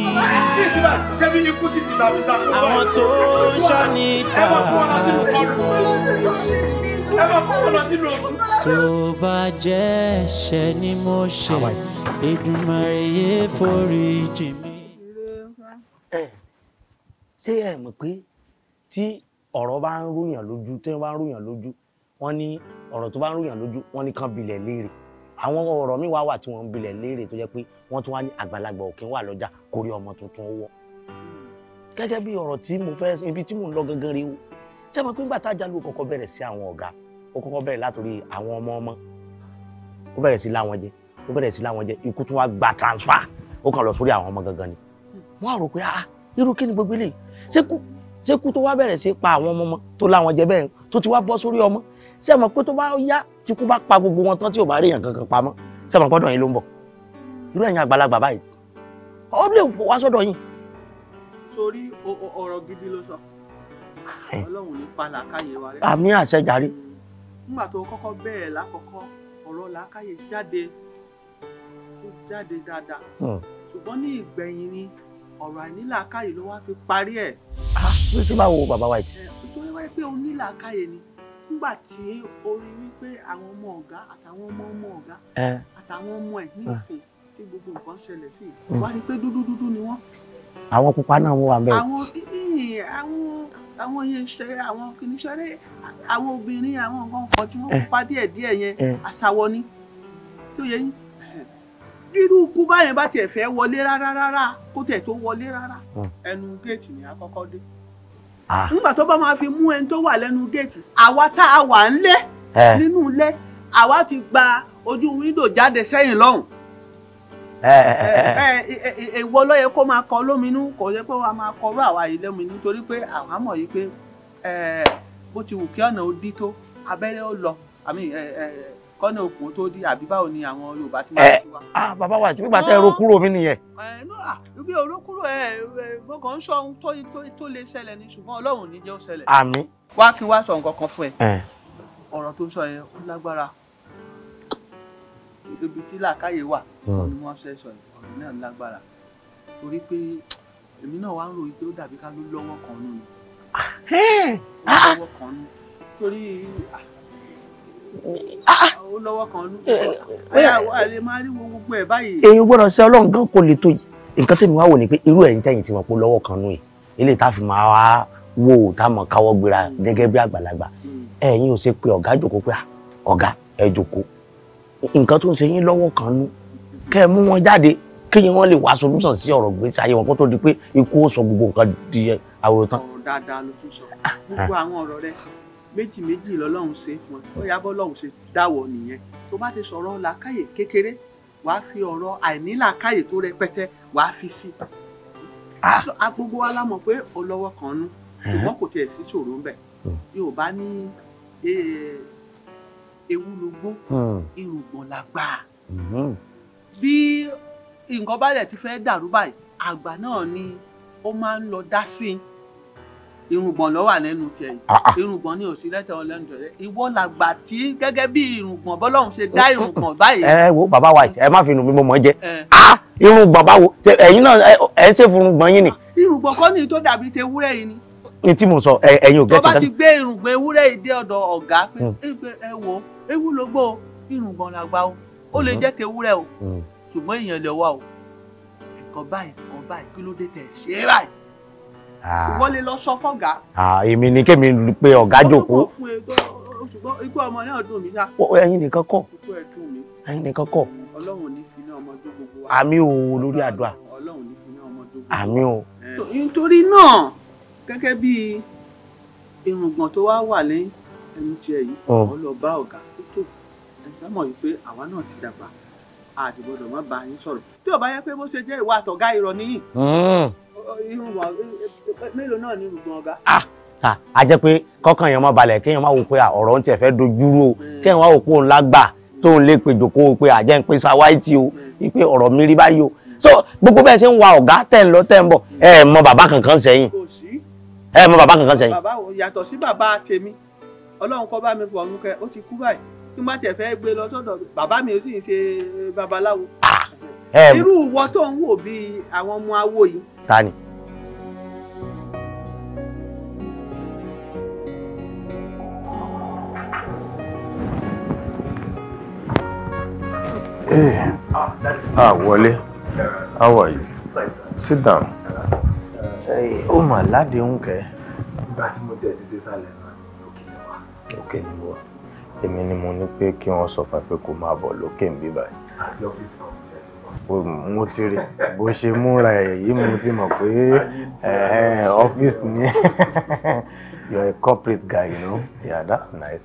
àwọn tó ń ṣàníta tó bá jẹ́ ẹ̀ṣẹ̀ ni mo ṣe Èdùmàrè yé forí jì mí. ṣé ẹ mọ̀ pé tí ọ̀rọ̀ bá ń rúyàn lójú tí wọ́n bá ń rúyàn lójú wọ́n ní ọ̀rọ̀ tó bá ń rúyàn lójú wọ́n ní kan bilẹ̀ léèrè àwọn ọ̀rọ̀ mi wá wà tí wọ́n ń bilẹ̀ léèrè tó jẹ́ pé wọ́n tún wá ní àgbàlagbà òkè wà lọ́jà kò rí ọmọ tuntun wọ́ gẹ́gẹ́ bí ọ̀rọ̀ tí mo fẹ́ ibi tí mò ń lọ gangan rí o tí a mọ̀ pé nígbà tá a jálù kọ́kọ́ bẹ̀rẹ̀ sí àwọn ọ̀gá ó kọ́kọ́ bẹ̀rẹ̀ látòrí àwọn ọmọ ọmọ ó bẹ̀rẹ̀ sí láwọn jẹ ó bẹ̀rẹ̀ sí láwọn jẹ ikú tún wá gba transfer ó kàn lọ sórí àwọn ọmọ ṣé ẹ mọ̀ pé tó bá yá tí kú bá pa gbogbo wọn tán tí ò bá rí èèyàn kankan pamọ́ ṣé ẹ mọ̀ pọ́dọ̀ yín ló ń bọ̀ irú ẹ̀yin àgbàlagbà báyìí ó lè fò wá sọ́dọ̀ yín. torí ọ̀rọ̀ gidi ló sọ ọlọ́run ní pa làákàyè wa rẹ. àmì àṣẹjàre. nígbà tó kọ́kọ́ bẹ̀rẹ̀ lákọ̀ọ́kọ́ ọ̀rọ̀ làákàyè jáde ó jáde dáadáa hm. ṣùgbọ́n ní ìgbẹ̀yìn ni ọ̀rọ̀ àìnílàákàyè ah, ni nígbà tí o rí wípé àwọn ọmọ ọ̀gá àtàwọn ọmọ ọmọ ọ̀gá àtàwọn ọmọ ẹ̀ ní ah. ìsìn tí gbogbo nǹkan ṣẹlẹ̀ sí hmm. wá rí pé dúdú dúdú ni wọ́n. àwọn pupa náà wà bẹ́ẹ̀. àwọn àwọn àwọn yẹn ṣe àwọn kìnnìṣẹ́rẹ́ àwọn obìnrin àwọn nǹkan kan tí wọ́n eh. pupa díẹ̀díẹ̀ yẹn eh. àṣàwọ̀ ni tó yẹ yín irú ikú báyẹn bá tiẹ̀ fẹ́ wọlé rárá rárá kó tiẹ̀ tó wọlé rárá hmm. ẹnu géètì ni àkọ́kọ́ dé. Ah. nígbà tó bá máa fi mú ẹni tó wà lẹ́nu géètì àwa tá a wà ń lé eh. nínú ilé àwa ti gba ojú wíńdò jáde sẹ́yìn lọ́hùn eh, eh, ìwọ ló yẹ kó máa kọ lóminú kò yẹ pé wàá máa kọrú àwa yìí lóminú torí pé àwa mọ̀ yìí pé bó ti wù kí ọ̀nà ó dí tó abẹ́rẹ́ ó lọ kọ́nà òkú tó dí àbí báwo ni àwọn Yorùbá ti máa eh, ń tiwa. ah bàbá wa àti pípa tẹ ah. ro kúrò mi nìyẹn. ẹ nú à ibi òru kúrò ẹ eh, eh, mo kàn ń sọ ohun tó lè ṣẹlẹ̀ ni ṣùgbọ́n Ọlọ́run ní jẹ́ ó ṣẹlẹ̀. àmín. wá kí n wá sọ nǹkan kan fún ẹ ọ̀rọ̀ tó sọ yẹn ó lágbára ibi tí làákàyè wà hmm. ni wọ́n ṣe sọ ọ̀rọ̀ náà lágbára torí pé èmi náà wá ń ròyìn pé ó dàbí ká ló lọ́wọ́ kan nù. Ah, lọ́wọ́ ah. Ah, ah. ó lọ́wọ́ kan lú bóyá eh, àlè eh, máa rí wo gbogbo ẹ̀ báyìí. èyí gbọ́dọ̀ sí ọlọ́run gan kò lè tó yìí nǹkan tèmi wá wò ni pé irú ẹ̀yin tẹ̀yìn tí wọ́n pọ̀ lọ́wọ́ kan nù yìí eléyìí tá a fi máa wá wò tá a mọ̀ káwọ́ gbéra gẹ́gẹ́ bí àgbàlagbà hmm. ẹ̀yin ò ṣe pé ọ̀gá jòkó pé ah, ọ̀gá ẹ jòkó nǹkan tó ń ṣe yín lọ́wọ́ kan nù kẹ́ ẹ mú wọn jáde kéèyàn wọn lè wá solúsàn sí ọ̀rọ̀ gbèsè ayé wọn kó tó di pé ikú ó sọ gbogbo nǹkan di àwòrán tán. ọ̀rọ̀ dáadáa ló tún sọ gbogbo àwọn ọ̀rọ̀ rẹ̀ méjì méjì lọ́lọ́run ṣe fún ẹ ó yá bọ́lọ́run ṣe dáwọ̀ nìyẹn tó bá ti sọ̀rọ̀ làákàyè kékeré wàá fi ọ̀rọ̀ àìnílàákàyè tó rẹpẹtẹ wàá fi sí i ah. gbogbo wa la mọ̀ pé olówó kan nú ṣùgbọ́n kò tiẹ̀ sí ṣòro ń bẹ̀ hmm. yorùbá ní ewu lógbó hmm. irùngbọ̀n làgbà hmm. bí nǹkan bá dẹ̀ ti fẹ́ dàrú báyìí àgbà náà ni ó máa ń lọ dá sí i irùngbọ̀n ló wà lẹ́nu tiẹ̀ yìí ah, ah. irùngbọ̀n ni òsì lẹ́tẹ̀ ọlẹ́nu tẹ̀lé ìwọ làgbà tí gẹ́gẹ́ bí irùngbọ̀n bọ́lọ́hún ṣe dá irùngbọ̀n báyìí. ẹ wo bàbá wa ẹ má fi inú mi mọ̀ jẹ́ ah, irùngbọ̀n báwo ẹ̀yin náà ẹ̀ ń ṣe furungbọ̀n yín ni. irùngbọ̀n kọ́ ni tó dàbí ti ewúrẹ́ yìí ni ní tí mo sọ ẹ̀yin ò gẹ́tì kan. tó bá ti gbé irùngbọ̀n ewúrẹ́ yìí dé ọ̀dọ̀ ọ̀gá pé hmm. ẹ wo ewu ló gbó irùngbọ̀n làgbà o ó lè hmm. jẹ́ ti ewúrẹ́ o hmm. ṣùgbọ́n èèyàn lè wà o ẹ̀kọ́ báyìí ẹ̀kọ́ báyìí kí ló dé tẹ̀ ṣe é báyìí Ah. ìwọ lè lọ sọ fọ́gà. Ah, èmi ni kémi pé ọ̀gá jókòó. ṣùgbọ́n ikú ọmọ náà dùn mí ná. ẹ̀yin nìkan kọ́ ẹ̀yin nìkan kọ́. ọlọ́run ní fi ní ọmọ jó gbogbo wa. àmì o lórí àdúrà. ọlọ́run ní fi ní ọmọ jó gbogbo wa. àmì o. nítorí náà gẹ́gẹ́ bí irùngbọ̀n tó wá wà lẹ́yìn ẹnu jẹ yìí oh. ọ lọ bá ọ̀gá tó tó ẹ̀sán mọ̀ wípé àwa náà ti dàgbà àdìgbọ́dọ̀ má bá yín sọ̀rọ̀ tí ò bá yẹ pé bó ṣe jẹ́ ìwà àtọ̀gá irọ́ nìyí irun wa mélòó náà ní gbogbo ọ̀gá. a jẹ́ pé kọ́kàn èèyàn máa balẹ̀ kéèyàn máa wò pé ọ̀rọ̀ ń tiẹ̀ fẹ́ dojúrú o hmm. kéèyàn máa wò pé òun lágbà tóun lè pè jòkó pé àjẹ́ ń pè sáwáìtì o hmm. pé ọ̀rọ̀ mi rí báyìí o so gbogbo bẹ́ẹ̀ ṣe ń wa ọ̀gá tẹ̀ ń lọ tẹ̀ ń bọ̀ ẹ mọ bàbá kankan sẹ́yìn ẹ mọ bàbá kankan sẹ́yìn. bàbá yàtọ̀ sí bàbá tèmi ọlọ́run kọ́ bá mi fọ̀ ọ̀run kẹ ó ti kú báyìí tí má tẹ̀ fẹ́ gbé lọ sọ́dọ̀ bàbá mi ò sì ń ṣe ta Hey. Eh. Ah, ah Wale, how are you? Thanks, sir. Sit down. Hey, eh, ó mà ládéhùn kẹ́. Ìgbà tí mo tiẹ̀ ti dé sálẹ̀ náà ni òkè ni wá. ni wá. Èmi ni mo ní pe kí wọ́n sọ fún ẹ pé kó máa mo ti rí bó ṣe múra ẹ̀ yìí mo ti mọ̀ pé ọ́fíìsì ni you are a corporate guy you know yeah that's nice.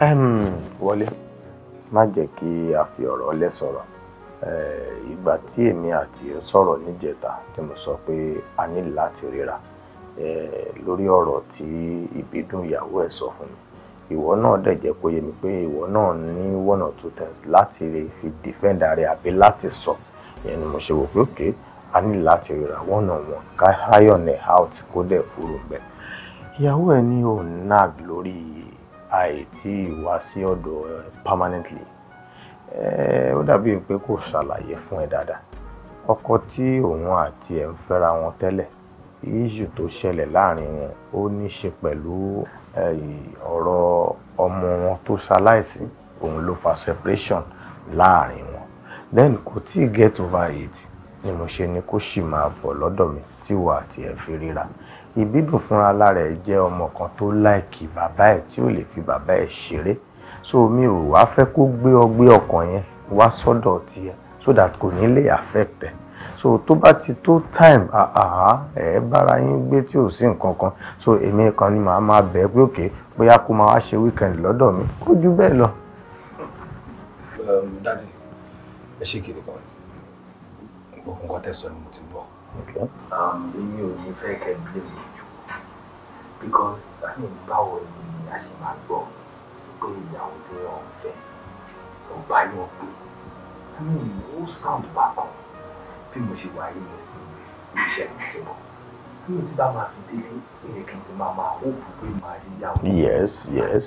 Um, wọlé má jẹ́ kí a fi ọ̀rọ̀ ọlẹ́ sọ̀rọ̀ ìgbà tí èmi àti ẹ sọ̀rọ̀ níjẹta tí mo sọ pé a ní láti ríra lórí ọ̀rọ̀ tí ìbídùn ìyàwó ẹ̀ sọ fún mi ìwọ náà dẹ̀ jẹ́ kó yé mi pé ìwọ náà ní one or two times láti fi defend ààrẹ àbí láti sọ ìyẹn ni mo ṣe wò pé òkè a ní láti ríra one on one ká iron ẹ̀ out kó dẹ̀ kúrò bẹ́ẹ̀. ìyàwó ẹ ní òun nag lórí àìtí ìwá sí ọ̀dọ̀ permanently ó dàbí pé kò ṣàlàyé fún ẹ dáadáa ọkọ tí òun àti ẹ̀ ń fẹ́ra wọn tẹ́lẹ̀ issue tó ṣẹlẹ̀ láàrin wọn ó ní ṣe pẹ̀lú ọ̀rọ̀ ọmọ wọn tó ṣaláìsí òun ló fa separation láàrin wọn then kò tí ì get over it ni mo ṣe ni kó sì máa bọ̀ lọ́dọ̀ mi tí wà á tiẹ̀ fi ríra ìbídùn fúnra lára ẹ̀ jẹ́ ọmọ kan tó láìkì bàbá ẹ̀ tí ò lè fi bàbá ẹ̀ ṣeré so mi ò wá fẹ́ kó gbé ọgbẹ́ ọkàn yẹn wá sọ́dọ̀ tiẹ̀ so that kò ní lè affect ẹ̀ so tó bá ti tó time àhà ẹ bára yín gbé tí ò sí nǹkan kan so èmi kan ni màá máa bẹ̀ ẹ́ pé òkè bóyá kó máa wá ṣe weekend lọ́dọ̀ mi kó ju bẹ́ẹ̀ lọ. Um, dadi ẹ ṣe kiri kan gbogbo nǹkan tẹ́ sọ ni mo ti gbọ́. Um, èmi ò ní fẹ́ kẹ́ bí mi jù because sani báwo ni a ṣe máa gbọ́ pé ìyàwó tó yàn ń fẹ́ ọba yóò gbé. I mean, ó sound bákan bí mo ṣe wà yìí mi sí iṣẹ́ mi ti bọ̀ bí mo ti bá máa fi délé ilé kan ti máa máa hó pé máa rí ìyàwó yes yes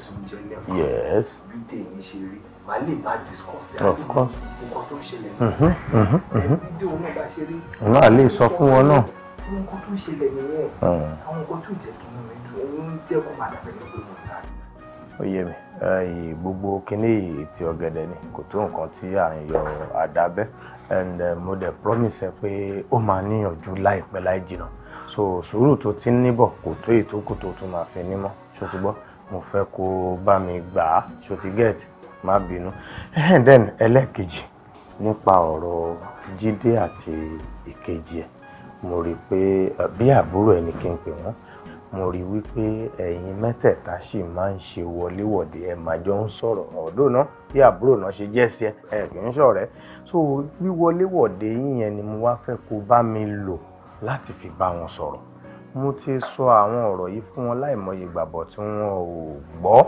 yes bí tèmi ṣe rí màá lè bá discourse àti nǹkan tó ṣẹlẹ̀ mm-hmm, nípa mm-hmm, mm-hmm. fídíò náà bá ṣe rí. náà lè sọ fún wọn náà. nǹkan tó ṣẹlẹ̀ nìyẹn àwọn nǹkan tó mm. jẹ́ kí wọ́n rìn dùn òun jẹ́ kó máa dàbẹ̀ ní pé wọ́n ó yé mi gbogbo kínní ti ọ̀gẹ̀dẹ̀ ni kò tó nǹkan tí à ń yọ àdábẹ́ and uh, mo dẹ̀ promise ẹ pé ó máa níyànjú láìpẹ́ láì jìnnà so sùúrù tó ti ń níbọ̀ kò tó èyí tó kù tó máa fi nímọ̀ ṣó ti gbọ́ mo fẹ́ kó bá mi gbà á ṣó ti get má bínú and then ẹlẹ́ẹ̀kejì nípa ọ̀rọ̀ Jídé àti ìkejì ẹ̀ mo rí i pé uh, bí àbúrò ẹni kí n pè wọ́n mo rí i wípé ẹ̀yin mẹ́tẹ̀ẹ̀ta ṣì máa ń ṣe wọléwọ̀de ẹ̀ máa jọ ń sọ̀rọ̀ ọ̀dọ́ náà bí àbúrò náà ṣe jẹ́ sí ẹ ẹ̀ kì í ṣọ̀rẹ́ so wíwọléwọ̀de yíyẹn ni mo wá fẹ́ kó bá mi lò láti fi bá wọn sọ̀rọ̀ mo ti sọ àwọn ọ̀rọ̀ yìí fún wọn láìmọye ìgbàgbọ́ tí wọn ò gbọ́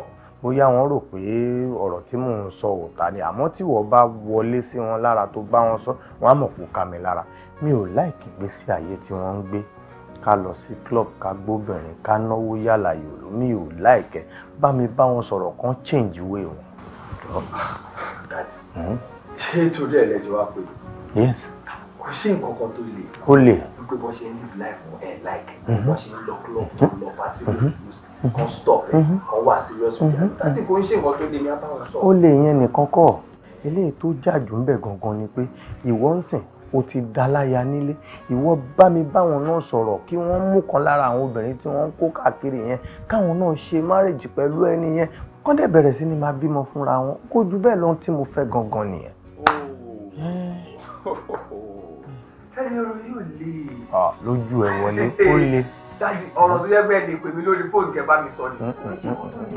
bóyá wọn rò pé ọ̀rọ̀ tí mò ń sọ òótá ni àmọ́ tí wọ́n bá wọlé sí wọn lára tó bá wọn sọ wọn á mọ̀ kó ká mi lára mi ò láìkí gbé sí àyè tí wọ́n ń gbé ká lọ sí club ká gbóbìnrin ká náwó yàlà yòrò mi ò láìkẹ́ bá mi bá wọn sọ̀rọ̀ kan change way wọn. Oh, ṣé torí ẹ̀ lẹ́jọ́ wá pé. yes. kò sí nǹkan kan tó le. ó le. wípé bọ́n ṣe ń live life wọn like mhm. bọ́n ṣe ń lọ club mhm. lọ party lọ mhm. kan stop ẹ̀ kan serious with ẹ̀ láti kò ń ṣe nǹkan tó le ní abáwọn sọ. ó lè yẹn nìkan kọ́ eléyìí tó jàjù ń bẹ̀ gangan ni pé ìwọ ń sìn o ti dalaya nílé ìwọ bá mi báwọn náà sọ̀rọ̀ kí wọ́n mú kan lára àwọn obìnrin tí wọ́n ń kó káàkiri yẹn káwọn náà ṣe márèjì pẹ̀lú ẹni yẹn kọ́ndẹ̀ bẹ̀rẹ̀ sí ni máa bímọ fúnra wọn kó bẹ́ẹ̀ lọ́n tí mo fẹ́ gangan nìyẹn tẹ́lẹ̀ ọ̀rọ̀ yóò le. lójú ẹ̀ wọlé ó le. dájú ọ̀rọ̀ tó yẹ pé ẹ lè pè mí lórí fóònù kẹ́ bá mi sọ ni.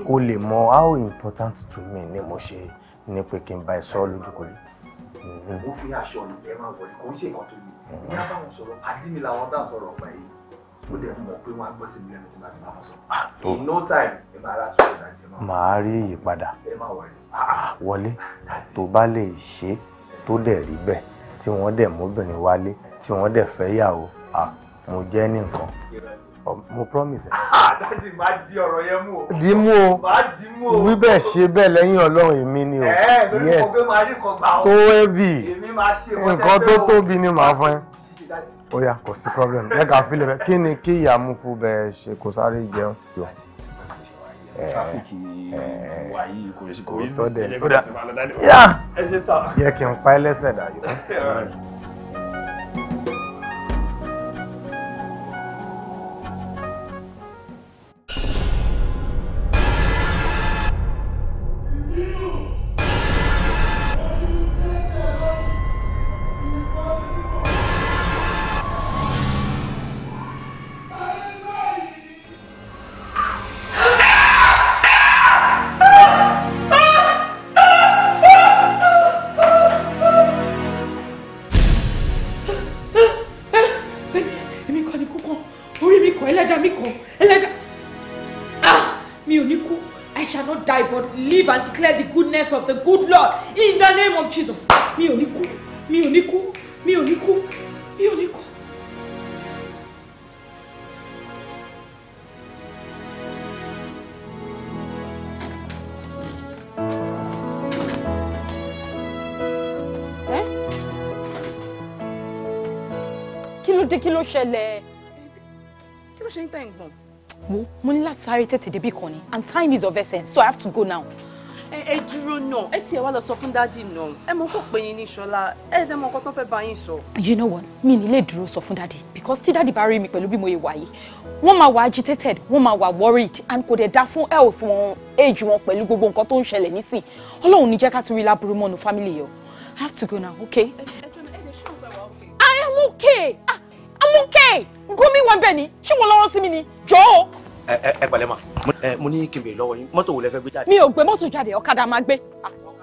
kó lè mọ how important to me ni mo ṣe ní pé kí n bá ẹ sọ lójúkọlù. ó fi aṣọ ìgbẹ́ máa wọlé kò ń ṣe nǹkan tó ní abáwọn sọ̀rọ̀ àti làwọn dá sọ̀rọ̀ ọ̀gbà yìí ó dẹ̀ mọ̀ pé wọ́n á gbọ́ sí mi lẹ́nu tí màá ti máa sọ. Ah, in no time ẹ máa rà tuntun dájẹ́ máa. màá rí ìyípadà wọlé ah, tó bá lè ṣe tó dẹ̀ rí bẹ́ẹ̀ tí wọ́n dẹ̀ mọ́bìnrin wálé tí wọ́n dẹ̀ fẹ́ yàwó mo jẹ́ ní nǹkan mo promise. Ah, dájú máa di ọ̀rọ̀ yẹn mú o. di mú o wí bẹ́ẹ̀ ṣe bẹ́ẹ̀ lẹ́yìn ọlọ́run èmi ni o. ẹ̀ẹ́ lórí mo gbé máa rí nǹkan gbà ó. tó heavy nǹkan tó tóbi ni màá fún ẹ. ó yá kò sí problem ẹ kà á fi lè fẹ́ kí ni kí ìyá fún bẹ́ẹ̀ ṣe kò sáré jẹun. Eh, Traffic. Eh, eh. wà kò sí kò sí ẹ̀jẹ̀ kó dà tí lọ dáadé. yẹ kí n pa ẹ lẹ́sẹ̀ dájú. live and declare the goodness of the good Lord in the name of Jesus. Mi ò ní kú, mi ò ní kú, mi ò ní kú, mi ò ní kú. Eh? Kí ló dé kí ló ṣẹlẹ̀? Kí ló ṣe ń tẹ̀ ń gbọ̀n? Wo mo ní láti sáré tètè débì kan ni and time is of essence so I have to go now ẹ dúró náà ẹ tiẹ̀ wá lọ sọ fún dádì náà ẹ mọ kó pé yín ní ṣọlá ẹ dẹ́ mọ nǹkan tó fẹ́ bá yín sọ. you know what mi ní lè dúró sọ fún dádì because tí dádì bá rí mi pẹ̀lú bí mo yẹ wà wọ́n máa wà agitated wọ́n máa wà worried and kò dẹ̀ dá fún health wọn age wọn pẹ̀lú gbogbo nǹkan tó ń ṣẹlẹ̀ nísìn ọlọ́run ní jẹ́ ká tún rí láburú mọ́nu family yìí i have to go now okay. i am okay ah am okay nkomi wọn bẹ ni ṣé wọn lọ́wọ́ sí mi ni jọ̀ọ́ ẹ pẹ̀lẹ́ ma mo ní kí n bèrè lọ́wọ́ yín mọ́tò wo lẹ fẹ́ gbé jáde. mi ò gbé mọ́tò jáde ọ̀kadà máa gbé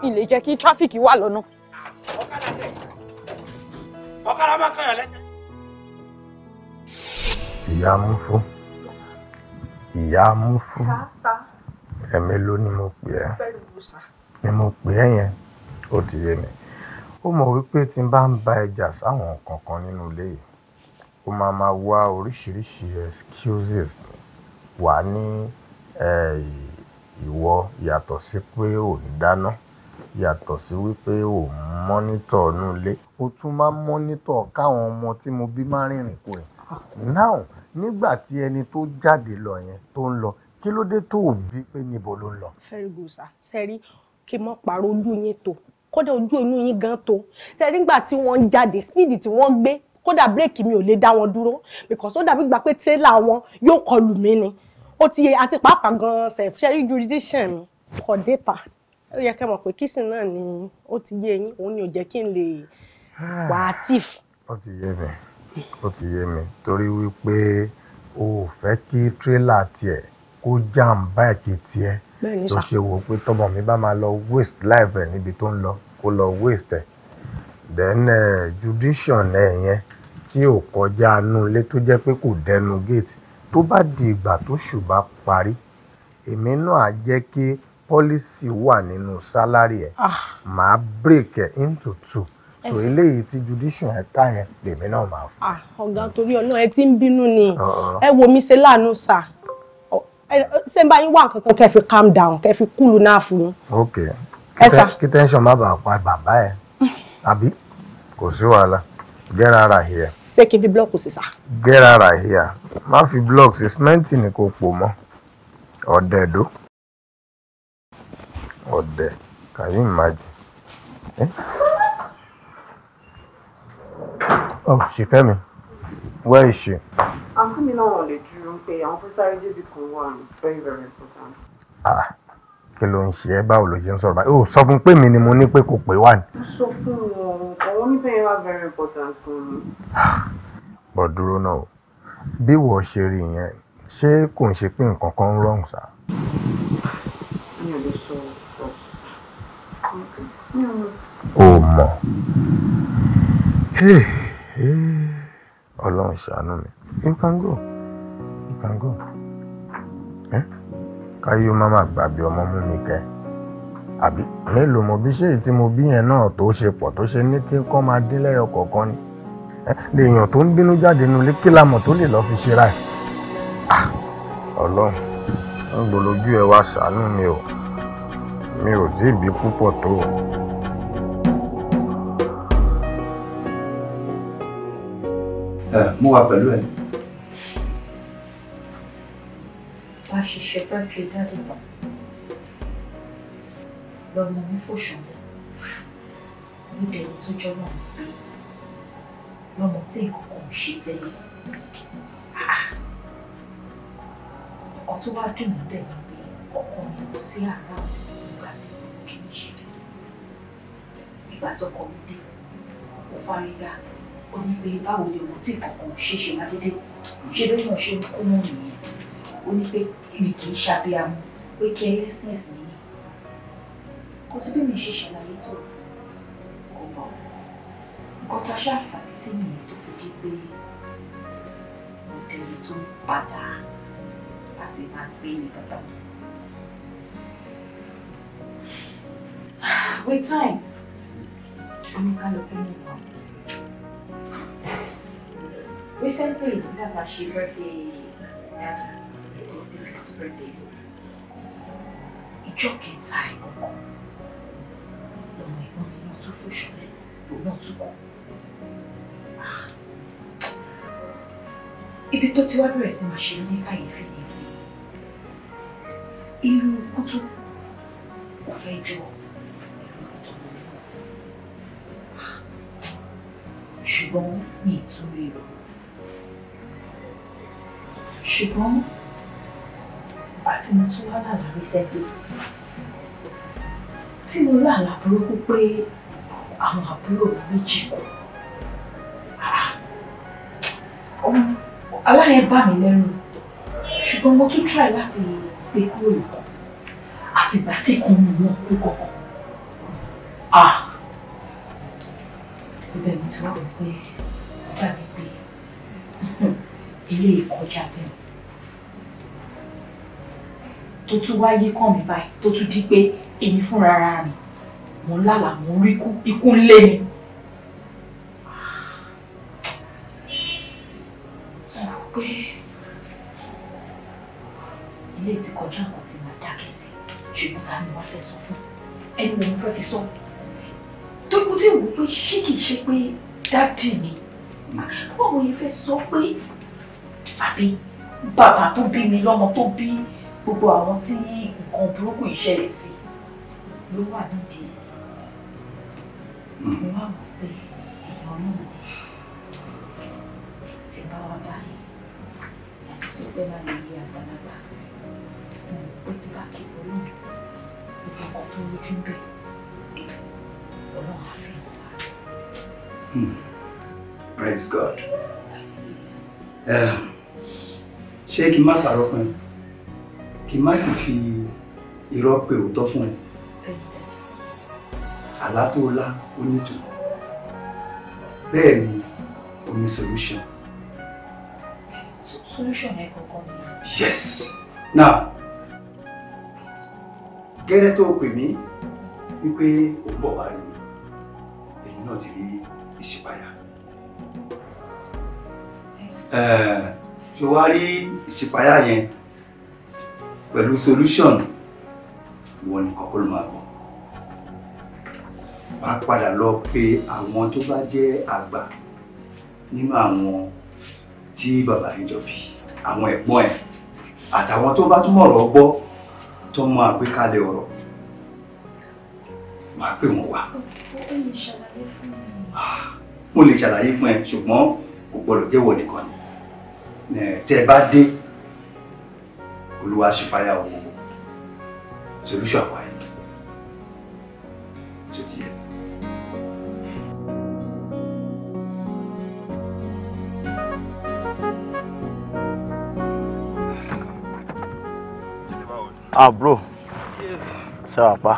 ilé jẹ́ kí tráfíkì wà lọ́nà. ọ̀kadà tẹ̀ ọ̀kadà máa kàn yàn lẹ́sẹ̀. ìyá mú fún ìyá mú fún ẹ̀mí ló ní mo pè ẹ́ ni mo pè ẹ́ yẹn ó ti yé mi ó mọ̀ wípé tí n bá ń ba ẹja sáwọn kankan nínú ilé yìí ó máa máa wá oríṣiríṣi excuses wà ní um ìwọ yàtọ̀ sí pé ò ń dáná, yàtọ̀ sí wípé ò ń monitor inú ilé, o tún máa ń monitor káwọn ọmọ tí mo bí máa rìnrìn kurìn. Now, nígbà tí ẹni tó jáde lọ yẹn tó ń lọ, kí ló dé tó bí pé níbo ló ń lọ? Very good sir. Ṣé ẹ rí, kí n mọ́ pàrọ̀ ojú yín tó, kódà ojú inú yín gan tó. Ṣé ẹ rí nígbà tí wọ́n jáde, speed tí wọ́n gbé kódà bírèkì mi ò lè dá wọn dúró because ó dàbí gbà pé tírélà wọn yóò kọlù mí ni ó ti yẹ àti pàápàá gan sef ṣẹ́rí jurisdiction mi kọ̀ data ó yẹ kẹ́ mọ̀ pé kìsìn náà ni ó ti yé yín òun ni ò jẹ́ kí n lè ah. wà á tìf. ó ti yé mi ó ti yé mi torí wípé o ò fẹ́ kí tírélà tiẹ̀ kó jàǹbá ẹ̀kẹ́ tiẹ̀ tó ṣe wò pé tọmọ mi bá máa lọ waste life ẹ̀ níbi tó ń lọ kó lọ waste ẹ̀ Then eh, jurisdiction eh, yẹn tí ò kọjá inú ilé tó jẹ́ pé kò dẹnu gate. Tó bá di ìgbà tóṣù bá parí, èmi náà á jẹ́ kí policy wà nínú salary ẹ. Ah. Màá break ẹ into two. So eléyìí tí jurisdiction ẹ ká yẹn, lèmi náà máa fún ẹ. Ah, ọ̀gá torí Ọlọ́run ẹ ti ń bínú ni. Uh-uh. Ẹ wo mi ṣe láàánú sà. Ṣé n bá yín wá nǹkan kan kẹ́ fi calm down, kẹ́ fi kúlù náà fún un? Okay. Kí tẹ́ńṣọ̀n má bàa pa bàbá ẹ, mm. àbí? kò sí wàhálà get out of here. ṣé kí n fi blọọkù sí sá. get out of here má fi blọọkù sí sìmẹ́ǹtì ni kò pò mọ́ ọ̀dẹ̀ dó ọ̀dẹ̀ can you imagine. Eh? Oh, Ṣìkẹ́mi, where is she? Àǹtí mi náà wọ̀n lè dúró pé àwọn fẹ́ sáré kan wà very very important. Ah kí ló ń ṣe ẹ́ báwo ló ṣe ń sọ̀rọ̀ báyìí ó sọ fún pé mi ni mo ní pé kò pé wà ní. mo sọ fún wọn ọ̀rọ̀ níbẹ̀ yẹn very important fún mi. bọ̀ dúró náà o bí wọ́n ṣe rí yẹn ṣé kò ń ṣe pé nǹkan kan ń rọrùn sá. mi mọ̀ ọlọ́run ṣàánú mi you can go you can go. Eh? káyé ó má má gbàgbé ọmọ mú mi kẹ àbí mélòó mo bí ṣé èyí tí mo bí yẹn náà tó ṣe pọ̀ tó ṣe ní kí n kọ́ máa dín lẹ́yọ kọ̀ọ̀kan ni lèèyàn tó ń bínú jáde nulé kí lamọ̀ tó lè lọ́ọ́ fi ṣe ra ẹ̀ ọlọ́run ń gbọ́lójú ẹ wá ṣàánú mi o mi ò tí ì bí tó o. mo wà pẹ̀lú ẹ. ṣe ṣe pẹ́ẹ́tì dáadé tán lọ́mọ mi fòṣùnlẹ̀ níbi ẹni tó jọ́mọ̀ mi lọ́mọ tí ìkọ̀kọ̀ ṣe tẹ́lẹ̀ ah! ọkọ̀ tó wá dùn mí bẹ́ẹ̀ ni pé ọkọ mi ò sí àárá nígbà tí mo kì í ṣe nígbà tọkọ mi dé ó fárígá ó ní pé báwo ni ọmọ tí ìkọ̀kọ̀ ṣe ṣe máa dédé ṣe lóyún ọ̀ṣẹ́ kó mọ́ nìyẹn ó ní pé èmi kì í ṣàbíamọ pé carelessness mi ni kò sí bí mi ṣe ṣàlàyé tó kò bọ̀ nǹkan tá a ṣàfà títí nìyẹn tó fi jí pé mo dẹrù tó ń padà láti máa gbé ní bàbá mi. With time, I'm kind of paying Recently, that's actually birthday, daddy, 65 birthday lónìí ìjọ kẹta ìkọ̀kọ̀ lọ́mọ ẹ̀gbọ́n mi náà tún fòṣù rẹ̀ lòun náà tún kọ̀. ibi tó ti wá bẹ̀rẹ̀ sí máa ṣe ní kàyéfì ni pé irú ikú tó kò fẹ́ jọ irú ikú tó lè mọ̀ ṣùgbọ́n mi nígbà tí mo tún wá lálàá rí sẹ́pẹ̀ tí mo lálàá burúkú pé àwọn àbúrò mi méjì kú aláyẹn bà mí lẹ́rù ṣùgbọ́n mo tún try láti gbé kúrò lọ́kàn àfìgbà tí kan mi wọn kú kọ̀ọ̀kan ah. ibẹ̀ mi ti wá pé ó dàbí pé ilé ìkọjá bẹ́ẹ̀ tó tún wáyé kàn mí báyìí tó tún di pé èmi fúnra ara mi mò ń lálà mò ń rí ikú ikú ń lé mi. pé ilé ti kọjá nǹkan tí màá dákẹ́ sí ṣùgbọ́n ta ni wàá fẹ́ sọ fún ẹni mo fẹ́ fi sọ tó kú tí wò pé ṣé kìí ṣe pé dádì mi báwo ni fẹ́ sọ pé àbí bàbá tó bí mi lọ́mọ tó bí mi gbogbo àwọn tí nǹkan burúkú yìí ṣẹlẹ̀ sí ló wà nídìí mo wá wò pé èèyàn náà ti bá wa báyìí yàtọ̀ sí pé má lè yé àgbàlagbà mo rò pé bí bá kí olú mi gbogbo ọkọ̀ tó lójú bẹ̀ ọlọ́run á fi hàn wá. Hmm. Praise God. Eh, ṣé kí n má pàrọ̀ fún ẹ? kí n má sì fi irọ́ pé òótọ́ fún ẹ àlá tó lá ó nítumọ̀ bẹ́ẹ̀ ni o solution. solution ẹ kọ̀ọ̀kan ni. yes now gẹ́rẹ́ tó pè mí wípé ò ń bọ̀ wá rí mi èyí náà ti rí ìṣípayà ṣe wá rí ìṣípayà yẹn pẹ̀lú solution ìwọ ni kọ́kọ́ ló máa bọ̀ wá padà lọ pé àwọn tó bá jẹ́ àgbà nínú àwọn tí bàbá yín jọ bí àwọn ẹ̀gbọ́n ẹ̀ àtàwọn tó bá túmọ̀ ọ̀rọ̀ gbọ́ tó mọ àgbékalẹ̀ ọ̀rọ̀ máa pè wọ́n wá. Ah, mo lè ṣàlàyé fún ẹ ṣùgbọ́n kò gbọ́dọ̀ jẹ́wọ́ nìkan ni tẹ́ ẹ bá dé olúwa ṣípayá owó solution àwa ẹni tó ti yẹ. ah bro ṣe wà pa.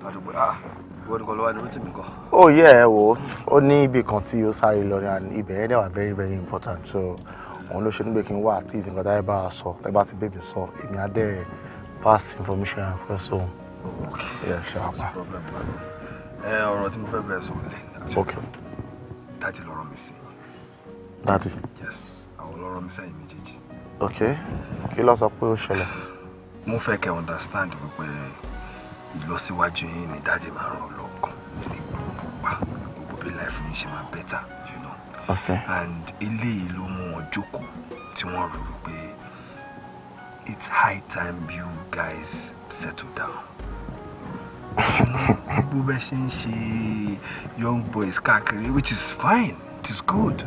àdúgbò ah ìwọ nìkan ló wà ní rotimi nǹkan. oh yeah ẹ wo ó ní ibì kan tí ó sáré lọ ní ibẹ̀ yẹn dẹ̀ wà very very important so òun ló ṣe nígbè kí n wá àti ìsìnkú táyé bá a sọ ẹ bá ti bèbí sọ èmi á dẹ̀ pass information and first home. ẹ ṣe àpá. ẹ ọ̀rọ̀ tí mo fẹ́ bẹ̀rẹ̀ sọ lẹ́yìn. ok. dadi lọ́rọ̀ mi sí. dadi. yes àwọn lọ́rọ̀ mi sẹ́yìn méjèèjì. ok kí ló sọ pé ó ṣẹlẹ̀. mo fẹ́ kẹ́ understand wípé ìlọsíwájú yín ni dadi máa ràn lọ́kàn ní gbogbo pa gbogbo bí life mi ṣe máa better you know. ok and eléyìí ló mú jókòó tí wọ́n rò ó it's high time you guys settle down. ṣùgbọ́n bó bẹ́ẹ̀ ṣe ń ṣe young boys káàkiri which is fine it is good.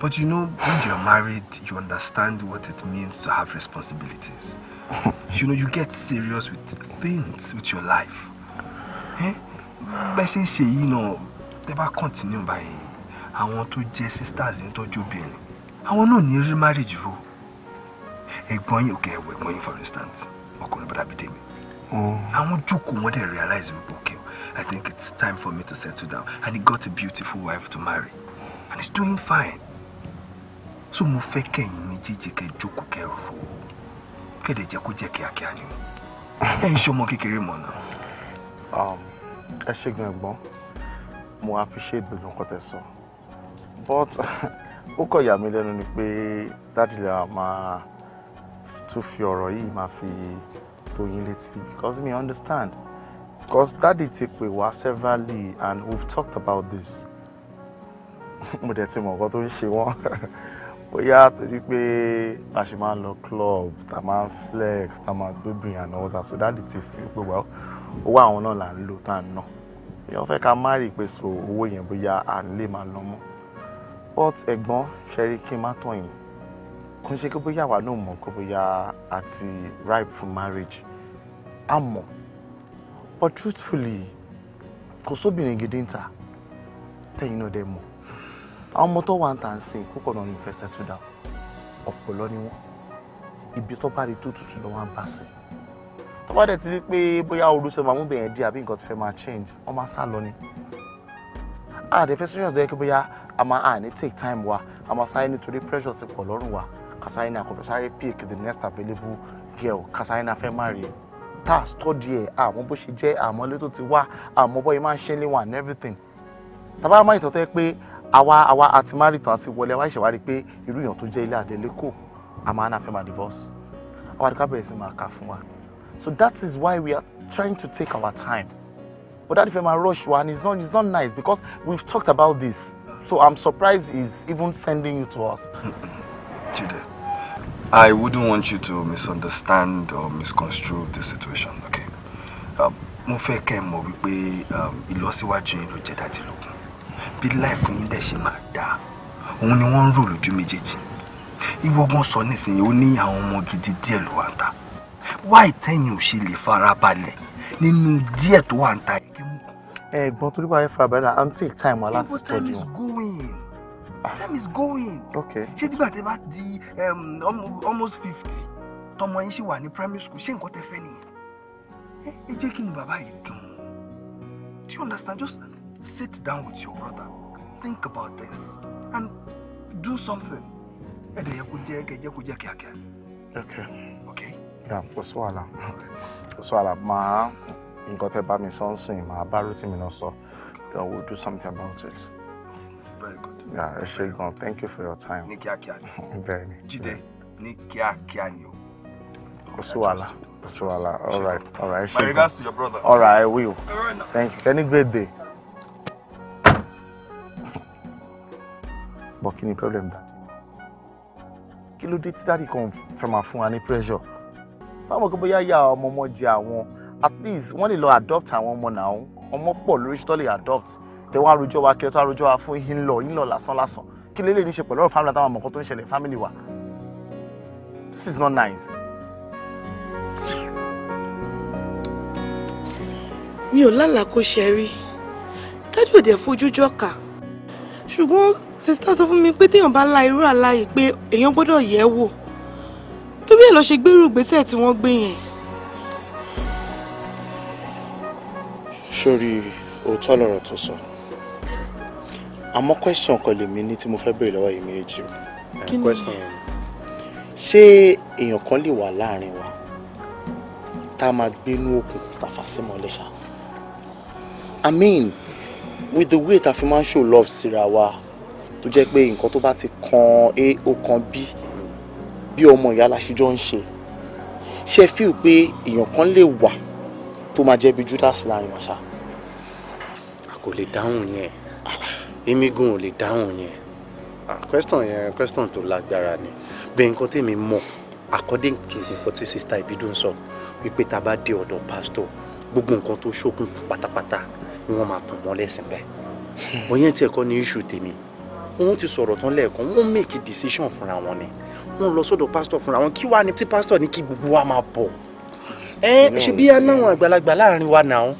But you know, when you're married, you understand what it means to have responsibilities. You know, you get serious with things, with your life. Eh? Bẹ́ẹ̀ ṣe ń ṣe yìí náà, tẹ́ bá continue báyìí, àwọn tó jẹ́ sisters ń tọ́jú obìnrin àwọn náà ní rí marriage ro ẹ̀gbọ́n yìí òkè ẹ̀wọ̀ ẹ̀gbọ́n yìí for instance ọkùnrin bàdàbí tèmi oh. àwọn jókòó wọn dẹ̀ realize wípé okay I think it's time for me to settle down and he got a beautiful wife to marry and he's doing fine so mo fẹ́ kẹ́yìn méjèèjì kẹ́ jókòó kẹ́ rò ó kẹ́dẹ̀ jẹ́ kó jẹ́ kíákíá ni ẹ̀ ń ṣọmọ kékeré mọ̀ náà. Um, ẹ ṣe gan ẹ̀gbọ́n mo appreciate gbogbo nǹkan tẹ́ sọ but. ó kọ̀ yà mí lẹ́nu ni pé dáàdì lẹ́wà máa tún fi ọ̀rọ̀ yìí máa fi tó yín létí because me understand because dáàdì ti pè wá severally and we've talked about this mo dẹ̀ ti mọ̀ nǹkan tó ń ṣe wọ́n bóyá torí pé a ṣe máa ń lọ club ta máa ń flex ta máa gbóbìnrin àná ọ̀tà so dáàdì ti fi pé wá owó àwọn náà là ń lò tá à ń ná èèyàn fẹ́ ká má rí i pé so owó yẹn bóyá à ń lè máa lọ mọ́ but ẹ̀gbọ́n Sherry kí n má tàn yín kò ń ṣe pé bóyá àwa náà mọ̀ pé bóyá àti ripe for marriage a mọ̀ but truthfully kò sóbìnrin gidi ń ta tẹ̀yìn náà dẹ̀ mọ̀ àwọn ọmọ tó wà ń tà ń sìn púpọ̀ náà ní fẹ́ settle down ọ̀pọ̀lọ́ ni wọ́n ibi tó bá rí tó tutù lọ́wọ́ ń bá sí tó bá dẹ̀ ti rí pé bóyá olùsọ màmú bẹ̀yẹn dí àbí nǹkan ti fẹ́ máa change wọ́n máa sá lọ ni àdẹ̀fẹ́ sọ́yìn ọ̀dọ́ yẹ kí bóyá a máa à ní take time wa a máa sáré nítorí pressure ti pọ̀ lọ́rùn wa kásáré ní àkọ́fẹ́ sáré pick the next available girl kásáré ní afẹ́ marry tá a study ẹ̀ àmọ́ bó ṣe jẹ́ àmọ́ ilé tó ti wá àmọ́ bọ́ yẹn máa ń ṣe ní one and everything tàbá máa ìtọ́tẹ́ pé àwa àwa àti marry tán àti wọlé àwa ìṣèwádìí pé irú èèyàn tó jẹ́ ilé àdélé kò a máa náà fẹ́ máa divorce àwọn àdìgbà bẹ̀rẹ̀ sí máa kà fún wa so that is why we are trying to take our time but that if ẹ máa rush wa and it's not it's not nice because we've talked about this So I'm surprised he's even sending you to us. Jide, I wouldn't want you to misunderstand or misconstrue the situation, okay? Um, mo fẹ́ kẹ́ mọ̀ wípé um, ìlọsíwájú yín ló jẹ́ dájú lókun. Bí láìpẹ́ yín dẹ̀ ṣe máa dáa, òun ni wọ́n ń rò lójú méjèèjì. Ìwọ́gbọ́n sọ nísìnyí ó ní àwọn ọmọ gidi díẹ̀ ló wà ń ta. Wáì tẹ́yìn ò ṣe lè fara balẹ̀ nínú díẹ̀ tó wà ń ta yìí ẹ̀gbọ́n torí wàá fà bẹ́ẹ̀ náà take time wà láti tọ́jú wọn. Ah. time is going Okay. ṣé tígbà tẹ bá di um, almost fifty tọmọ yín ṣì wà ní primary school ṣé nǹkan tẹ fẹ́ nìyẹn ẹ jẹ́ kí ni bàbá yìí dùn do you understand just sit down with your brother think about this and do something ẹ dẹ̀ yẹ kó jẹ́ kẹ́ jẹ́ kó jẹ́ kíákíá. okay okay. kò sí wàhálà kò sí wàhálà máa nǹkan tẹ́ bá mi sọ ń sìn màá bá rútì náà sọ then we will do something about it. very good. ẹ ṣe gan thank you for your time. ní kíákíá ni bẹ́ẹ̀ ni jíde ní kíákíá ni o. kò sí wàhálà kò sí wàhálà all right all right ẹ ṣe gan my regards to your brother. all right I will thank you any great day. But kí ni problem dadi kí ló dé tí dadi kan fẹ́ máa fún wa ní pressure báwo kí bóyá ya ọmọ ọmọ jẹ àwọn at least wọ́n lè lọ adopt àwọn ọmọ náà ọmọ pọ̀ lórí tó lè adopt tẹ wọ́n arojọ́ wa kí ẹ tó arojọ́ wa fún yín lọ yín lọ lásán lásán kí lè lè ní ṣe pẹ̀lú ọ̀rọ̀ family àtàwọn ọmọkan tó ń ṣẹlẹ̀ family wa this is not nice. mi ò lálàá kó ṣe rí dájú òde fojú jọ̀ka ṣùgbọ́n sista sọ fún mi pé téèyàn bá la irú àlá yìí pé èèyàn gbọ́dọ̀ yẹ̀ wò torí ẹ̀ lọ́ ṣe gbérù ìgbésẹ̀ tí wọ́n gbé yẹn. sórí òótọ́ lọ̀rọ̀ tó sọ àmọ́ question kan lèmi ní tí mo fẹ́ béèrè lọ́wọ́ yìí méjì o. kí ni ṣé èèyàn kan lè wà láàrin wa tá a máa gbénú òkun tàfà sí mọ́lẹ̀ i mean with the way ta fi máa ń show love síra wa tó jẹ́ pé nǹkan tó bá ti kan a ó kan b bí ọmọ ìyá la ṣe jọ ń ṣe ṣe fíìl pé èèyàn kan lè wà tó máa jẹ́ bí Judas láàrin wa ṣá kò lè dáhùn yẹn imigun ò lè dáhùn yẹn question yẹn question tó lágbára ni bẹ́ẹ̀ nǹkan tèmi mọ̀ according to nǹkan tí sista Ìbídùn sọ wípé tá a bá dé ọ̀dọ̀ pastor gbogbo nǹkan tó ṣókun pátápátá ni wọ́n máa tàn mọ́ lẹ́sìn bẹ́ẹ̀ wọ́n yẹn tiẹ̀ kọ́ ní issue tèmi wọ́n ti sọ̀rọ̀ tán lẹ́ẹ̀kan wọ́n make decision fúnra wọn ni wọ́n lọ sọ́dọ̀ pastor fúnra wọn kí wàá ní tí pastor ní kí gbogbo wa máa bọ̀ ẹ ṣe bí anáwọn àgbàlagbà láàrin wa náà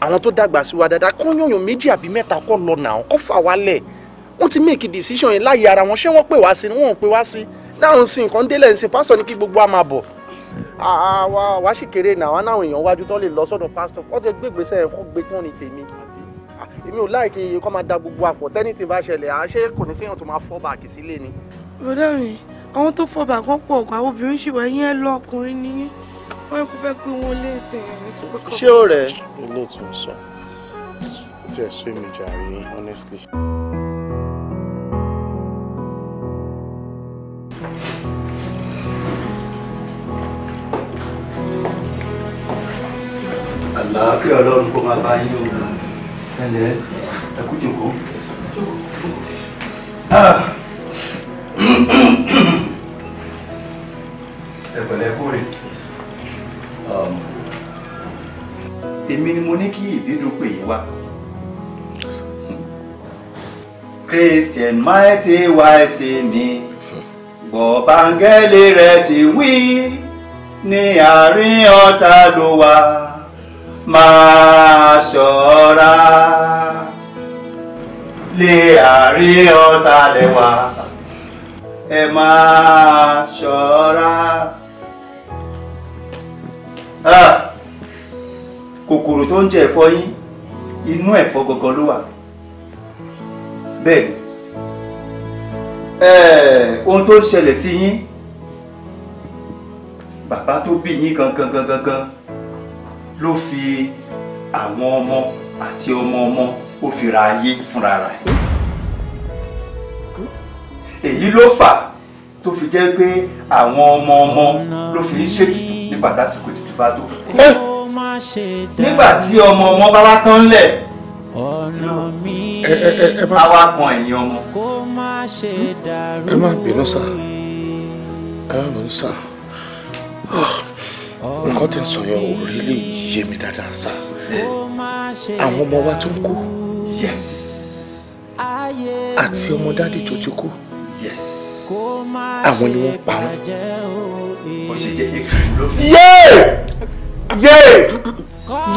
àwọn tó dàgbà sí wa dáadáa kó yànyàn méjì àbí mẹ́ta kọ́ lọ nà án kó fà wá lẹ̀ wọ́n ti make a decision yẹn láàyè ara wọn ṣé wọ́n pè wá sí ni wọ́n ò pè wá sí náà ń sin nǹkan délẹ̀ ń sin pásítọ̀ ní kí gbogbo a máa bọ̀ àwa wá sì kéré náà àwọn àwọn èèyàn wájú tó lè lọ sọ́dọ̀ pásítọ̀ wọ́n ti gbé ìgbésẹ̀ ẹ̀ kó gbé tán ní tèmi èmi ò láìkí kó máa da gbogbo àpò tẹ́nìtì bá ṣẹlẹ̀ à ṣé kò ní séèyàn tó máa fọ́ bàkì sílé ni. bọ́dọ̀ mi àwọn tó fọ́ bàkàn pọ̀ ọ̀gá obìnrin ṣì wáyé ẹ lọ́kùnrin nìyẹn wọ́n kò fẹ́ pé wọ́n lé ẹsẹ̀ rẹ̀. ṣé ó rẹ̀ ilé tó ń sọ tí ẹ sọ èmi jàre honestly. àlàáfíà ọlọ́run kó máa bá yín o ẹlẹ ẹkú jòkó. Ah. ẹ pẹ̀lẹ́ Um, èmi ni mo ní kí ìbídùn pè yín wá. Christian mighty wise mi gbọ́ báńgẹ́lì rẹ̀ ti wí ní àárín ọ̀tá ló wà máa ṣọ́ra lé àárín ọ̀tá lẹ́wà ẹ máa ṣọ́ra. Ah, kòkòrò tó ń jẹ ẹ̀fọ́ yín inú ẹ̀fọ́ gangan ló wà bẹ́ẹ̀ ni eh, ohun tó ń ṣẹlẹ̀ sí yín bàbá tó bí yín gangan gangan gan ló fi àwọn ọmọ àti ọmọ ọmọ ó fi ra ayé fúnra rẹ̀ èyí ló fà tó fi jẹ́ pé àwọn ọmọ ọmọ ló fi ń ṣètùtù nígbà tásìkò tuntun bá tó. nígbà tí ọmọ ọmọ bá wá tán lẹ̀ àwa kan ẹ̀yìn ọmọ. ẹ má bínú sá ẹ má bínú sá ah, nǹkan tí ń sọ yẹn ò rí lè yé mi dáadáa sá àwọn ọmọ wa tó ń kú àti ọmọ dádì tó ti kú àwọn ni wọ́n pa wọ́n kò ṣe jẹ ètùtù ló fi. yéè yéè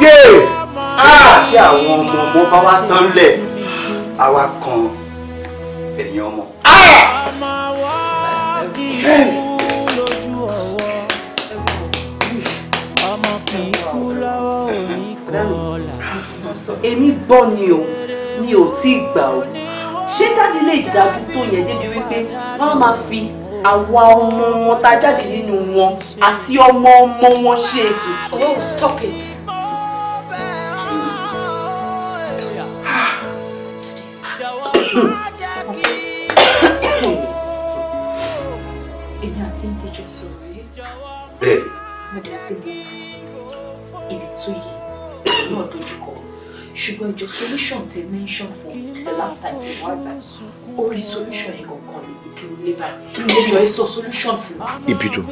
yéè ah! àti ah! àwọn ọmọ ọmọ bá wá tán lẹ̀ àwa kan ẹ̀yìn ọmọ. Ah! èmi gbọ́ ni o mi ò tí ì gbà o ṣé dájú lè dájú tó yẹn débi wípé wọ́n máa fi àwa ọmọ wọn tá jáde nínú wọn àti ọmọ ọmọ wọn ṣe ètùtù. oh stop it. èmi àti ń tẹjọ sọ̀rọ̀ yìí. bẹ́ẹ̀. mo dé ti bọ ibi tó yẹ náà dojúkọ ṣùgbọ́n ìjọ solution ti mention for the last time ti wá gbà ó rí solution yẹn gangan dúró ní báyìí solution fún mi. ibi dùn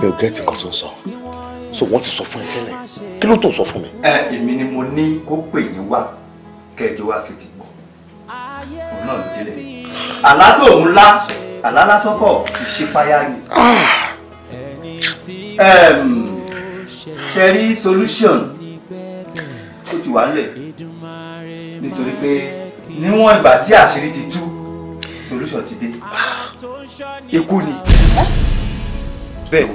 mi ò gẹ́tì sọ so wọ́n ti sọ fún ẹ tẹ́lẹ̀ kí ló tó sọ fún mi. ẹ èmi ni mo ní kó pè yín wá kẹjọ wá fi ti gbọ́ òun náà ló délé àlá tó ń lá àlá lásán kọ́ ni ṣẹ́rí solution ó ti wà nílẹ̀ nítorí pé níwọ̀n ìgbà tí àṣírí ti tú solution ti dé ah. ikú ni bẹ́ẹ̀ ni.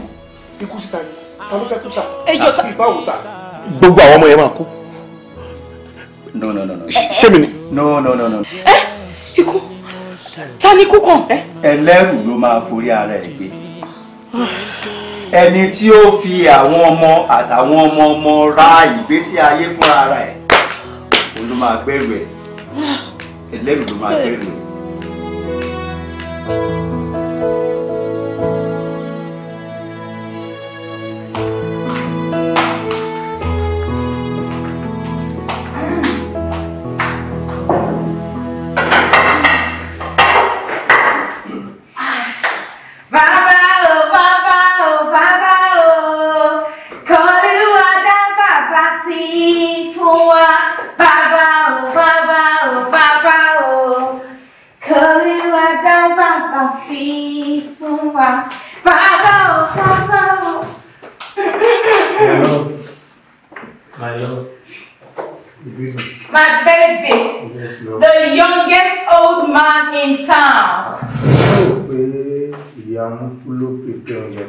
ikú síta ni ta ló fẹ́ kú sá àti ìbáwò sá. gbogbo àwọn ọmọ yẹn máa kú. no no no no. ṣé ni. no no no no. ẹ ikú ta ni ikú kàn. ẹlẹ́rù ló máa forí ara ẹ̀ gbé ẹni tí ó fi àwọn ọmọ àtàwọn ọmọ ọmọ ra ìgbésí ayé fún ara ẹ̀ ló máa gbẹ̀rù ẹ̀ ẹlẹ́rù ló máa gbẹ̀rù ẹ̀. Thank you.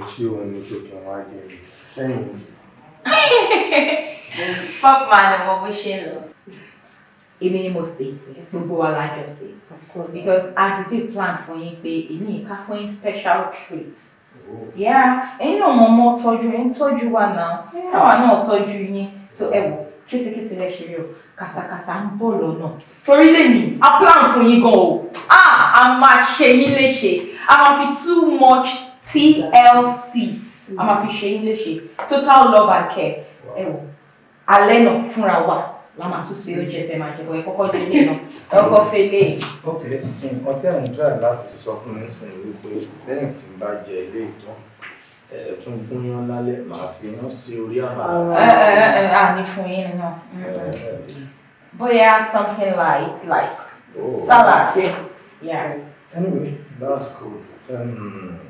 tí ò ní tó kí wọ́n á jẹ sẹ́yìn. Pọ́pùmá ni mo bó ṣe ń lọ. Èmi ni mo ṣe gbogbo wa lájọ ṣe. Because I did a plan you. yín pé èmi yìí ká fún yín special treat. you náà mọ̀ mọ́ tọ́jú ẹ̀ ń tọ́jú wa náà. Káwa náà tọ́jú yín. So ẹ wò késekése lẹ ṣe rí o kàsàkàsà ń bọ̀ lọ́nà torí lẹ́yìn a plan fún yín gan o. Ah, a máa ṣe yín léṣe. A máa too much TLC I'm a máa fi English total love and care ẹ wò alẹ́ náà fúnra wa la máa tún ṣe oúnjẹ tẹ máa jẹ to ẹ kọ́kọ́ dé ilé náà ẹ kọ́kọ́ fẹ́ lé. ok nǹkan tí àwọn dry láti sọ fún mi sìn ní pé lẹ́yìn tí fi yán sí orí àmàlà. ẹ ẹ ẹ àní fún bóyá something light like oh, salad yes. Yeah. anyway that's cool. Um,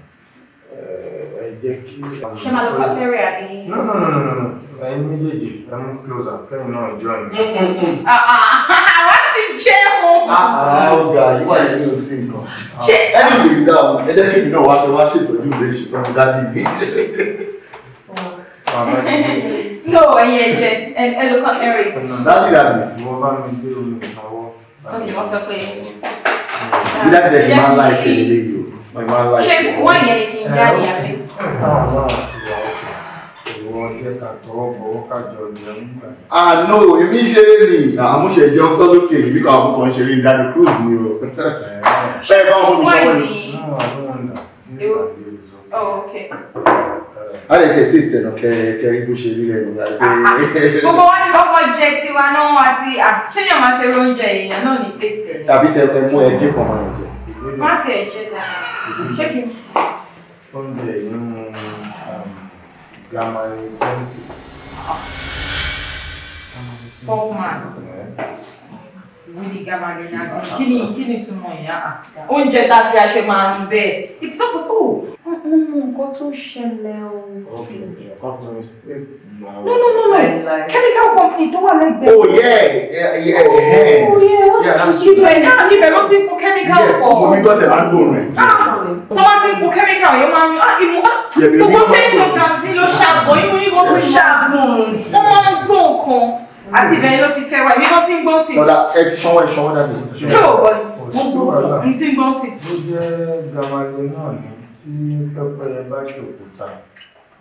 ẹ jẹ́ kí. ṣé máa lọ pa pẹ́rẹ́ àbí. no no no no no ẹyin méjèèjì ẹ mú closer kẹ́yìn náà join. Ah àwa ti You ọgá ìwà yìí ò sí nǹkan. Ah, anyways ah, ẹ jẹ́ kí èmi náà wá fẹ́ wá ṣètọ́jú ìwé ìṣètò ọmọ dájú mi. no ẹyin ẹ jẹ ẹ ló kọ pẹ́rẹ́. dájú dájú. mo bá mi gbé omi ìsanwó. tó kì í wọ́n sọ pé. bí dájú ẹ ṣe máa ń láìpẹ́ ilé yìí o mo máa ń láì. ṣé wọ́n yẹn ni kí n jáde àbí. táwọn náà ti wà ọkọ̀ ìwọ jẹ́ ká tọwọ́ bọ̀wọ́ ká jọ jẹun. àná ah, kan àwọn kan ṣe cruise ni o. bẹ́ẹ̀ eh, bá wọn mi sọ wọn oh, uh, a lè tẹ taste ẹnu kẹrin bó ṣe rí lẹ́nu àgbẹ. Ah, ah. gbogbo wa ti kọ́kọ́ jẹ tiwa náà àti ṣéyàn máa ṣe oúnjẹ èèyàn náà ní taste tàbí tẹ ẹ mú ẹ gé pọ̀ mọ́ ẹ jẹ má tiẹ̀ jẹ́ dáadáa ṣé kí n. oúnjẹ inú um, gamani twenty. fourth man wíìlì gàmàlì ní àṣà kí ni kí ni túmọ̀ ìyá à oúnjẹ tá a ṣe it's not possible. wọ́n fún mú nǹkan tó ṣẹlẹ̀ o. Eh, no no no no chemical company tó like that. oh yeah yeah yeah yeah. oh yeah wọ́n ti ṣe ìjọ ẹ̀dá mi bẹ̀rẹ̀ wọ́n ti ń po chemical pọ̀. yes mo mi gbọ́dọ̀ máa ń gbóòórùn ẹ̀. tí wọ́n ti ń po chemical yẹn máa ń yọ ah, inú wa ah, gbogbo sẹ́yìn tó kàn sí ló ṣàpọ̀ inú yìí wọ́n tún ṣàpọ̀ wọ́n máa ń gbọ́ nǹkan àti ìbẹ̀yìn ló ti fẹ́ wá èmi ló ti ń gbọ́n sí. ọ̀la ẹ ti sanwó ẹ sanwó dàbí. ṣé o gbọ́ ni gbogbo n ti ń gbọ́n sí. ó jẹ́ gamale náà ni tí pẹ́pẹ́yẹ bá jẹ òkúta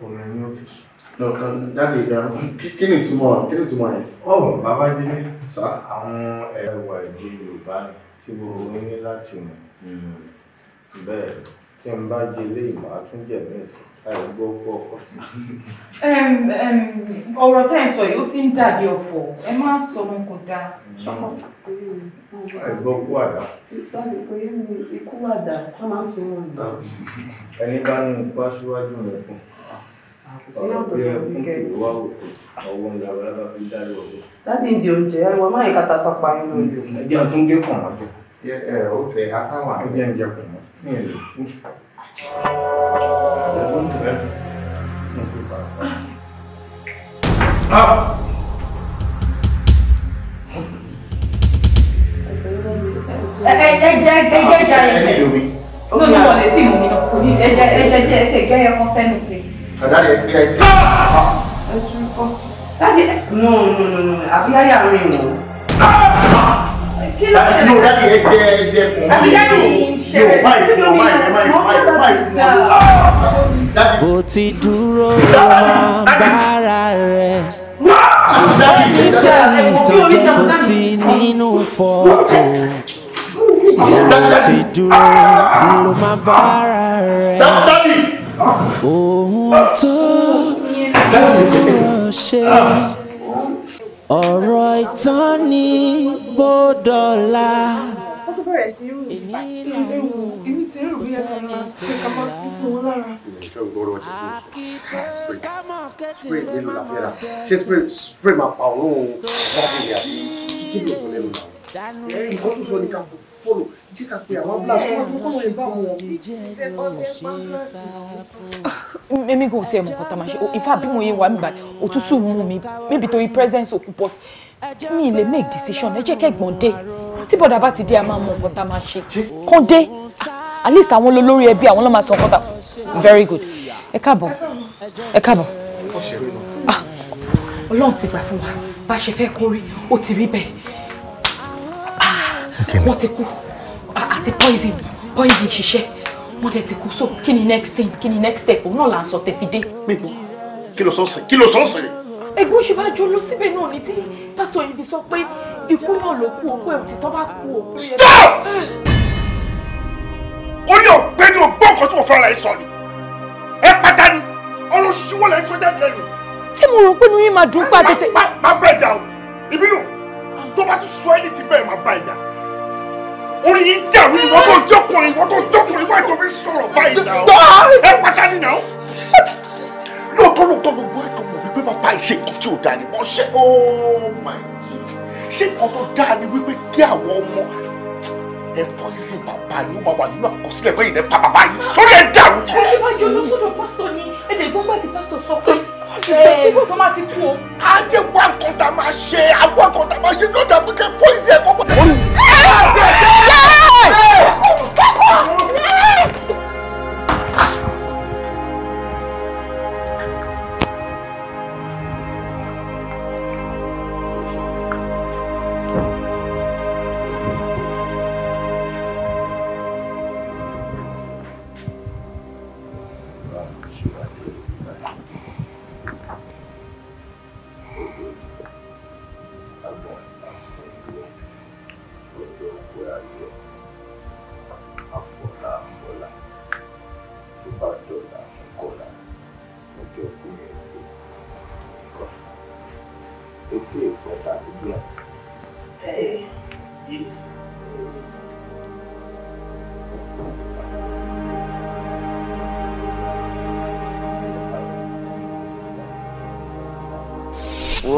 omi ni ó fi sùn. lọ́kàn dáàdi ìyá kí ni ìtumọ̀ kí ni ìtumọ̀ yẹn. ọ bàbá jílé sá àwọn ẹwà èdè Yorùbá tí gbogbo ní láti mọ̀ bẹ́ẹ̀ tí n bá jẹ ilé ìmọ̀ àtúnjẹ mẹ́rin sí àìgbọ́ pọ̀ ọkọ. ọ̀rọ̀ tẹ́ ẹ̀ sọ yìí ó ti ń dàbí ọ̀fọ̀ ẹ má sọ ohun kò dáa. àìgbọ́ kú àdá. ikú àdá ká máa ń sin wọn. ẹni bá ní ipa síwájú rẹ̀ kù. ọ̀rọ̀ pé ẹkún kì í wá òkú ọwọ́ ńlá wọlé bá fi dá lọ́wọ́. láti ń di oúnjẹ ẹ wọ máa ń kàtà sápá inú ìlú. ẹjẹ àtúndé kàn wájú. ó tẹ atáwà. ẹjẹ ń jẹ kàn wájú. Àdáre ẹ ti rí ẹ ti. Ẹ tún kọ́. Láti no no no no àbí láyé àwọn èèyàn. Kí ló ṣẹlẹ̀? Àbí dáàdi ẹ jẹ ẹ jẹ kùn. Àbí dáàdi ṣẹlẹ̀ sí lórí ìyá bó ti dúró lọ bára rẹ̀ onífẹ̀ẹ́ ìtọ́jú kò sí nínú fọ́tò bó ti dúró lọ bára rẹ̀ ohun tó dúró ṣe ọ̀rọ̀ ìtàn ní bó dọ̀la bẹ̀rẹ̀ sí rù mí bá ewu èmi ti rù mí ẹ̀ka máa ṣe ká máa fi sí wọn lára. Ah, spray nílùú làbẹ́rà ṣé spray máa pa òun òun wá bí ìyá kí ló lẹ́nu náà nǹkan tó sọ ní ká fọ́lọ̀ Let ah, me go tell my wọ́n oh, If I ìbá wọn. èmi kò tiẹ̀ mọ̀ kọ́ tá Maybe to ṣe ìfà bí mo yẹ wà mí báyìí òtútù mú mi maybe torí presence òkú but mi lè make decision ẹ jẹ́ kẹ́gbọ́n dé tí bọ̀dà bá ti dé a máa mọ̀ nǹkan tá a máa ṣe kán dé at least àwọn olórí ẹbí àwọn ló máa sọ nǹkan very good ẹ káàbọ̀ ẹ káàbọ̀ ah, ọlọ́run ti gbà fún wa bá ṣe fẹ́ kó rí ó ti rí bẹ́ẹ̀ ah, wọ́n ti kú àti poison poison ṣiṣẹ́ wọ́n dẹ̀ ti kú so kí ni next thing kí ni next step òun náà là ń sọ tẹ̀fídé. mẹ́gbọ́n kí ló sọ́ọ̀sẹ̀ kí ló sọ́ọ̀sẹ̀. ẹ̀gbọ́n ṣe bá jó lọ síbẹ̀ náà ni tí pásítọ̀ yìí fi sọ pé ikú náà ló kú òkú ẹ̀ òtítọ́ bá kú òkú yẹn. stop orí ọ̀gbẹ́ni ọgbọ́n kan tí mo fara ẹ sọ ni ẹ pátá ni ọ̀rọ̀ ṣíwọ́ lẹ́ sọ jáde lẹ́nu. tí mo rò pé nu yín máa dùn pa tètè. má bẹ̀ jà o ìbínú tó bá tún sọ ẹ́ ti bẹ́ẹ̀ máa bá ẹ̀ jà orí yìí dàrú ìwọ tó jọkùnrin ìwọ tó jọkùnrin wáyé tó fi sọ̀rọ̀ báyìí náà ẹ pátá nínà ó lóòótọ́ lóòótọ́ gbogbo àtọ̀ mọ̀ wípé bàbá ìṣe nǹkan tí ò dáa ni bọ́ ṣe oh my Jesus ṣé nǹkan tó dáa ni wípé kí àwọn ọmọ ẹ kọ́ ìsìn bàbá yín ó máa wà nínú àkọsílẹ̀ pé ìdẹ́ pa bàbá yín sórí ẹ̀ dàrú. ẹ bá jọ lọ sọ́dọ̀ pásítọ̀ ni ẹ̀jẹ̀ gbọ́ngbà tí pásítọ̀ sọ pé tó máa ti kú o. ajé wa kan tá a máa ṣe àwọn kan tá a máa ṣe lọ́dà pé kẹ́ kọ́ ìsìn ẹ̀kọ́ pọ̀.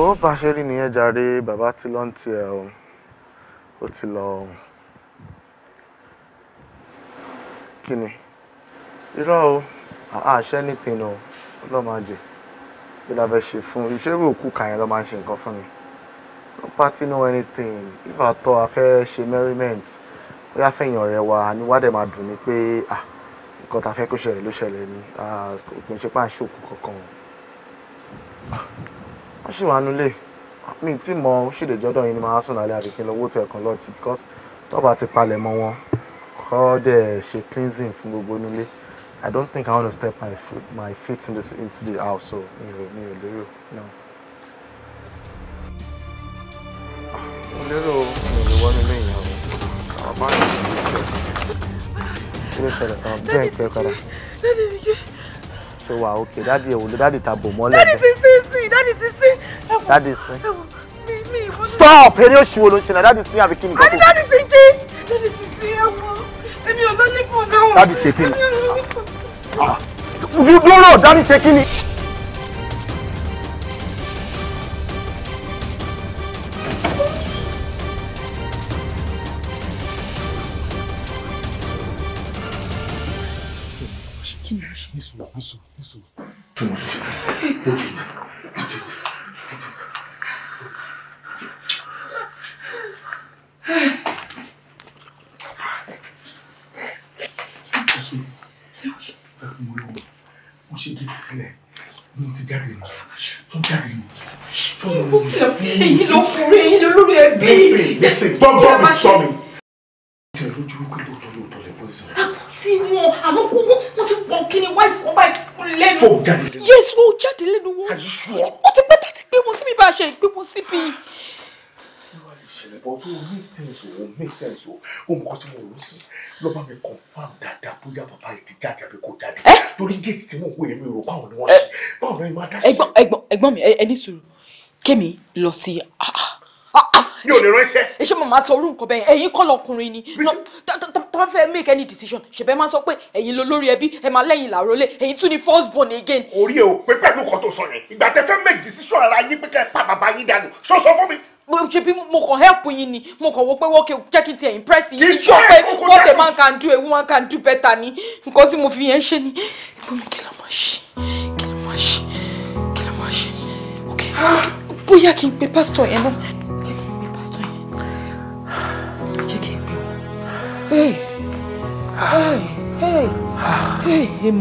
ó bá ṣe rí nìyẹn jàre bàbá ti lọ ń tiẹ̀ o ó ti lọ kí ni irọ́ o àṣẹ anything o ọlọ́màjẹ kí la fẹ́ ṣe fún un ṣé òkú kàn yẹn lọ́ máa ń ṣe nǹkan fún mi no party no anything if at a fẹ́ ṣe merriment bóyá fẹ̀yìn ọ̀rẹ́ wa ni wádẹ̀ máa dùn ní pé ah nǹkan tá a fẹ́ kó ṣẹlẹ̀ ló ṣẹlẹ̀ ni kò ṣe pàṣẹ òkú kankan ó sì wà nulẹ̀ mi tí mọ ṣèdèjọ́dọ̀ yìí ni màá sùn lálẹ́ àbí kí n lọ wó tẹ̀kàn lọ́ọ̀tì because tọ́ba ti palẹ̀ mọ́ wọn kọ́ dẹ̀ ṣe cleansing fún gbogbo nulẹ̀ I don't think I want to step my foot my feet in this, into the house so mi ò mi ò lérò no. mo lérò mi ò lè wọ́n nílé ìyàwó àwọn báyìí ló ń tẹ̀kọ̀ kí ló ṣẹlẹ̀ àwọn bẹ́ẹ̀ ń tẹ̀kọ̀ rẹ̀ ṣe wà òkè dáàdì èwo ló ta bò mọ́lẹ̀. dáàdì ti sí sí dáàdì ti sí. dáàdì sí. stop eré oṣù wo ló ń ṣe náà dáàdì sí àbí kí ni kókó. dáàdì ti jí dáàdì ti sí ẹwọ èmi ò lọ nípò náà. dáàdì ṣe kí ni. dúró ah, dáàdì ṣe kí àpótí ah, wọn àmọ́ kó wọn wọn ti pọ̀ kíni white wọn báyìí kó lẹ́nu. fò jáde lẹ́nu. yes wọn ò jáde lẹ́nu wọn. àyè sùn ọ. ó ti pẹ́ They ti gbé wọn síbi bá a ṣe gbé wọn síbi. ìṣẹ̀lẹ̀ bọ́ tó make sense o make sense o ó mú kọ́ tí mo rò ó sí lọ́ bá mi confam dáadáa bóyá is yìí ti jáde àbí kò jáde eh? torí géètì tí mò ń wò yẹn mi rò eh? báwo ni wọ́n ṣe báwo ni wọ́n máa dá ṣe. ẹ̀gbọ́n ẹ̀gbọ́n mi ẹ ní sùúrù kémi lọ sí ah, ah. Ah, ah. mi ò lè ránṣẹ́. ṣé mo máa sọ orú nǹkan bẹ́ẹ̀ ẹ̀yin kọ́ lọkùnrin ni tó fẹ́ make any decision ṣèbẹ́ máa not pé ẹ̀yin ló lórí ẹbí ẹ máa lẹ́yìn làrólé ẹ̀yin tún ni first born again. orí ẹ ò pé pẹ̀lú nǹkan tó sọ yẹn ìgbà tẹ make decision ara not pé kẹ́ ẹ pa bàbá yín dànù ṣó sọ fún mi ṣe bí mo kàn help yín ni mo kàn wo pé wọ́n jẹ́ kí n tiẹ̀ impress yín ní sọ what a man can do a woman can do better ni nǹkan tí mo fi yẹn ṣe ni fúnmi kí la máa ṣe kí la máa ṣe kí la máa ṣe ah. pe pásítọ̀ yẹn èèmọ̀ hey, rìn hey,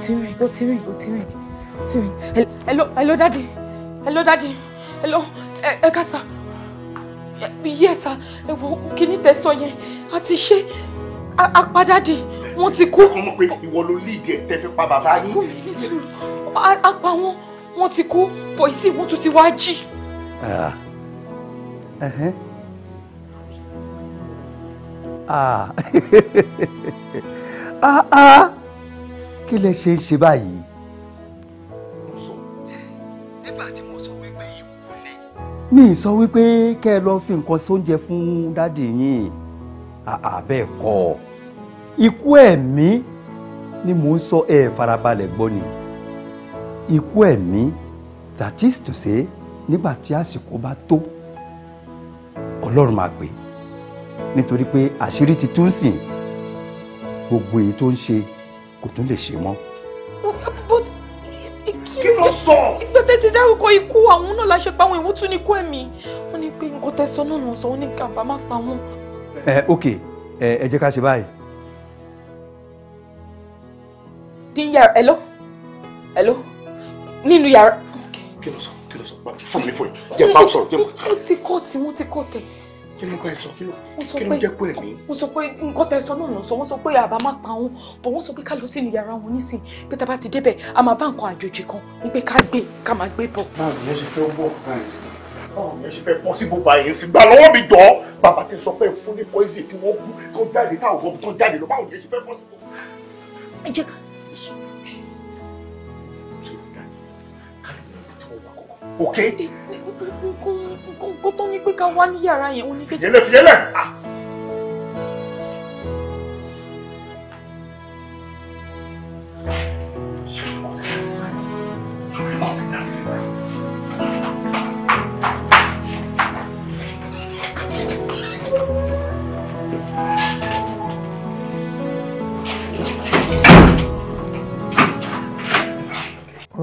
ti rìn go ti go ti rìn hello hello daddy hello daddy hello eh, ká sà yes sir. ẹ wo kíní tẹ́ sọ yẹn a ti ṣe apadadi wọ́n ti kú. mo mọ̀ pé ìwọ ló lead ẹ̀ tẹ́ fi pa bàbá yín. kúmi ní sùúrù apá wọn wọ́n ti kú pọ̀ ìsìn wọ́n tún ti Uh-huh. Ah. Ah, ah. kí lẹ ṣe ń ṣe báyìí. mo sọ nígbà tí mo sọ wípé ikú ni. mi sọ wípé kẹ́ ẹ lọ fi nǹkan sóúnjẹ fún dáàdì yín bẹ́ẹ̀ kọ́ ikú ẹ̀mí ni mò ń sọ ẹ farabalẹ̀ gbọ́ ni ikú ẹ̀mí that is to say nígbà tí àsìkò bá tó ọlọ́run máa pè nítorí pé àṣírí ti tún sìn gbogbo èyí tó ń ṣe kò tún lè ṣe mọ́. but kí ló sọ. ìgbà tẹ́tí dárúkọ ikú àwọn náà la pa àwọn ìwọ́n tún ní kú ẹ̀mí wọ́n ní pé nǹkan tẹ́ sọ náà sọ wọ́n ní kàǹbá má pa wọ́n. ẹ ok ẹ ẹ ká ṣe báyìí. ní yàrá hello hello nínú yàrá. kí ló sọ kí ló sọ fún mi ní fóònù jẹ bá sọ̀rọ̀ jẹ bá. wọ́n ti kọ́ tí wọ́n ti kọ́ tẹ̀ kí ló ń kọ́ ẹ̀ sọ kí ló ń jẹ́ pé ẹ̀mí. wọ́n sọ pé nǹkan tẹ̀ sọ náà ló sọ wọ́n sọ pé àbá má pa wọn bọ̀ wọ́n sọ pé ká lọ sínú yàrá wọn nísìn pé tá a bá ti débẹ̀ a máa bá nǹkan àjòjì kan ní pé ká gbé ká máa gbé bọ̀. báwo ni ẹ ṣe fẹ́ wọ̀ báyìí báwo ni ẹ ṣe fẹ́ pọ́n sí gbogbo àyè sí gbà lọ́wọ́ mi jọ bàbá tẹ sọ pé fún ní pọ́ìsì tí wọ́n kú tó jáde táwọn ọ̀gbọ́n tó jáde lọ báwo ni ẹ ṣe fẹ́ pọ́n sí gbogbo. ẹ jẹ́ ká. okay. Eh, eh, nǹkan tó ní pé ká wá ní yàrá yẹn ó ní kéjì. yẹlẹ fi yẹlẹ.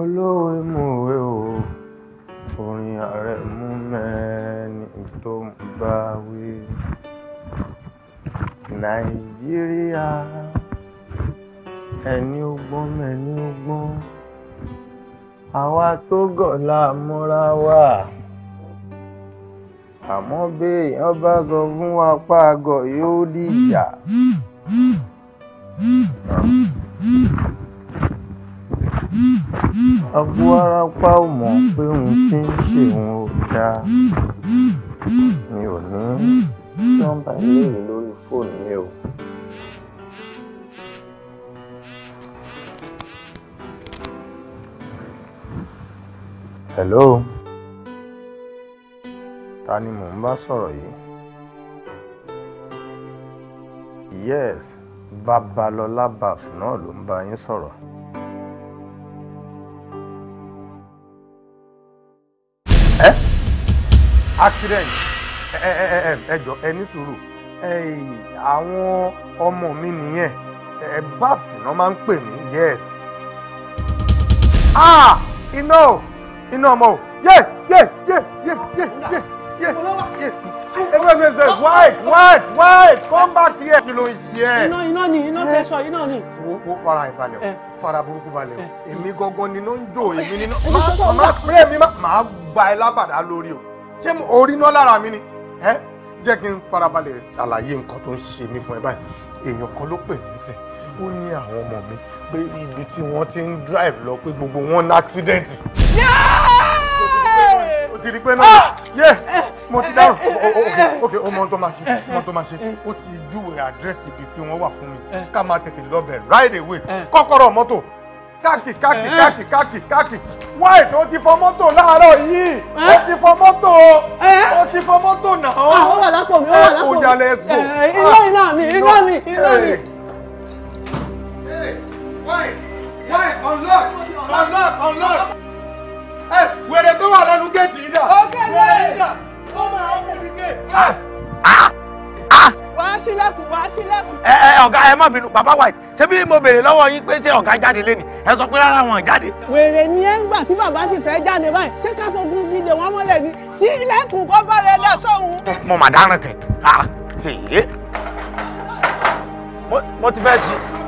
olóòwe ah. mọ̀wé o forin ààrẹ mú mẹ́ni tó ń bá wí. nàìjíríà ẹni ọgbọ́n mẹ́ni ọgbọ́n àwa tó gọ̀ la mọ́ra wà àmọ́ béèyàn bá gọ fún apá àgọ̀ yóò dìjà agboolarapá ò mọ̀ pé ohun tí ń ṣèun ò dáa mi ò ní nọ́mbà eléyìí lórí fóònù mi o. hello ta ni mò ń bá sọ̀rọ̀ yìí yes babalọlá babs náà ló ń bá yín sọ̀rọ̀. ẹ. Eh? accident ẹ ẹ ẹ ẹ jọ ẹ ní sùúrù àwọn ọmọ mi nìyẹn ẹ eh, babs náà máa ń pè mí yes. ah iná o iná ọmọ o yé yé yé yé yé yé yé yé ẹgbẹ́ mi ṣe white white white come back here kí ló ń ṣe ẹ. iná iná ni iná tẹ sọ iná ni. wo wo fara ìbalẹ̀ o. Eh fara burúkú balẹ̀ o eh. èmi gangan ni ló ń jò èmi nínú máa pẹ́ mi máa gba ẹ lábàdá lórí o ṣé orí náà lára mi ni ẹ jẹ́ kí n farabalẹ̀ ṣàlàyé nǹkan tó ń ṣe mí fún ẹ báyìí èèyàn kan ló pè mí sí ó ní àwọn ọmọ mi pé ibi tí wọ́n ti ń drive lọ pé gbogbo wọn ní accident. Yeah! o ti rí pé náà ah! yé mo ti dáhùn eh, eh, eh, ok o mọ ohun tó máa ṣe ohun tó máa ṣe o ti júwe àdírẹ́sì ibi tí wọ́n wà fún mi ká máa tètè lọ́bẹ̀ right away Kokoro mọ́tò Kaki, kaki, kaki, kaki, kaki. Why? tó ti fọ mọ́tò láàárọ̀ yìí ó ti fọ mọ́tò ó ti fọ mọ́tò náà ah, ó wà lápò mi ó wà lápò mi ó jalè ẹgbò iná ah. iná ni iná ni iná ni. Why? Why unlock unlock unlock wèrè tó wà lẹ́nu géètì yìí dà wèrè yìí dà ó máa ń wèrè géètì. Ah, ah, ah. wàá ṣílẹ̀kùn wàá ṣílẹ̀kùn. ẹ ẹ ọ̀gá ẹ má bínú bàbá white ṣé bí mo béèrè lọ́wọ́ yín pé ṣé ọ̀gá jáde lé ni ẹ sọ pé rárá wọn jáde. wèrè ni ẹ ń gbà tí bàbá sì fẹ́ jáde báyìí ṣé ká fojú gidi wọn mọ́lẹ̀ ni sí kó bá rẹ sóhun. Eh, mo mà dáràn kẹ eh, eh. mo ti fẹ́ ṣe.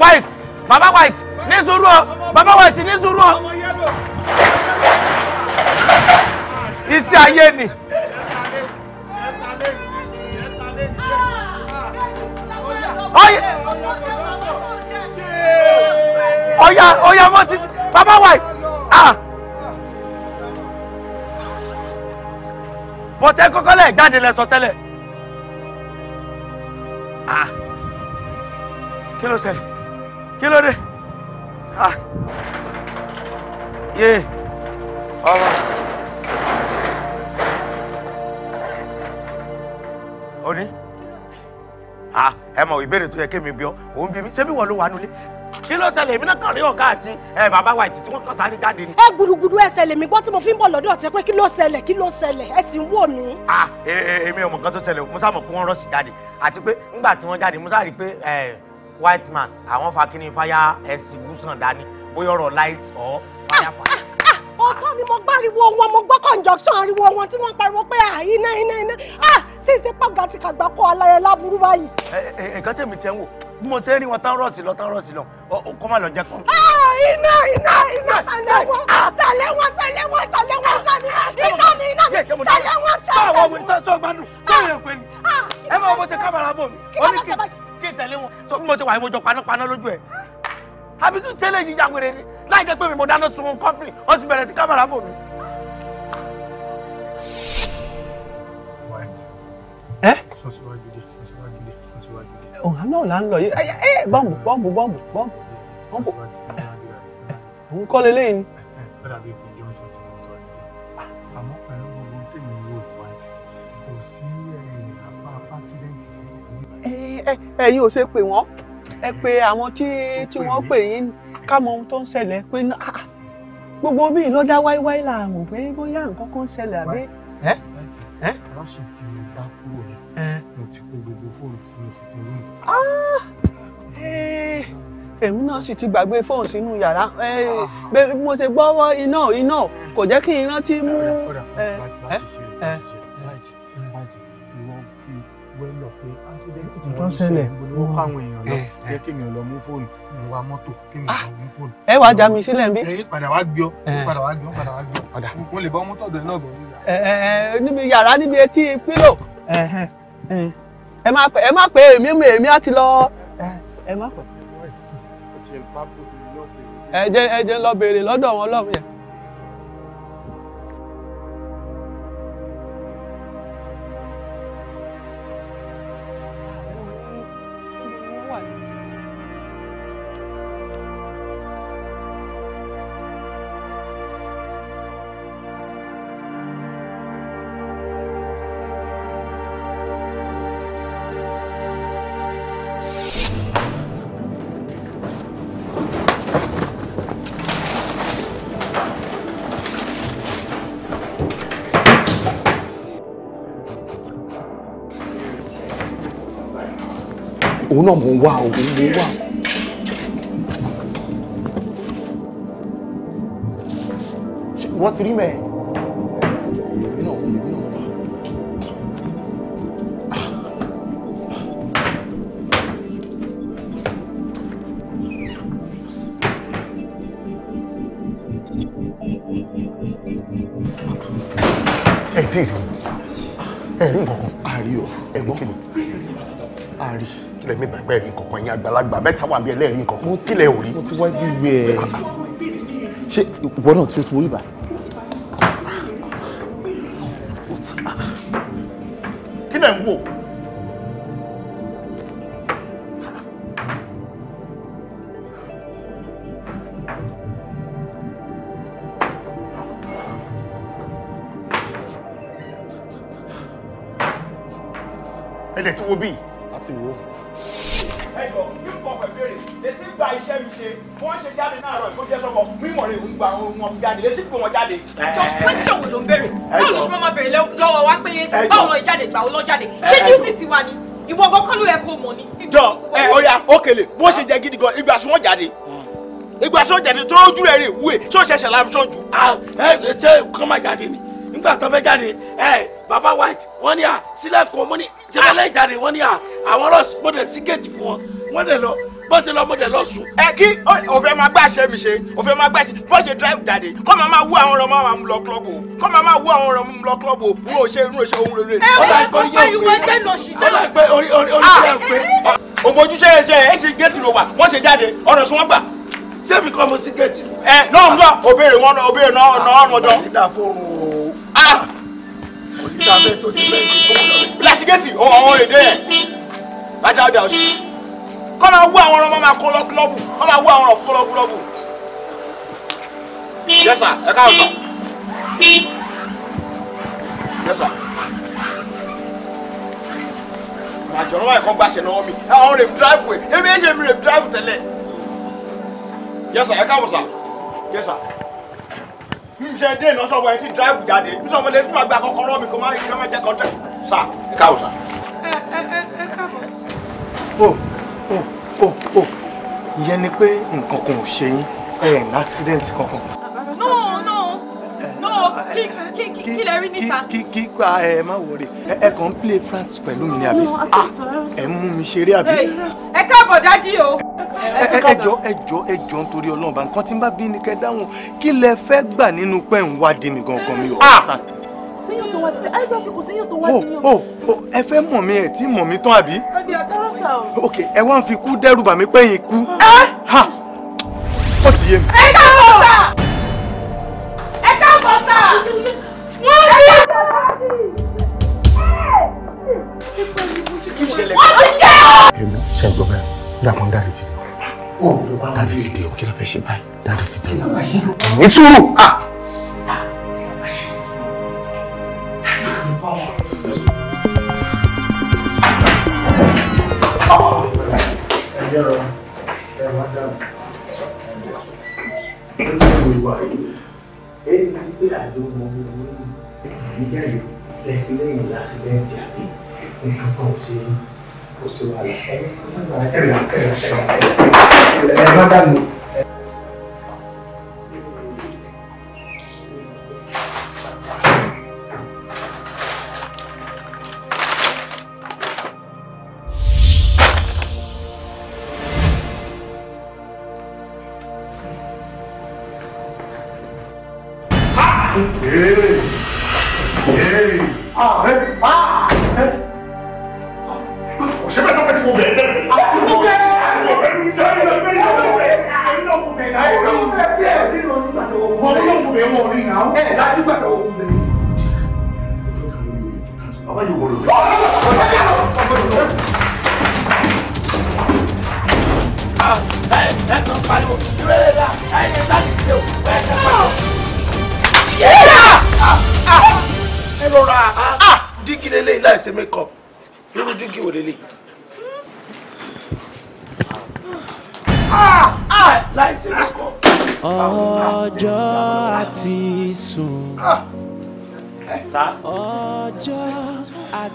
white baba white ní sùúrù o baba white ní sùúrù o iṣẹ́ ayé ni. Oya, Oya, mo ti baba white ah. bọ́tẹ́ kọ́kọ́ lẹ̀ jáde lẹ tẹ́lẹ̀ ah kí ló ṣẹlẹ̀ kí ló dé yé ọmọ òní ẹ mọ̀ ìbéèrè tó yẹ kémi bí ọ òun bí mi ṣé bí wọ́n ló wà nulẹ̀ kí ló ṣẹlẹ̀ èmi náà kàn rí ọ̀gá àti ẹ bàbá wa ìtì tí wọ́n kàn sáré jáde ni. ẹ gbùdùgbùdù ẹsẹ̀ lèmi gbọ́ tí mo fi ń bọ̀ lọ́dọ̀ ọ̀tí pé kí ló ṣẹlẹ̀ kí ló ṣẹlẹ̀ ẹ sì ń wò mí. èmi e, e, e, ò mọ̀ nǹkan tó ṣẹlẹ̀ musa mọ̀ pé wọ́n rọ̀ sí jáde àti pé ńgbà tí wọ́n jáde musa rí i pé white man àwọn fakini fire extinguisher dání bóyá ọ̀rọ̀ light or fire fire. ọ̀tọ̀ ni mo gbáriwo wọn mo gbọ́ conjunction ariwo wọn tí wọ́n pariwo pé iná iná iná sí ìsìn pàgà ti kàgbà kọ́ aláyẹ láburú báyìí. nǹkan tèmi tẹ́ ń wò bí mo ṣe ń rí wọn tán rọ̀ọ̀sì lọ tán rọ̀ọ̀sì lọ kó má lọ jẹ́ kán. iná iná iná tẹ̀lé wọn tẹ̀lé wọn tẹ̀lé wọn tẹ̀lé wọn iná ni iná ni tẹ̀lé wọn sẹ́yìn. báwo ni sọ́ọ́ gbádùn pé ni ẹ máa wọ́n ṣe kábàárà bò mí. kí ló bá sábà ké tẹ̀lé wọn sọ bí mo ṣe wà ní mo jọ panápaná lójú ẹ̀ àbí tún tẹ́lẹ̀ yìí yàgbére ni láì jẹ́ pé mi mo dáná sun kọ́mpìnì wọ́n ti bẹ̀rẹ̀ sí kámẹ́rà bò mí. ẹ. ọ̀hán náà là ń lọ yìí ẹ bọ́ǹbù bọ́ǹbù bọ́ǹbù bọ́ǹbù. òun kọ́ lélẹ́yìn ni. ẹ̀yin ò ṣe pè wọ́n ẹ pé àwọn tí tí wọ́n pè yín ká mọ ohun tó ń ṣẹlẹ̀ pé ah, ah. gbogbo bí ìlọ́dá wáíwáí là ń pé bóyá nǹkan kan ṣẹlẹ̀ àbí. rọ́ṣì tí mo bá kúrò mo ti pè gbogbo fóònù tí mo sì ti rí. Ah, eh. èmi náà sì ti gbàgbé fóònù sínú yàrá mo ṣe gbọ́wọ́ iná iná kò jẹ́ kí n rántí mú. bá a ti wọ́n ṣẹlẹ̀ mo kọ́ àwọn èèyàn lọ pé eh, eh. kí mi ò lọ mú fóònù mo wa mọ́tò kí mi ò ah! lọ mú fóònù. ẹ wàá já mi sílẹ̀ ń bí. ẹ eh, padà wá gbé ọ padà wá gbé ọ padà wá gbé ọ mo lè bọ́ mọ́tò ọ̀dọ̀ náà bọ̀ níyà. ẹ ẹ níbi yàrá níbi etí pílò ẹ má pè é, má pè é, mú èmi á ti lọ ẹ má pè. ẹ jẹ́ ẹ jẹ́ lọ béèrè lọ́dọ̀ wọn lọ́wọ́ yẹn. náà mò ń wá o mò ń wá. wọ́n ti rí mẹ́ẹ̀. lẹ mi bàbá ẹ̀rí nǹkan kan ẹ̀yin àgbàlagbà mẹ́ta wà bí ẹlẹ́rìí nǹkan kan kílẹ̀ ò rí. mo ti wá wíwẹ ẹ ṣé ìwọ náà ti wo ibà. kí lẹ̀ ń wò. ẹ̀dẹ̀ tí wo bíi. àwọn ohun ọ̀hún jáde lè sì gbé wọn jáde. ẹjọ pẹ́sìkì òun ló ń bèrè báwo ló ṣe máa bèrè lọ́wọ́ wa pé báwọn ìjáde gbà ó lọ jáde ṣé díútì tiwa ni ìwọ ọgọ́ kọ́ ló kó mọ̀ ni. jọ ẹ ọya òkèlè bó ṣe jẹ gidi gan ìgbà sún jáde hmm. ìgbà sún jáde tó ojú rẹ rè wúwe tó ṣẹṣẹ láàmú sọ jù. ẹ ṣe kọ́ máa jáde ni nígbà tó fẹ́ jáde ẹ baba white wọ́n ní à sílẹ̀ kọ́ wọ́n ní tẹ́lẹ̀ jáde wọ́n ní à àwọn ọlọ́sìn gbọ́dọ̀ sí gẹ̀ẹ́tì fún wọn wọ́n dẹ̀ bó ṣe lọ mọdẹ lọsùn. ẹ kí òfin máa gbà ṣe mi ṣe òfin máa gbà ṣe bó ṣe drive jáde kọ́ máa máa wú àwọn ọ̀rọ̀ máa mú lọ klọ́bù kọ́ máa máa wú àwọn ọ̀rọ̀ mú lọ klọ́bù n ò ṣe n ò ṣe ohun rere. ẹ wọ́n kọ́ pariwo ẹgbẹ́ lọ sí jẹ́. ọlọ́ọ̀ pé orí orí orí ṣe é pé. ògbó ojúṣe ẹ ṣe ẹ ṣe géètì ló wà wọ́n ṣe jáde ọ̀rọ̀ sún wọ́n gbà sẹ́ẹ̀fì kọ́ mo sí géètì. ẹ náà ń gbọ́ òbèrè wọn náà òbèrè náà ọ̀nà ọ̀nà ọ̀dọ́. ìdá fóònù o. kò ní dábẹ́ tó ti bẹ́ẹ̀ ní fóònù lọ. lásìkẹ́tì ọ̀hún èdè ẹ̀ bá dáadáa ọ̀ṣun kọ́ wú àwọn ọmọ máa kó lọ kílọ́bù kọ́ máa wú àwọn ọmọ kó lọ kílọ́bù. yes sir ẹ káàbọ̀ sir. yes sir. àjọ̀rọ̀ wáyé kan gbàṣẹ lọ́wọ́ mi àwọn rèé drive way ebi ẹ ṣe mi rèé drive tẹ́lẹ̀. yes sir ẹ káàbọ̀ sir. yes sir nse den na sọgbọ yẹn ti drive jáde nsọgbọ lè fún àgbà kọ́kọ́rọ́ mi kò má jẹ kọtẹ sa. ẹ káàbọ̀ sa. ẹ ẹ ẹ káàbọ̀. o. Oh. Oh, oh, ìyẹn ni pé nǹkan kan ò ṣe yín ẹ̀ accident kankan. no no no kí kí kí lè rí níta. kí kí kí ah, ẹ má wọlé ẹ kàn ń play France pẹ̀lú mi ni àbí ah, ẹ mú mi ṣeré àbí. ẹ káàbọ̀ dádì o. ẹ jọ ẹ jọ ẹ jọ nítorí ọlọ́run bá nǹkan tí ń bá bí ni kẹ́ dáhùn kí lẹ fẹ́ gbà nínú pẹ́ ń wádìí mi gangan mi ò ah! síyàn tó wá ti dé ẹgbẹ́ tó kù síyàn tó wá oh, ti yàn. o oh, o oh, ẹ fẹ́ mọ̀ mi ẹ̀ tí mọ̀ mi tán àbí. ẹ di àtẹ́rọ̀sà o. ok ẹ wá ń fi kú dẹ́rù bà mí pẹ́yìn kú. ẹ ha ó ti yé mi. ẹ káàbọ̀ sà ẹ káàbọ̀ sà wọ́n rí ẹ kí ìṣẹ̀lẹ̀ kan. ó ti dé o. èmi ṣe ń gbọ́ bẹ́ẹ̀ dàpọ̀ ń dárí ti dé o dárí ti dé o kí ló fẹ́ ṣe báyìí dárí ti dé o. ní sùúrù. Ah! Ah! jẹ́rọ ẹ má dáhùn. ó ní ìwé wà ẹni pé àjọ ọmọ mi ò ní ìgbéjáde lẹ́yìn lẹ́yìn lásìlẹ́ǹtì àti nǹkan kan ò ṣe kò sí wàhálà ẹ̀yìn ẹ̀rọ ẹ̀rọ ẹ̀rọ ẹ̀rọ ẹ̀rọ ẹ̀rọ ẹ̀rọ ẹ̀rọ ẹ̀rọ ẹ̀rọ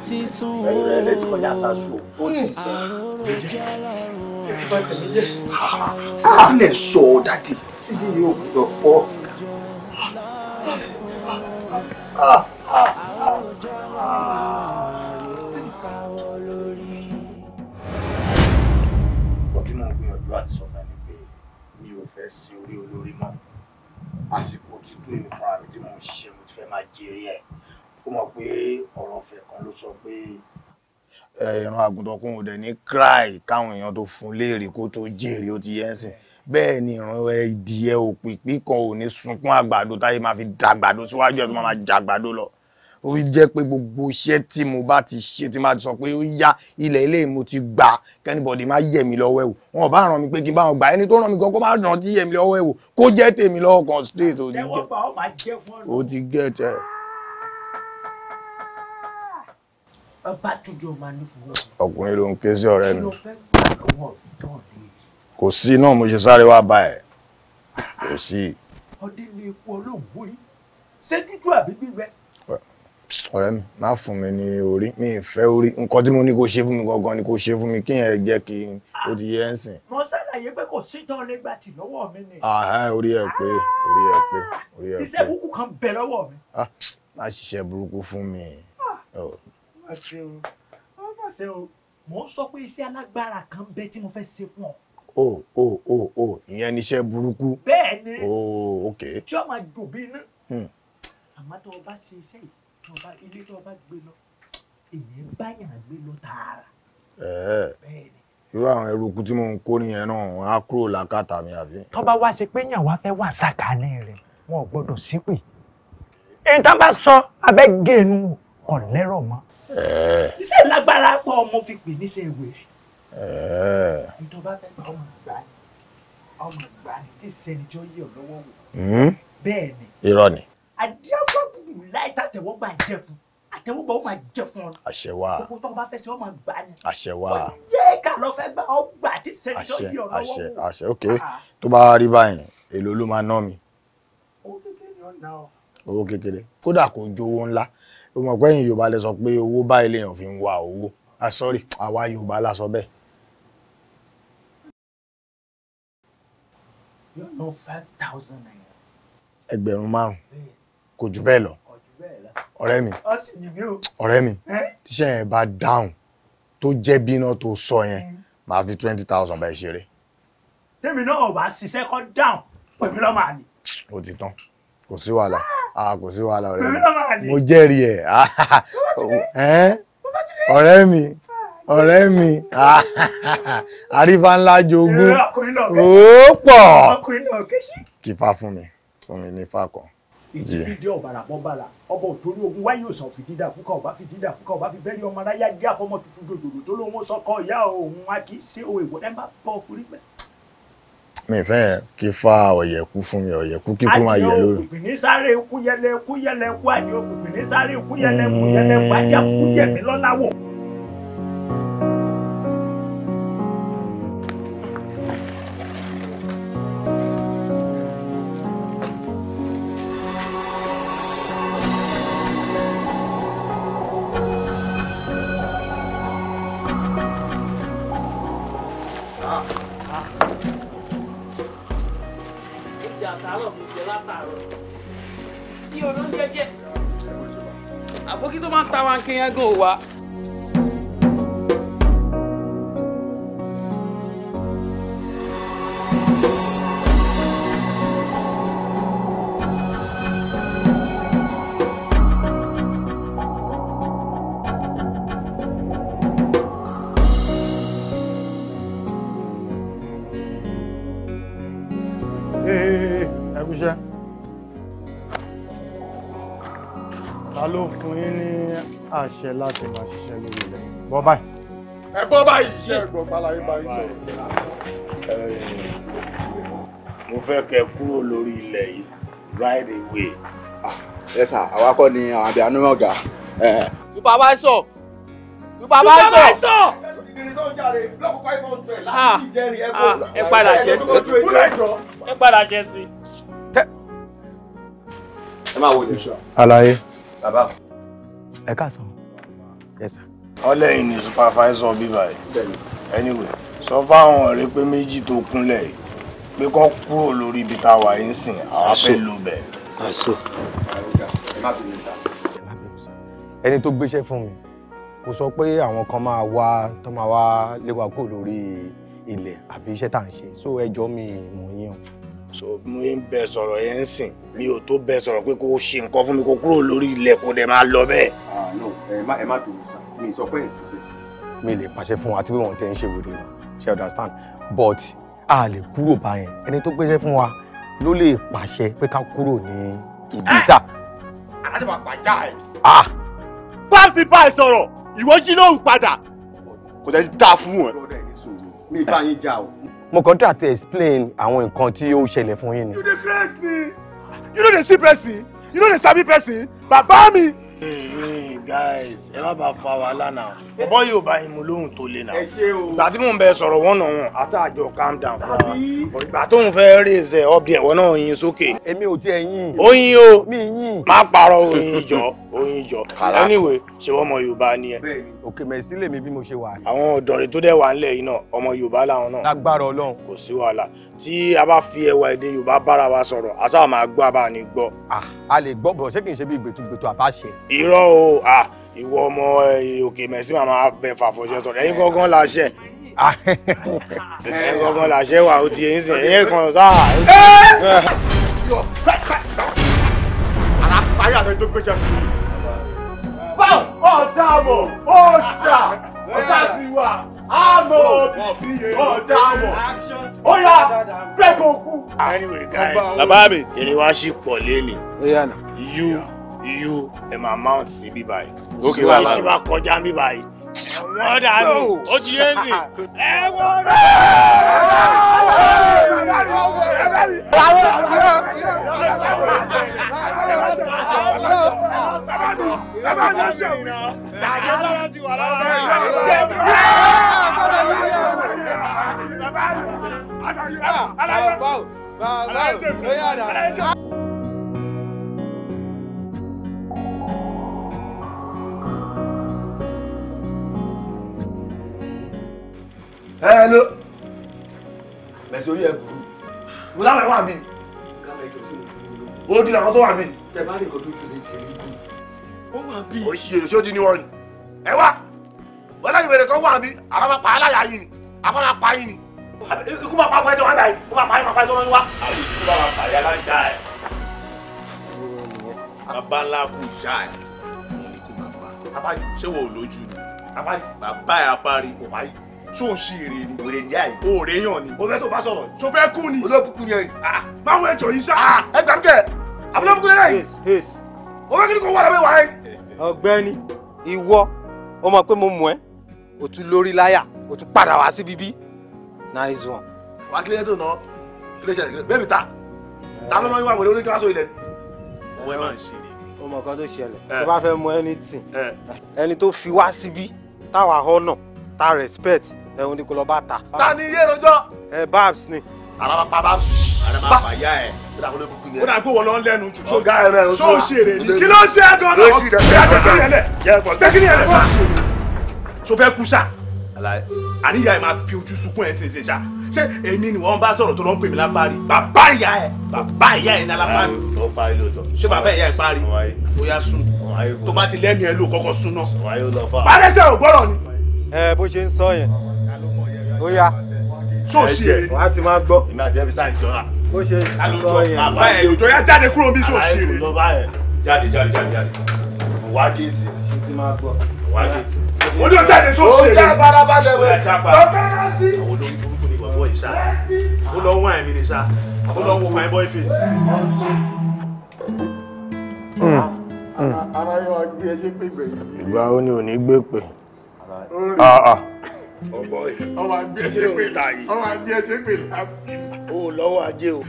ti sùn o. ẹ̀rọ ẹ̀rẹ́ ti kọjá sásù o ó ti sẹ́. ẹ ti bá tẹ̀lé yẹ. a lè sọ ọ dàdí tí bí yóò gbọdọ̀ fọ́. ọdún náà gbìyànjú àti sọ fún ẹni pé mi ò fẹ́ sí orí olórí mọ́ àsìkò tí tó èmi mi tí mo ń ṣiṣẹ́ mo ti fẹ́ máa jèrè ẹ̀ ó mọ̀ pé ọ̀rọ̀ fẹ́ ló sọ pé ìran àgùntàn kún òdẹ ní cry káwọn èèyàn tó fún léèrè kó tó jèrè ó ti yẹ ń sìn bẹ́ẹ̀ ni ìran ẹdìyẹ òpìpì kan ò ní sunkún àgbàdo táyé máa fi dàgbàdo síwájú ẹ̀ tó máa jàgbàdo lọ ó jẹ́ pé gbogbo iṣẹ́ tí mo bá ti ṣe tí máa sọ pé ó yá ilẹ̀ ilé mo ti gbà kẹ́nìbọ̀dì má yẹ̀ mí lọ́wọ́ ẹ̀wò wọn bá ràn mí pé kí n bá wọn gbà ẹni tó ràn mí gan kó má ràn tí yẹ̀ mí lọ́wọ́ ẹ̀wò kó jẹ́ tèmi lọ́wọ́ kan straight ó ti tẹ̀. ọba tójú ọmọ nípò wọn. ọkùnrin ló ń ké sí ọ̀rẹ́ mi. kí ló fẹ́ gbà lọ́wọ́ mi tó ń dé. kò sí náà mo ṣe sáré wá bá ẹ kò sí. ọdẹ lè pọ olóògbé rí ṣé dúdú àbí gbígbẹ. ọ̀rẹ́ mi má fún mi ní orí mi ì orí nǹkan tí mo ní kó ṣe fún mi gangan ni kó ṣe fún mi kí yẹn jẹ́ kí n ó ti yẹ ń sìn. mo ṣàlàyé pé kò sí tán lẹ́gbà tì lọ́wọ́ mi ni. orí ẹ pé orí ẹ pé orí ẹ pé. iṣẹ́ burúkú kan bẹ lọ́wọ́ mi. Ah, má ṣiṣẹ́ burúkú fún mi. Ah má ṣe o má má ṣe o. mò ń sọ pé iṣẹ́ alágbára kan bẹ tí mo fẹ́ ṣe fún ọ. o o o o ìyẹn ni iṣẹ́ burúkú. bẹ́ẹ̀ ni o ok. tí o máa dùn bí iná. Hmm. àmọ́ tó o bá ṣe iṣẹ́ yìí tó o bá ilé tó o bá gbé lọ èyí ń báyàn gbé lọ tààrà. bẹ́ẹ̀ ni irú àwọn eruku tí mò ń kó nìyẹn náà wọn á kúrò lákàtà mi àbí. tó wá ṣe pé yàn wá fẹ́ wà sàkání rẹ̀ wọn ò gbọ́dọ̀ sípè. èyí bá sọ abẹ́gẹ́nu kò lẹ́rọ̀ mọ́ iṣẹ́ lágbára pọ̀ mo fi pè ní sèwé ìjọba fẹ́ gba ọmọ ìgbà ọmọ ìgbà tí ìsẹ́ni tí yí ọ lọ́wọ́ wò hmm? bẹ́ẹ̀ ni irọ́ ni. àdìyàfọ́ bùbù láì tàtẹ̀wọ́gbà jẹ fún àtẹ̀wọ́gbà ó máa jẹ fún ọ. àṣẹ gbogbo tó bá fẹ́ ṣe ọmọ ìgbà ni. àṣẹ wa e ká lọ fẹ́ gba ọgbà tí ìsẹ́ni tí yí ọ lọ́wọ́ wò. àṣẹ ok ah. tó kékeré kódà kò jowó ńlá o mọ̀ pé ẹ̀yin yorùbá lè sọ pé owó báyìí lèèyàn fi ń wa owó ah sorry àwa yorùbá la sọ bẹ́ẹ̀. yóò ná five thousand naira. ẹgbẹ̀rún márùn-ún kò jù bẹ́ẹ̀ lọ ọ̀rẹ́ mi ọ̀rẹ́ mi tíṣẹ́ yẹn bá dáhùn tó jẹ́ bíná tó sọ yẹn màá fi twenty thousand bá ẹ ṣeré. tèmi náà ò bá ṣiṣẹ́ kọ́ dáhùn pèmí lọ́mọ àná. ó ti tán kò sí wàhálà. Ah, kò sí wàhálà ọ̀rẹ́ mi mo jẹ́rìí ẹ̀ ah, ọ̀rẹ́ mi ọ̀rẹ́ mi ah, àrífà ńlá jogún ó pọ̀ kìfà fún mi fún mi ní fàkọ. ìtìbídé ọ̀bàrà bọ́bàrà ọba òtórí ogun wáyé òsàn fìdídà fúnka ọba fìdídà fúnka ọba fi bẹ́ẹ̀ rí ọmọ aráyá dí àfọmọ́ tuntun dòdòdò tó lóun sọkọ ìyá òun a kì í ṣe òwe ìwọ́dẹ́ bá bọ́ fúrí pẹ́ mi fẹ́ kí fa ọ̀yẹ̀kú fún mi ọ̀yẹ̀kú kíkú máa yẹ lórí. àyè òkùnkùn ní sáré ikú yẹlẹ ikú yẹlẹ ikú àyè òkùnkùn ní sáré ikú yẹlẹ ikú yẹlẹ ikú àyè àkúyẹ̀mí lọ́láwọ̀. tó máa ń ta wa kí yẹn gò wá. láṣẹ láti máa ṣiṣẹ́ lórí rẹ̀ bọ́ báyìí. ẹ bọ́ báyìí iṣẹ́ ẹ̀gbọ́n balaye bá yín sọ̀rọ̀. mo fẹ́ kẹ́ kúrò lórí ilẹ̀ yìí right away. ẹ ah, sà àwa kọ́ ni àwọn àbí àánú ọ̀gá. supervisor supervisor ah, ẹ padà ṣe sí ẹ padà ṣe sí. ẹ máa wo ni. àlàyé. bàbá. ẹ káàsán. Yes sir. ọlẹ́yìn ni supervisor bíbá yìí anyway sọ fáwọn ọ̀rẹ́ pé méjì tó kúnlẹ̀ yìí pé kọ́ kúrò lórí ibi tá a wà yín sìn àwọn fẹ́ lò bẹ̀. àṣọ. ẹni tó gbéṣẹ́ fún mi kò sọ pé àwọn kan máa wá tó máa wá léwa kúrò so ẹjọ́ mi mọ̀ yín o so mo ń bẹ sọ̀rọ̀ yẹn ń sìn mi ò tó bẹ sọ̀rọ̀ pé kó ṣe nǹkan fún mi kó kúrò lórí ilẹ̀ kó dẹ̀ máa lọ bẹ́ẹ̀. Ah, ẹ má dùn sá mi sọ pé mi lè pàṣẹ fún wa àti pé wọn tẹ ń ṣe wèrè lọ ṣe understand but a lè kúrò báyẹn ẹni tó gbéṣẹ́ fún wa ló lè pàṣẹ pé ká kúrò ní ìbí sá. alájọba pàjá ah! ẹ. páàsì báyìí sọ̀rọ̀ ìwọ jí lóhùn padà kò dẹ́ dáa fún wọn. mi ì bá yín jà o mo kàn try to explain àwọn nǹkan tí ó ṣẹlẹ̀ fún yín ni. you dey craze me. you no dey see person you no dey sabi person bàbá mi. guys ẹ má bàa fa wàhálà náà bọ́bọ́ yóò bá yín mu lóhùn tó le náà ìgbà tí mò ń bẹ sọ̀rọ̀ wọ́n náà wọn àti àjọ calm down fún wa ìgbà tó ń fẹ́ rèézẹ̀ ọbẹ̀ ẹ̀wọ̀n náà yin sókè. èmi ò tiẹ̀ yin. oyin o má parọ́ oyin jọ oyin jọ anyway ṣe wọ́n mọ Yorùbá ni ẹ òkè mẹ́sì lèmi bí mo ṣe wà. àwọn ọ̀dọ́rin tó dẹ̀ wà ńlẹ̀ yìí náà ọmọ yorùbá làwọn náà. lágbára ọlọ́run. kò sí wàhálà tí a bá fi ẹwà èdè yorùbá bára wa sọ̀rọ̀ àtàwọn máa gbọ́ àbá ni gbọ́. a lè gbọ́ bọ̀ ṣé kì í ṣe bí gbẹ̀tugbẹ̀tu àbáṣe. irọ́ o ìwọ ọmọ òkè mẹ́sì máa máa bẹ fàfọ̀ṣẹ sọ̀rọ̀ ẹ̀yin gangan la ṣẹ̀. ẹ̀yin gangan la ṣẹ̀ wà ó ti ẹ̀yin sìn ẹ̀yin kan sáà. ara parí àwọn ẹjọ́ gbéṣẹ́ fún south ọ̀dàmọ̀ ọjà ọ̀dà tiwa àmọ̀ ọ̀dàmọ̀ ó yá bẹ́ẹ̀ kú. anyway guys bàbá mi èrè wa ṣì pọ̀ lẹ́nu you you ẹ̀ máa mount sí bíbáyìí. ó kí mi. ó kọjá bíbáyìí wọ́n dànù ó ti yé sí. ẹ wọ́n rẹ̀. Báwo báwo báwo ẹ ló bẹ̀sẹ̀ orí ẹ burú mo láwọn ẹ wà mí ó di làwọn tó wà mí. tẹ bá rí nǹkan tó ju létí rí bí. ó o bí. ó ṣe èrè tí ó di níwọ̀n ni ẹ wá wọ́n láyé wèrè kan wà mí àwọn máa pa aláya yìí ni àwọn máa pa yìí ni ikú máa pa ọmọ ẹjọ́ wọn báyìí ó máa pa yìí máa pa ẹjọ́ wọn wá. àbí ikú máa pa ìyá láńjà ẹ bàbá ńlá kù já ẹ òun ni kò máa pa ṣé wò ó lójú ni bàbá ẹ apárí ṣó ń ṣe èrè ni. òrè ni àyè. òrè yàn ni. o fẹ́ tó bá sọ̀rọ̀. ṣo fẹ́ kú ni. olókùnkùn yẹn ni. Ah, máa wọ ẹjọ yìí sá. Ah, ẹ gbà kẹ abúlé fún kílẹ̀ yìí. o fẹ́ kí ni kò wà lábẹ́ wà ẹ́. ọ̀gbẹ́ni ìwọ o mọ̀ pé mo mọ̀ ẹ́ o tún lórí láyà o tún padà wá sí bíbí nice one. wà á kílẹ̀ tó ná kílẹ̀ ṣẹlẹ̀ bẹ́ẹ̀ mi ta ta ló máa ń wá wọlé oníkàwé ilẹ̀ ni. wẹ́ẹ́ máa ń ṣe o mọ̀ kan tó ṣẹlẹ̀ eh. tó bá fẹ́ mọ anything eh. ẹni tó fi wá síbí táwa respect ẹ̀hún ni kò lọ bá ta. ta ni iye rojọ́. ẹ babs ni. araba pa babs. araba pa ya ẹ. ó dàgbé wọn lọ lẹ́nu jù. ọgá ẹ rẹ o sọ ṣèrè ni. kí ló ń ṣe é gan-an. yóò sì dẹ̀ bẹ́ẹ̀ bẹ́ẹ̀ so fẹ́ kú sá àníyá ẹ máa pi ojú sunkún ẹ ṣe ṣe ṣá ṣé èmi ni wọn bá sọ̀rọ̀ tó lọ ń pè mí lápárí bàbá ìyá ẹ bàbá ìyá ẹ ní alápárí ṣé bàbá ìyá ẹ parí ó yá sùn tó bá ti lẹ́mìí kọ́kọ́ sún náà parẹ́sẹ̀ ò gbọ́rọ̀ ni. ẹ bó ṣe ń sọ yẹn ó yá tó ṣe é. wàá ti máa gbọ́. ìmọ̀ àti ẹbí sáà ń jọra. ó ṣe àlùjọ àbá ẹ̀ òjò yá jáde kúrò bí tó ṣe é. jáde jáde jáde jáde wàá géètì. ṣé ti máa gbọ́. wàá géètì. ó ní ọjà ìdè tó ṣe é. ó já barabalẹ̀ wẹ̀. àwọn olórí burúkú ni bàbá yìí sá. ó lọ wọ́n ẹ̀mí ni sá. ó lọ wo fine boy face. Hmm, ara yóò gbé ẹṣẹ pé gbẹ̀yìn. ìgbà wo ni ò ní gbé pé. Oh boy! ọmọ àgbẹ̀ ẹ̀ṣẹ̀ pè ọmọ àgbẹ̀ ẹ̀ṣẹ̀ pè lásì. o lọ́wọ́ ajé o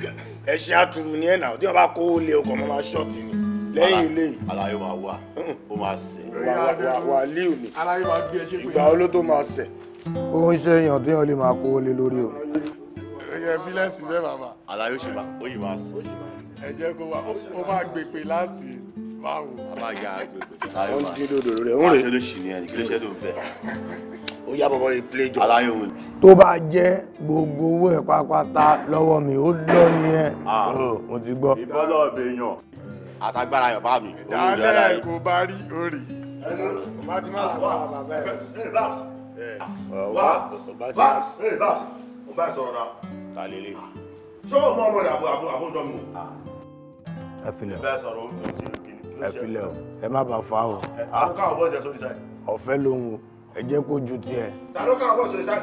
ẹ̀ṣin àtùrù ni ẹ̀ náà tí wọ́n bá kó o lé ọkọ̀ ọmọ máa ṣọ́ọ̀tì ni lẹ́yìn ilé yìí. alaye wa. wà ó máa sẹ̀. wà á líù ni ìgbà wo ló tó máa sẹ̀. ó ń ṣe èèyàn tí wọn lè máa kó o lé lórí o. ẹyẹ bílẹ̀sì bẹ́ẹ̀ bàbá. alaye ó ṣì máa ó yìí máa sọ. ẹ jẹ́ kó wà ó máa gbèpè lásì báwo. a máa tó bá jẹ́ gbogbo owó ẹ̀ pápátá lọ́wọ́ mi ó lọ ní ẹ̀ mo ti gbọ́. ìbọ́lọ̀ ọ̀bẹ mi. dáadáa kò bá rí orí. ẹ ló bá ti máa wà bàbá sọ̀rọ̀ náà. ọmọ rẹ àbọ̀ ẹ filẹ̀ o ẹ má bàa fa o. àwọn káwọn bọ́ọ̀sì ẹ sórí sáì. ọ̀fẹ́ lòun o ẹ jẹ́ kó ju tiẹ̀. ta ló káwọn bọ́ọ̀sì sórí sáì.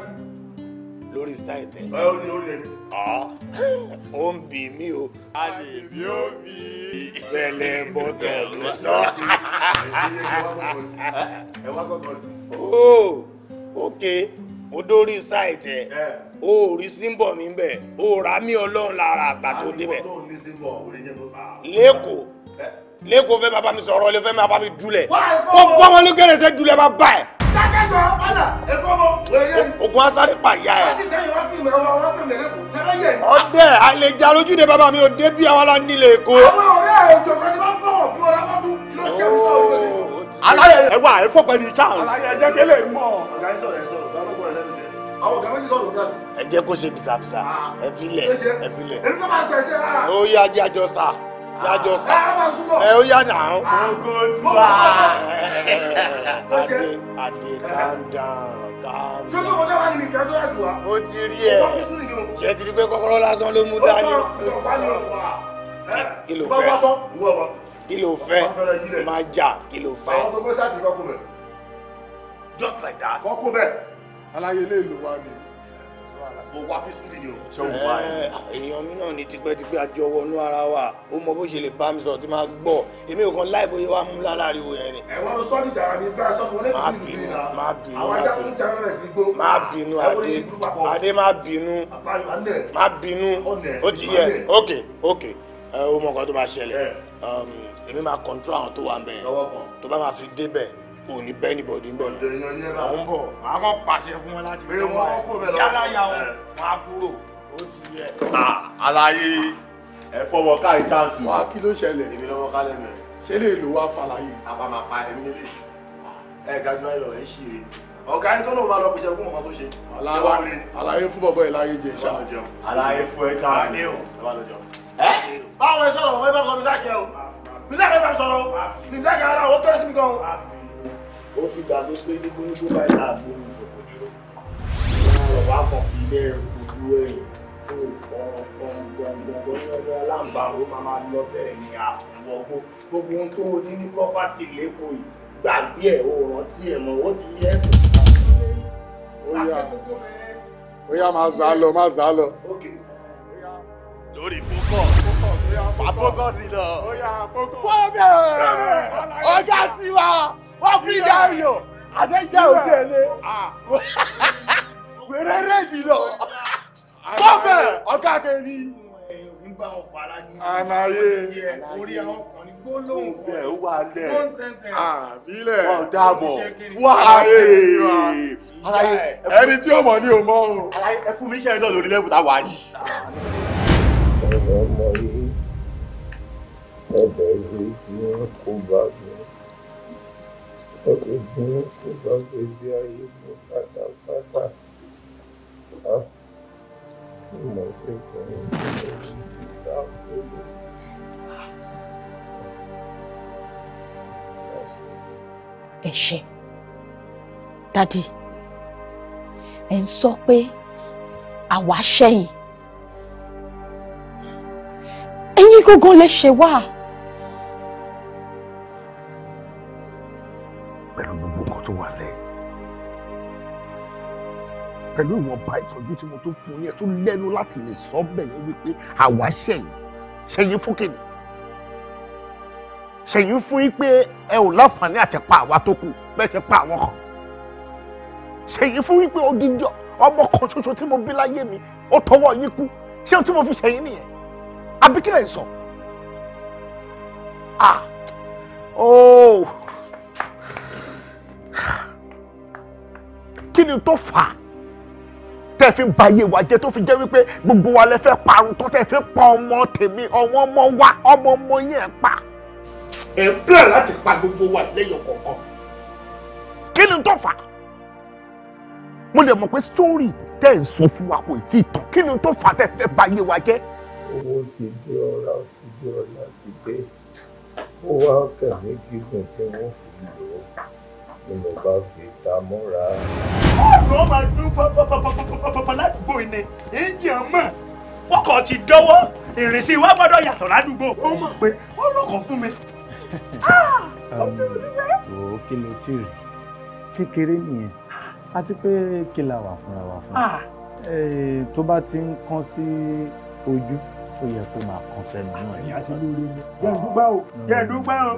lórí sáì tẹ. ẹ ó ní ó lè. ó ń bì mí o. a lè bí ó bí. ìbẹ̀lẹ̀ bọ́tọ̀ ló sọ. ẹ wá kọ́kọ́ sí. ó okay ó dórí sáìtì ẹ ó rí símbọ̀ mi bẹ̀ ó rà mí ọlọ́run lára àgbà tó débẹ̀ lẹ́kọ̀ọ́ lẹ́kọ̀ọ́ fẹ́ máa bá mi sọ̀rọ̀ lè fẹ́ máa bá mi dulẹ̀ gbogbo ọmọ lókèrè ṣe dulẹ̀ máa bá ẹ̀. dákẹ́jọ ọ̀la èkó mọ wẹ̀rẹ̀. ogun asáré pàyà ẹ̀. láti sẹ́yìn wọ́n pìmọ̀ ẹ̀wọ̀n wọ́n pìmọ̀ lẹ́kọ̀ọ́ sẹ́fẹ́ yẹ. ọdẹ àlejà lójúde bàbá mi ò dé bí àwa la nílé èkó. àwọn ọ̀rẹ́ ẹ̀ òjò kan ni wọ́n bọ̀ fún ọ̀rẹ́ ọdún ló ṣe ń sọ àlàyé ẹ wá ẹ fọpẹ ní chance. àlàyé ẹ jẹ́ kí lè mọ̀. ọ̀gá ń sọ̀rọ̀ ẹ sọ̀rọ̀ bá gbogbo ẹ̀ lẹ́nu jẹ àwọn ọ̀gá méjì sọ̀rọ̀ ọ̀gá sí. ẹ jẹ́ kó ṣe bìsàbìsà ah. ẹ fi lẹ̀ ẹ fi lẹ̀. èmi tó máa ń sọ ẹsẹ̀ rárá. ó yá ajé àjọ sáà jájọ sá ẹ ó yá nà án. ogotuwa. adé adé calm down calm down. ṣé wà ní ìka yàtọ̀ wa. ó ti rí ẹ ṣé ti rí pé kọ́kọ́rọ́ lásán ló mú dání. kí ló fẹ́ kí ló fẹ́ máa jà kí ló fẹ́. just like that. kọ́kùn bẹ̀ aláyé lè lò wá o wá peacefully eh, ah, ni o. èèyàn mi náà ní tipẹ́tipẹ́ àjọ wọnú ara wa ó mọ bó ṣe lè bá mi sọ̀rọ̀ tí máa gbọ́ èmi ò kan láì bóyá wà mú lálàríwo yẹn ni. ẹ wọn sọ ní tàrà mi bá sọ wọlé tó ní ìlú náà má bínú àwọn ajá fún jàmbá rẹ ti gbó. má bínú adé adé má bínú má bínú ó ti yẹ ok ok ó mọ nǹkan tó máa ṣẹlẹ̀ eh. um, èmi máa control àwọn tó wà ń bẹ̀ tó bá máa fi débẹ̀ kò ní bẹ́ẹ̀ ní bọ̀dí ń bọ̀ lọ ń bọ̀ àwọn pàṣẹ fún wọn láti bẹ́ẹ̀ wọ́n yálà ya wọn wọn á kúrò ó ti yẹ. àlàyé ẹ fọwọ́ káyìí táàsì. wá kí ló ṣẹlẹ̀ èmi lọ́wọ́ kálẹ̀ mẹ́. ṣé lè lò wá falàyé. àpamàpá ẹ̀mí lélẹ̀ ẹ̀ gàdúrà ìlọ ẹ̀ ṣì rè ọ̀gá yín tọ́lọ́ máa lọ pèsè fún ọ̀gá tó ṣe. àlàyé fún bọ̀bọ̀ ìláyé jẹ ṣá. àlàyé fún ẹ táàsì. ẹ báwo ẹ sọ̀rọ̀ ó ti gbàgbé pé nígbó nígbó báyìí náà ló ń fòkò dúró ọ̀rọ̀ wa kan fi ilé ẹ̀rù dúró ẹ̀yìn tó ọ̀rọ̀ gbọ̀ngbọ̀ngbọ̀ngbọ̀n ní ọjọ́ aláǹbàrò máa máa lọ bẹ́ẹ̀ ni àwọ̀gbó gbogbo ohun tó ní ní pọ́pátì lẹ́kọ̀ọ́ yìí gbàgbé ẹ̀ ò rántí ẹ̀ mọ́ ó ti yẹ ẹ̀sìn ó yá máa zà á lọ máa zà á lọ. lórí fókọ̀ wà fókọ̀ sí lọ. fókọ̀ ọjà tiwa wọ́n bí yáyọ̀ àtẹ́jà òde ẹ̀lẹ́ wẹ̀rẹ̀ rẹ̀dì lọ bọ́ọ̀bẹ̀ ọ̀gá kẹ́ni. nígbà ọ̀fà alájí àlàyé orí àwọn ọkùnrin gbólóhùn kan ó wà lẹ̀ àbílẹ̀ ọ̀dàbọ̀ wà lẹ̀ ẹni tí ó mọ̀ ní òmọ́ o. ẹ fún mi iṣẹ́ náà lórí lẹ́bù tá a wà yìí. ọmọ ọmọ yìí ẹbẹ̀ yìí ni wọ́n kó bá mi. Ọkùnrin kò bá gbèsè ayé mi pátápátá. A ní mo ṣe fún un ní ìgbà gbogbo. Ẹ ṣé, dádì, ẹ ń sọ pé àwa ṣẹ̀yìn. Ẹ̀yin gangan lè ṣe wá. pẹ̀lú ìwọ̀nba ìtọ́jú tí mo tó fún yín ẹ̀ tó lẹ́nu láti lè sọ bẹ́ẹ̀ yẹn wípé àwa ṣẹ̀yìn ṣẹ̀yìn fún kìnnì ṣẹ̀yìn fún yín pé ẹ ò láǹfààní àti pa àwa tó kù bẹ́ẹ̀ ṣe pa àwọn kan ṣẹ̀yìn fún yín pé odidi ọmọ kan ṣoṣo tí mo bí láyé mi ó tọwọ́ yín kú ṣé ohun tí mo fi ṣẹ̀yìn nìyẹn abikílẹ̀ ń sọ ah oh kí ni tó fà á tẹ́ fi ba ayé wa jẹ́ tó fi jẹ́ wípé gbogbo wa lẹ fẹ́ parun tó tẹ́ fi pa ọmọ tèmi ọmọ ọmọ wa ọmọ ọmọ yẹn pa. ẹ ń plan láti pa gbogbo wa lẹ́yọ̀ kọ̀ọ̀kan. kí ni tó fà á mo lè mọ̀ pé sítórì tẹ́ ń sọ fún wa kò tí ì tán kí ni tó fà á tẹ́ fẹ́ ba ayé wa owó ti dé ọ̀la ti dé ọ̀la ti dé ó wá kẹ̀mí gígùn tí wọ́n fi lò ó ni mo bá fi ta mọ́ra. ọ̀rọ̀ máa dún pàpàpàpàpàpà ládùúgbò ni èjì ọmọ ọkọ̀ ti dọ́wọ́ ìrìnsí wa gbọ́dọ̀ yàtọ̀ ládùúgbò ó mọ̀ pé ó lọ́kọ̀ fún mi. Ah, ọ̀ kí ló ti rí kékeré nìyẹn àti pé kí la wà fúnra wa fún ah. tó bá ti ń kán sí ojú ó yẹ kó máa kán sẹ́nu náà. àyà ah, sí lóore ni yẹn dúgbà o yẹn dúgbà o.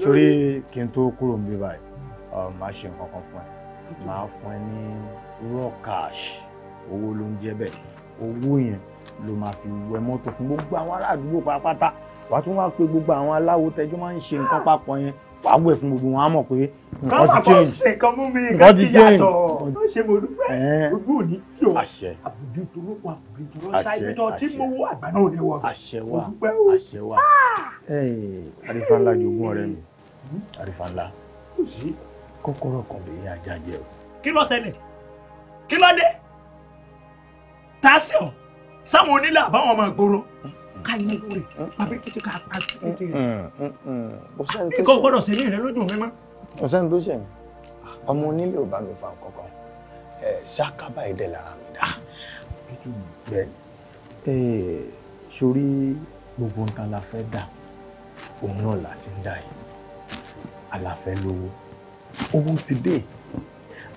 sórí kí n tó kúrò ń bí báyìí máa ṣe nǹkan kan fún ẹ máa fún ẹ ní raw cash owó ló ń jẹ bẹ́ẹ̀ owó yẹn ló máa fi wẹ mọ́tò fún gbogbo àwọn ará àdúgbò pátápátá wàá tún wá pé gbogbo àwọn aláwo tẹjọ́ máa ń ṣe nǹkan papọ̀ yẹn wàá wẹ̀ fún gbogbo wọn á mọ̀ pé nǹkan ti change nǹkan ti change nǹkan ṣe mo dúpẹ́ gbogbo òní tí o àbùdí torókun àbùdí toró ṣáìbìtọ̀ tí mo wọ àgbà náà ní wọ àṣẹ wa àṣẹ wa ah! àrífà ńlá jogún ọ̀rẹ́ mi hmm? àrífà ńlá kọ́kọ́rọ́ kan lè yín ajá jẹ o. kí ló ṣẹlẹ̀ kí ló dé tásìọ̀ sáwọn onílé àbáwọn ọmọ ìgboro káyé wẹ̀ àbí kí ti ká pa sí mm, mm, mm, i. ikọ̀ gbọ́dọ̀ ṣe ní ìrẹ́ lójú mi mọ́. kò sẹ́ni tó ṣe mí ọmọ onílé ò bá mi fa nǹkan kan ṣákábà ìdẹ̀ lára mi dá tútù ah! gbẹ sórí gbogbo nǹkan la fẹ́ dà òun náà láti ń dà yìí àlàfẹ́ lówó owó ti dé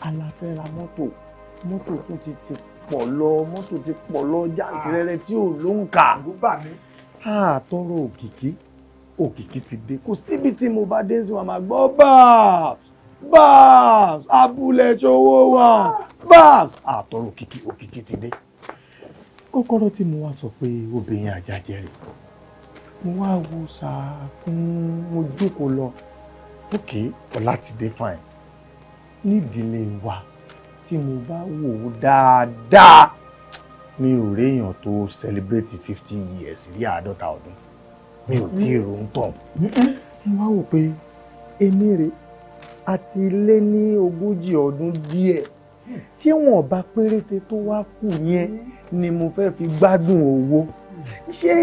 aláfẹ́ ra mọ́tò mọ́tò tó ti ti pọ̀ lọ mọ́tò ti pọ̀ lọ jáǹtìrẹrẹ tí ò ló ń kà. àgùbà mi. àtọrọ òkìkí òkìkí ti dé kò síbi tí mo bá dé sí wọn máa gbọ́ babs babs abúlé ṣòwò wọn babs àtọrọ òkìkí òkìkí ti dé. kọ́kọ́rọ́ tí mo wá sọ pé obìnrin àjàjẹ rẹ̀ mo wá wo sàkún mo jókòó lọ. Búkè Ọlátidé fine nídìílé wa tí mo bá wò ó dáadáa mi ò réèyàn tó celebrate fifty years rí àádọ́ta ọdún mi ò tí ì ròún tàn mo wá wò pé èmi rè a ti lé ní ogójì ọdún díẹ̀ ṣé wọn bá péréte tó wá kù yẹn ni mo fẹ́ fi gbádùn owó ṣé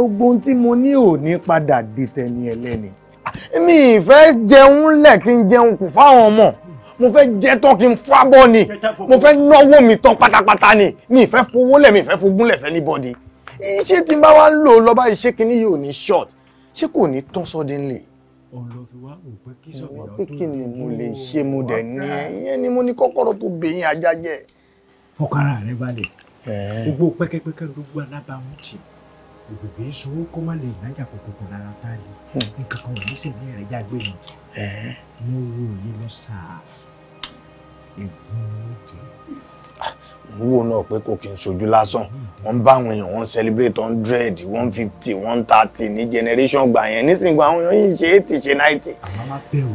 ogun tí mo ní ò ní padà dìtẹ̀ ní ẹlẹ́ni mi ìfẹ́ jẹun lẹ̀ kí n jẹun kù fáwọn ọmọ mo fẹ́ jẹ́ tán kí n fábọ́ ni mo fẹ́ náwó mi tán pátápátá ni mi ìfẹ́ fowó lẹ̀ mi ìfẹ́ fogún lẹ̀ fẹ́ ní bọ́dí iṣẹ́ tí n bá wá ń lò lọ́ba iṣẹ́ kínní yìí ò ní short ṣé kò ní tán suddenly. ọ̀rọ̀ fi wá òpè kí sọ̀rọ̀ tó kí ni mo lè ṣe mo dẹ̀ ní ẹyẹ ni mo ní kọ́kọ́rọ́ tó bẹ̀yìn ajá jẹ́. fọkàrà rẹ balẹ̀ gbogbo pẹ́kẹ́pẹ́kẹ́ gbogbo alábàámu tì òbèbè sowó kó má lè nájà kòkòkò lára tá a lè nǹkan kan wà nísìnyí rẹ̀ jágbé mi mo wo òye lọ sàá ègún oúnjẹ. wúwo náà pé kò kí n ṣojú lásán wọ́n bá àwọn èèyàn wọ́n celebrate hundred one fifty one thirty ní generation gbà yẹn nísìnyí àwọn èèyàn yìí ṣe eighty ṣe ninety. àmọ́ má bẹ́ẹ̀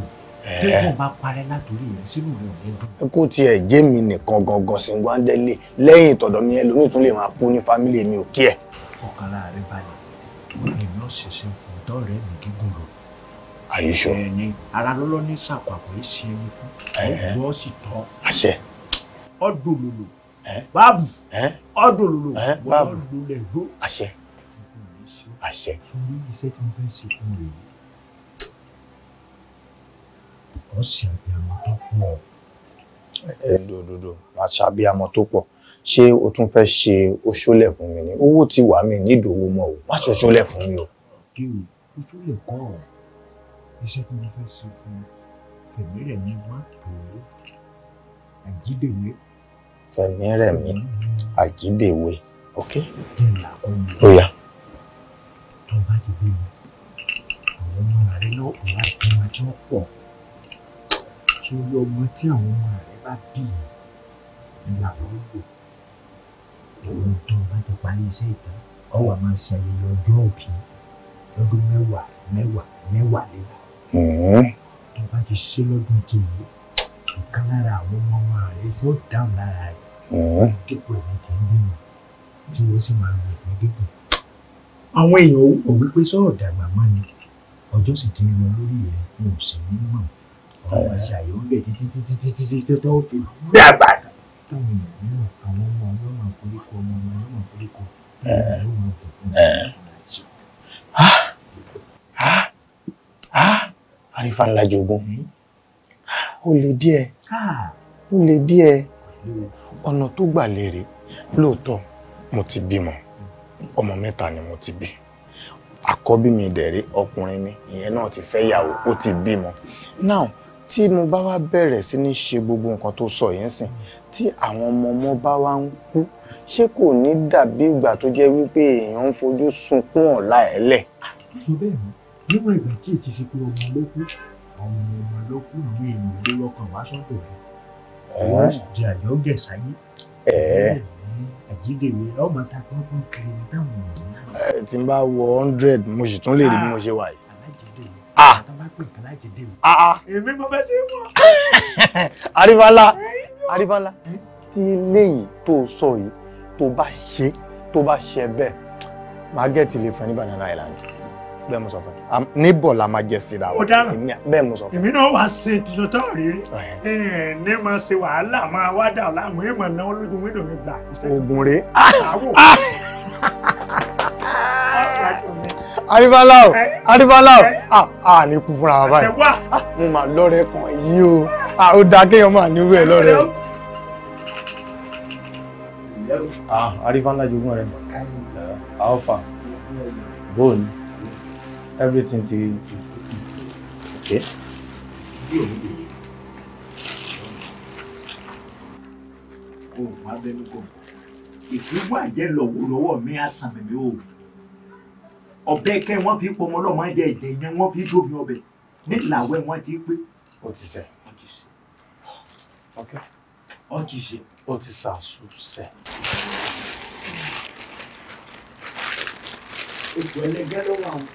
o kó tiẹ̀ jẹ́ mi nìkan gangan sí gbọ́ndẹ́lé lẹ́yìn ìtọ̀dọ̀ mi ẹ lómi tún lè máa kú ní fámílì mi ò kí ẹ̀ fọkànra rẹ balẹ̀ èmi ọ̀sẹ̀sẹ̀ fún ọ̀dọ́ rẹ mi gígùn lọ. àyíṣọ ẹni ara lọ́lọ́ ní sàpàpọ̀ ẹ̀ ṣe é kú ọ̀gbọ́n ó sì tọ́. àṣẹ. ọdún lòlò báàbù ọdún lòlò báàbù lulẹ̀ gbó. àṣẹ àṣẹ. sórí iṣẹ́ tí mo fẹ́ ṣe fún rẹ yìí ọ̀sẹ̀ àbíamọ tó pọ̀. ẹ ẹ dòdòdò màá ṣàbíamọ tó pọ̀ ṣé o tún fẹ́ ṣe oṣólẹ̀ fún mi ni owó ti wà mí nídìí owó mọ́ o má ṣe oṣólẹ̀ fún mi o. kéwì oṣólẹ̀ kọ́ ọ̀ iṣẹ́ tí mo fẹ́ ṣe fún fẹ̀mí rẹ̀ mi má pè é àjídèwé. fẹ̀mí rẹ̀ mi àjídèwé ok. kí n là kọ́ mi. ó yá. tó bá ti dé mi àwọn ọmọ rẹ lọ òun àti ọmọ tí wọ́n pọ̀ ṣé ọmọ tí àwọn ọmọ rẹ bá bí ìyàwó lò òun tó bá ti parí iṣẹ́ ìtàn ọ wà máa ṣayẹyẹ ọjọ́ òbí lọ́dún mẹ́wàá mẹ́wàá mẹ́wàá léla. tó bá ti ṣe lọ́dún tí yìí ìkan lára àwọn ọmọ ọmọ rẹ̀ yóò dáhùn lára rẹ̀ dípò ẹ̀mí ti ń bímọ tí wọ́n sì máa lò ní gígùn. àwọn èèyàn ò wí pé sọ̀rọ̀ dàgbà mọ́ ni ọjọ́ sì ti ń lọ lórí rẹ̀ n ò sì ní mọ̀ ọ̀rọ̀ àṣà yóò bẹ̀ títí títí títí tó tó fi dàgbà tán táwọn èèyàn náà àwọn ọmọ ọmọ máa foríkọ ọmọ ọmọ ọmọ máa foríkọ ló máa dùn fún àrífà ńlá jogun hmm. ó le díẹ̀ ah. ó le díẹ̀ ọ̀nà tó gbà lérè lóòótọ́ mo ti bímọ ọmọ mẹ́ta ni mo ti bí àkọ́bí mi dẹ̀rẹ́ ọkùnrin ni ìyẹn náà ti fẹ́ yàwó ó ti bímọ now tí mo bá wá bẹ̀rẹ̀ sí ní ṣe gbogbo nǹkan tó sọ yẹn sìn tí àwọn ọmọ ọmọ bá wá ń kú ṣé kò ní dàbí ìgbà tó jẹ́ wípé èèyàn ń fojú sunkún ọ̀la ẹ̀ lẹ̀. sọ bẹ́ẹ̀ ni níwọ̀n ìgbà tí èyí ti ṣe pé ọmọ ló kú àwọn ọmọ ló kú àwọn èèyàn ló lọ́kàn wá sọ́dọ̀ rẹ̀ wọ́n di àjọ gẹ̀sáyé àjídèwé ọmọ ta kọ́ fún kiri táwọn èèyàn. tí n bá wọ hundred mo sì tún lè rí bí ah, mo ṣe wà yìí máa pè nǹkan láti dé o. Ah, ah. èmi mo fẹ́ sí fún ọ. àríwálá àríwálá tí léyìn tó sọ yìí tó bá ṣe tó bá ṣe bẹ́ẹ̀ máa gẹ̀ẹ́tì lè fún ẹ ní banana island bẹ́ẹ̀ mo sọ fún ẹ níbọ̀ la máa jẹ síra wa bẹ́ẹ̀ mo sọ fún ẹ. èmi náà wá ṣe tuntun tó rírí ní ma ṣe wàhálà máa wá dà láàmú èèmọ̀ náà lójú wíńdò mi gbà. oògùn rèé àríbálá o àríbálá o à ah, ah, ní kú fúnra wa báyìí ah, mo mà lọ́rẹ̀ kan yìí o ó dáa kéèyàn máa nírú ẹ̀ lọ́rẹ̀ o. àríbálá jogún rẹ̀ alpha bone everything ti okay. oògùn abẹnugọ ìpínwó àjẹlọ wò lọ́wọ́ mi àsàmì mi oògùn ọ̀bẹ kẹ́ wọ́n fi pọmọ lọ́mọ jẹ ẹ̀jẹ̀ yẹn wọ́n fi dóbi ọbẹ̀ nílàwẹ́ wọ́n ti pé. ó ti ṣe ó ti ṣe ó ti ṣàṣùṣe. ètò ẹlẹgẹ́ ló wà wọn.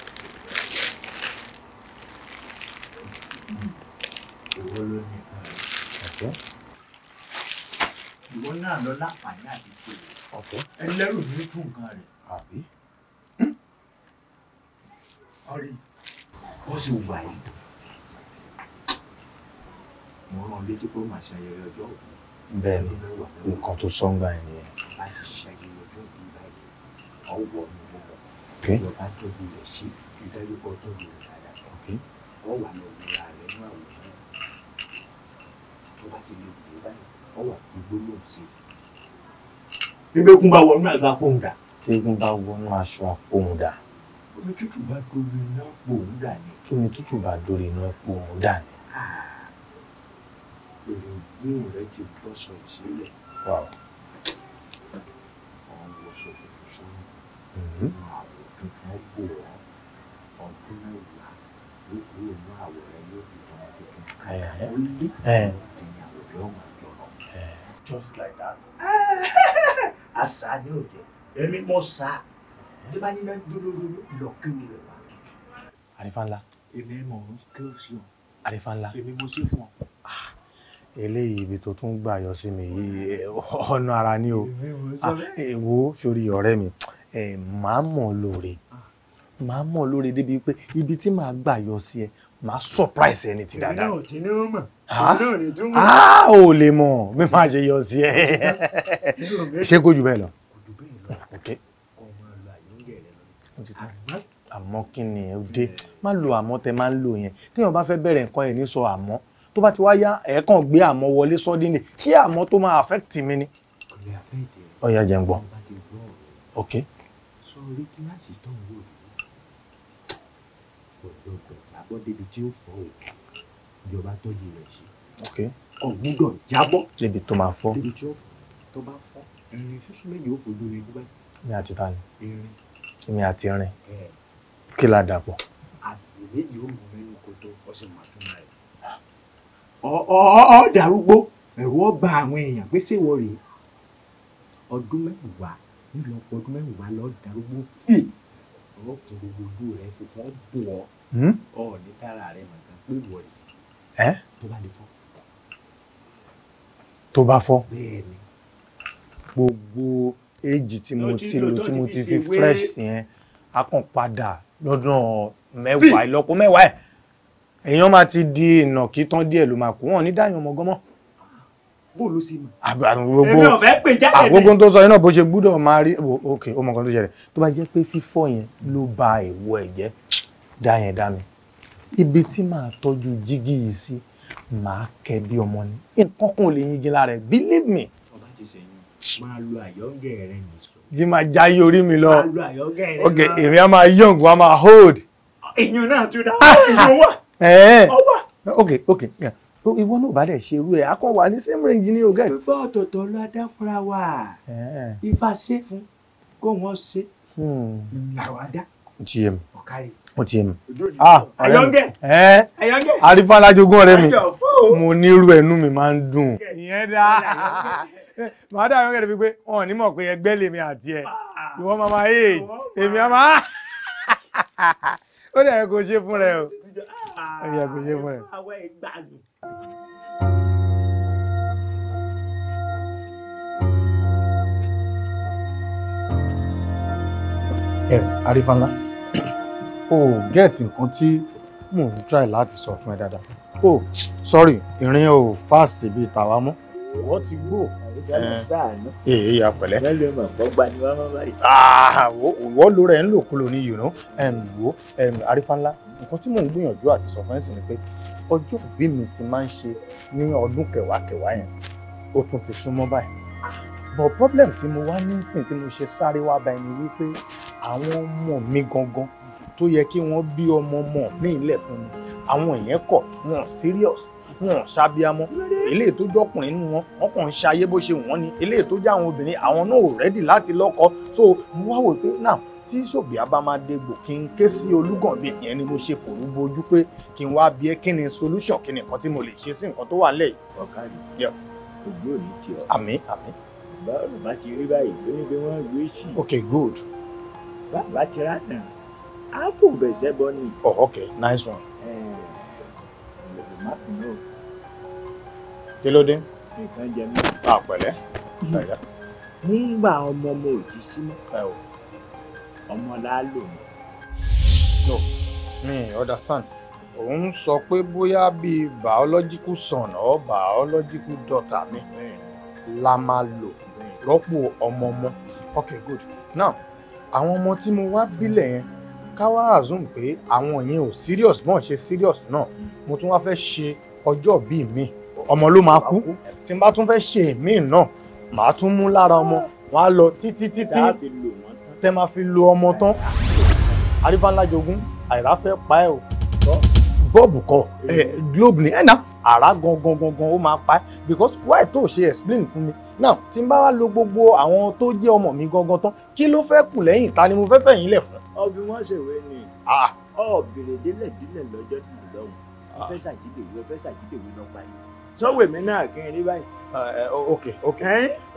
ìwọ ló ní ọ̀rẹ́ ìwọ náà lọ láǹfààní àti ìṣòro ẹlẹ́rù ní tún nǹkan rẹ̀ ó sì wà yìí mo rán ọ létí pé ó máa ṣayẹyẹ ọjọ́ òkú. bẹ́ẹ̀ ni nǹkan tó sọ ń gbà yẹn nìyẹn. bá ti ṣayẹyẹ ọjọ́ òkú báyìí ọwọ́ mi ló lọ ìjọba tóbi rẹ̀ sí ìdájọ́ tóbi rẹ̀ dáadáa ọ wà lọ wọ ní àwùjọ tó bá ti lè wọ báyìí ọ wà gbogbo lóun sí. bá wọnú aṣọ àpòǹdà. bí bá wọnú aṣọ àpòǹdà omi tútù bá dórí iná pò ń dà ní. tómi tútù bá dórí ah, iná pò ń dà ní. èrè ògbìn rẹ ti blọ́sọ̀ sílẹ̀. wàá ọ̀hún wọ sọ̀tò tó sọ́nà. Mm-hmm. àwọ̀ tuntun bò ọ́ ọdún mẹ́wàá ló kúrò ní àwọ̀ rẹ yóò di tọ́mọ tuntun. káyà ó lé ìyàwó rẹ ọmọ ìjọba. just like that. àṣà ni ò jẹ́ èmi mo sá tó bá níná dúró lọ kí ni rẹ wá. àrífà ńlá. èmi mọ̀ ń kí o sí àrífà ńlá. èmi mo sí fún ọ. Ah, eléyìí ibi tó tún gbà yọ sí mi yìí ọ̀nà ara ni o èwo ah, eh, sórí ọ̀rẹ́ mi eh, màá mọ̀ lóore ah. màá mọ̀ lóore débi pé ibi tí màá gbà yọ sí ẹ màá surprise ẹni tí dáadáa. èmi náà kì í ní ó mọ̀ a ò lè mọ̀ mi máa ṣe yọ sí ẹ ṣé kò jù bẹ́ẹ̀ lọ. kò jù bẹ́ẹ̀ lọ àmọ́ kí ni ẹ dé má lo àmọ́ tẹ máa ń lò yẹn téèyàn bá fẹ́ bẹ̀rẹ̀ nǹkan ẹ̀ ní sọ àmọ́ tó bá ti wá yá ẹ̀ẹ́kàn gbé àmọ́ wọlé sọ́dínlé ṣé àmọ́ tó máa affect mi ni. ọ̀yà jẹ́ ń gbọ́ ok. sọ orí kíláàsì tó ń wò ní ọ̀dọ́dọ̀ jábọ́ débi tí ó fọ́ o ìjọba tó yí rẹ̀ ṣe. ok. ọ̀gbúdọ̀ jábọ́. débi tó máa fọ́. débi tí ó fọ́ tó bá fọ́ irin ṣúṣú méjì ó fojú rẹ̀ gbúgbà. ní àtìtá ni. irin èmi àti rìn kí la dàpọ̀. àgbèrè yóò mú nínú koto ó sì máa tún náà rẹ. ọ dàrúgbó ẹ̀rù ó bà àwọn èèyàn pé ṣé wọ́n rèé ọdún mẹ́wàá nílò ọ̀pọ̀ ọdún mẹ́wàá lọ dàrúgbó fì ọkùnrin gbogbo rẹ fòfò bò ọ hmm? ọ ní tára rẹ màgá pé wọ tó bá lè fọ. tó bá fọ. bẹ́ẹ̀ni gbogbo èjì tí mo ti lò tí mo ti fi fresh yẹn a kàn padà lọ́dún mẹ́wàá ìlọ́po mẹ́wàá ẹ̀ èèyàn máa ti di ìnàkí díẹ̀ ló máa kú wọn ní dáyàn ọmọ gánmọ́. bó ló sì mọ. àrùn gbogbo àgbogbo tó sọ iná bó ṣe gbúdọ̀ máa rí ok ó mọ nǹkan tó ṣẹlẹ̀ tó bá jẹ́ pé fífọ́ yẹn ló ba èèwọ̀ ẹ̀ jẹ́ dá yẹn dá mi ibi tí màá tọ́jú jígí yìí sí màá kẹ́ bí ọmọ ni nǹkan kan ò lè yingin lára ẹ̀ believe me máa lo àyọ́ngẹ̀ rẹ nìṣó. yìí máa jáyé orí mi lọ máa lo àyọ́ngẹ̀ rẹ náà ok èmi á máa yọ̀ǹg wá máa hold. ìyún náà tún dá ìyún wà ọwà. ok ok ìwọ náà bá dẹ̀ ṣe irú ẹ̀ akọ wà ní same range ní ọ̀gá. ìfẹ́ ọ̀tọ̀ọ̀tọ̀ ló dá fúnra wa ifá ṣe fún kó wọ́n ṣe hmm. làwọn dá. gm ọ̀kárí mo ti mu ah ayọ̀ngẹ̀ ẹ arífàlájogún ọ̀rẹ́ mi mo ní irú ẹnu mi máa ń dùn. ìyẹn dáa. màá dà yọ̀ǹgẹ̀ bíi pé wọn ò ní mọ̀ pé ẹgbẹ́ lèmi àti ẹ ìwọ mama age èmi àmà ó dẹ̀ yẹ kó ṣe fún rẹ o ó yẹ kó ṣe fún rẹ. Ah, ẹ arífánlá o gẹ́ẹ̀tì nǹkan tí mò ń try láti sọ fún ẹ dáadáa o sorry ìrìn o fast bíi tàwa mọ́ ìwọ ti gbó Eh. ee ya pẹ̀lẹ́. mẹlẹ ma kọ gba ni wọn máa báyìí. Ah, wọ́n lo rẹ̀ ń lò kúlò ní yìí rán wo arífánlá nǹkan tí mò ń gbìyànjú àti sọ fún ẹ̀sìn ni pé ọjọ́ ìbí mi ti máa ń ṣe ní ọdún kẹwàá kẹwàá yẹn ó tún ti súnmọ́ báyìí but problem tí mo wá nísìn tí mo ṣe sáré wá bá ẹni wípé àwọn ọmọ mi gangan tó yẹ kí wọ́n bí ọmọ ọmọ ní ilẹ̀ fún mi àwọn èèyàn kọ̀ wọn serious wọn ṣàbíamọ eléyìí tó jọkùnrin nínú wọn wọn kàn ń ṣayé bó ṣe wọn ni eléyìí tó jẹ àwọn obìnrin àwọn náà ò rẹ́dì láti lọ́kọ so mo wá wò pé náà tí Ṣòbíà bá máa dégbò kí n ké sí Olúgànbí ìyẹn ni mo ṣe fòrú bojú pé kí n wá bí ẹ kí ni solution kí ni nǹkan tí mo lè ṣe sí nǹkan tó wà nílẹ̀ yìí. mi ojú ò ní kí ọ. àmín àmín. báwo bá ti rí báyìí ó ní bí wọ́n gbé sí. ok good. bàbá ti rà náà á fò bẹ̀sẹ̀ bọ́ ni. Oh, ok nice one. Eh, ẹ ẹ lè má kún náà kí ló dé. nǹkan jẹ mí. a ah, pẹ̀lẹ́. Mhm. nígbà ọmọ ọmọ òjì sí mọ́. ọmọ láálò mi. no me understand òun sọ pé bóyá bíi biological son or biological daughter mi la máa lò rọ́pò ọmọ ọmọ ok good now àwọn ọmọ tí mo wá bílẹ̀ yẹn ká wá assume pé àwọn yẹn ò serious bọ́n ṣe serious náà mo tún wá fẹ́ ṣe ọjọ́ bíi mi. Mm ọmọ ló máa kú tí n bá tún fẹ́ ṣe míì náà màá tún mú lára ọmọ wọn á lọ títí títí tẹ máa fi lo ọmọ tán àrífáńlá jogún àìrá fẹ́ pa ẹ́ o bọ́ọ̀bù kọ globe ni ẹ̀nà àrá gangan gangan ó máa pa ẹ́ because why tó ṣe explain fún mi now tí n bá wá lo gbogbo àwọn tó jẹ́ ọmọ mi gangan tán kí ló fẹ́ kù lẹ́yìn ta ni mo fẹ́ fẹ̀yìn lẹ̀ fún. ọbí wọn ṣèwé ni ọbìnrin délẹ̀ délẹ̀ lọ́jọ́ dùn lọ́hùn fẹ́ ṣàjídèwé fẹ́ ṣàjídèwé lọ́pàá yìí sọ́wọ́ èmi náà kí n rí báyìí. ok ok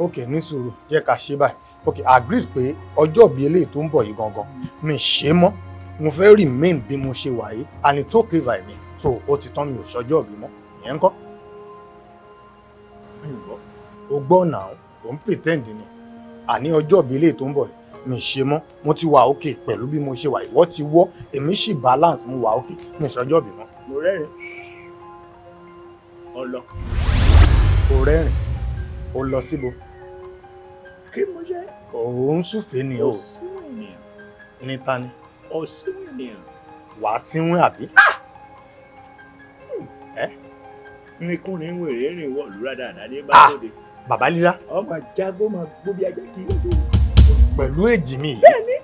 ok ní sùúrù jẹ́ ká ṣe báyìí ok agreed pé ọjọ́ ìbí eléyìí tó ń bọ̀ yìí gangan mi ṣe mọ́ mo fẹ́ remain bí mo ṣe wà yìí and it okay by me so ó ti tán mi ò ṣọjọ́ ìbí mọ́ ìyẹn ń kọ́. o gbọ́ náà ò ń pretend ni àní ọjọ́ ìbí eléyìí tó ń bọ̀ yìí mi ṣe mọ́ mo ti wà okay pẹ̀lú bí mo ṣe wà ìwọ ti wọ́ èmi sì balance mo wà okay mi ṣọjọ́ ìbí mọ́. mo rẹ́rìn-ín ọ lọ. kò rẹ́rìn ó lọ síbo. kí mo jẹ́. òun súfèé ni o. òsínwó ènìyàn. ní ta ni. òsínwó ènìyàn. wà á sínwó àbí. Ah! ẹ. nìkúnrin wèrè rìn wọ̀lú rádàrá ní báyọ̀dé. Ah! bàbá lílá. ọmọ jago máa gbó bí ajá kí ló dé. pẹ̀lú èjì mi yìí. bẹ́ẹ̀ ni.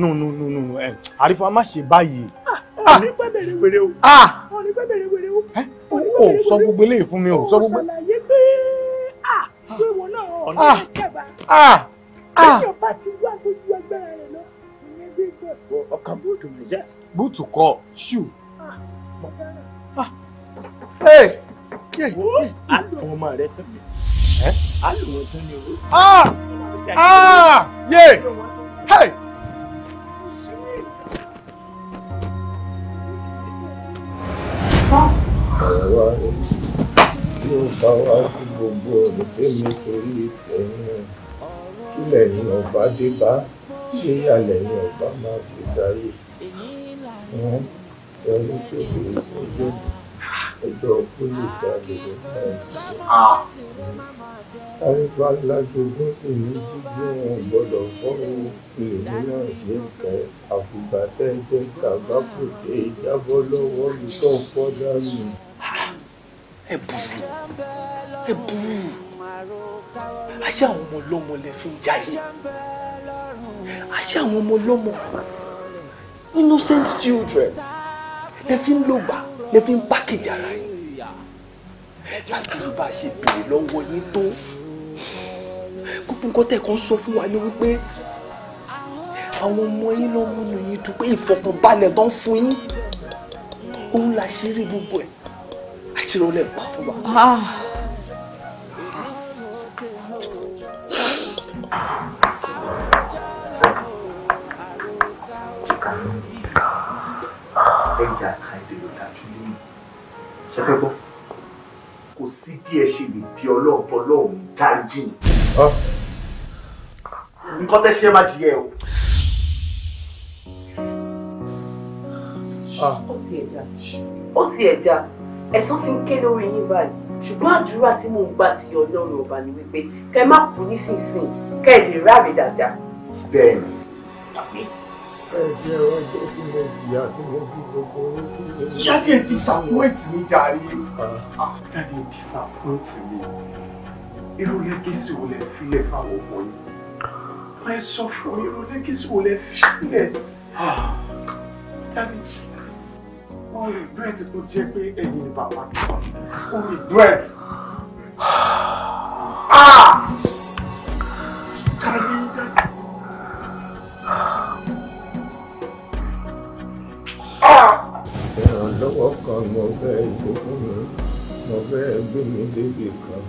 nù nù nù nù má ṣe báyìí. Ah! Ah! wọn ní pẹ́ bẹ̀rẹ̀ wèrè o ah! wọn ní pẹ́ bẹ̀rẹ̀ wèrè o. o sọ gbogbo eléyìí fún mi o sọ gbogbo. o ṣàlàyé pé ah pé wọn náà ọ̀nà ìjọba ẹ̀yìn ọba ti wá gbogbo agbára rẹ̀ lọ ìyẹn bí gbọ́. ọkàn bóòtù mi jẹ́. bóòtù kọ ṣù. Ah, wo àlọ́ ọmọ rẹ tán mi àlọ́ wọn tán ni o. yé. Àwa ọba dé bá ṣé ìyàlẹ̀ ọba máa fi sáyé. Hm? Ẹ̀rín tó lè ṣojú ọ̀dọ̀ pólì ìdálẹ̀ àrígbálájogún sì ní jíjí wọn gbọ́dọ̀ fọ́rọ̀ èmi náà sí nǹkan àfùgbàtẹ́ jẹ́ kàgbákò tẹ ìjábọ́ lọ́wọ́ mi tó fọ́ dànù. ẹ burú ẹ burú àṣé àwọn ọmọ ọlọ́mọ lè fi ń jayé àṣé àwọn ọmọ ọlọ́mọ innocent children lè fi ń lògbà lè fi ń pákèjì ara yín látàrí bá a ṣe béèrè lọ́wọ́ yín tó gbogbo tẹ̀ kan sọ fún wa ni wípé àwọn ọmọ yín ló múnú yín dùn pé ìfọkànbalẹ̀ tó ń fún yín òun là ṣe rí gbogbo ẹ̀ àṣírí ọlẹ́ fún wa. Thank ah, you ṣe fẹ́ gbọ́ kò sí bí ẹ ṣe lè bí ọlọ́run tọ́lọ́run dáríjì ni nǹkan tẹ́ ṣe má jìyẹ o. ó ti ẹ̀dá ó ti ẹ̀dá ẹ̀sán ti ń ké lórí yín báyìí ṣùgbọ́n àdúrà tí mò ń gbà sí ọlọ́run ọba ni wípé kẹ́ má kú nísinsìnyí kẹ́ lè ráre dáadáa. bẹ́ẹ̀ni ẹ̀jẹ̀ disappoint mi jàre. ìyá ah, disappoint mi irú lẹ́gẹ̀sì wo lẹ fílẹ̀ fáwọn ọmọ yìí ẹ sọ fún irú lẹ́gẹ̀sì wo lẹ fílẹ̀ ah, jáde wọ́n regret kó jẹ́ pé ẹ̀yin ni bàbá mi wọ́n regret. Ah! Can ìrànlọ́wọ́ kan mo fẹ́ ìgbókùn mi mo fẹ́ gbé mi débi kan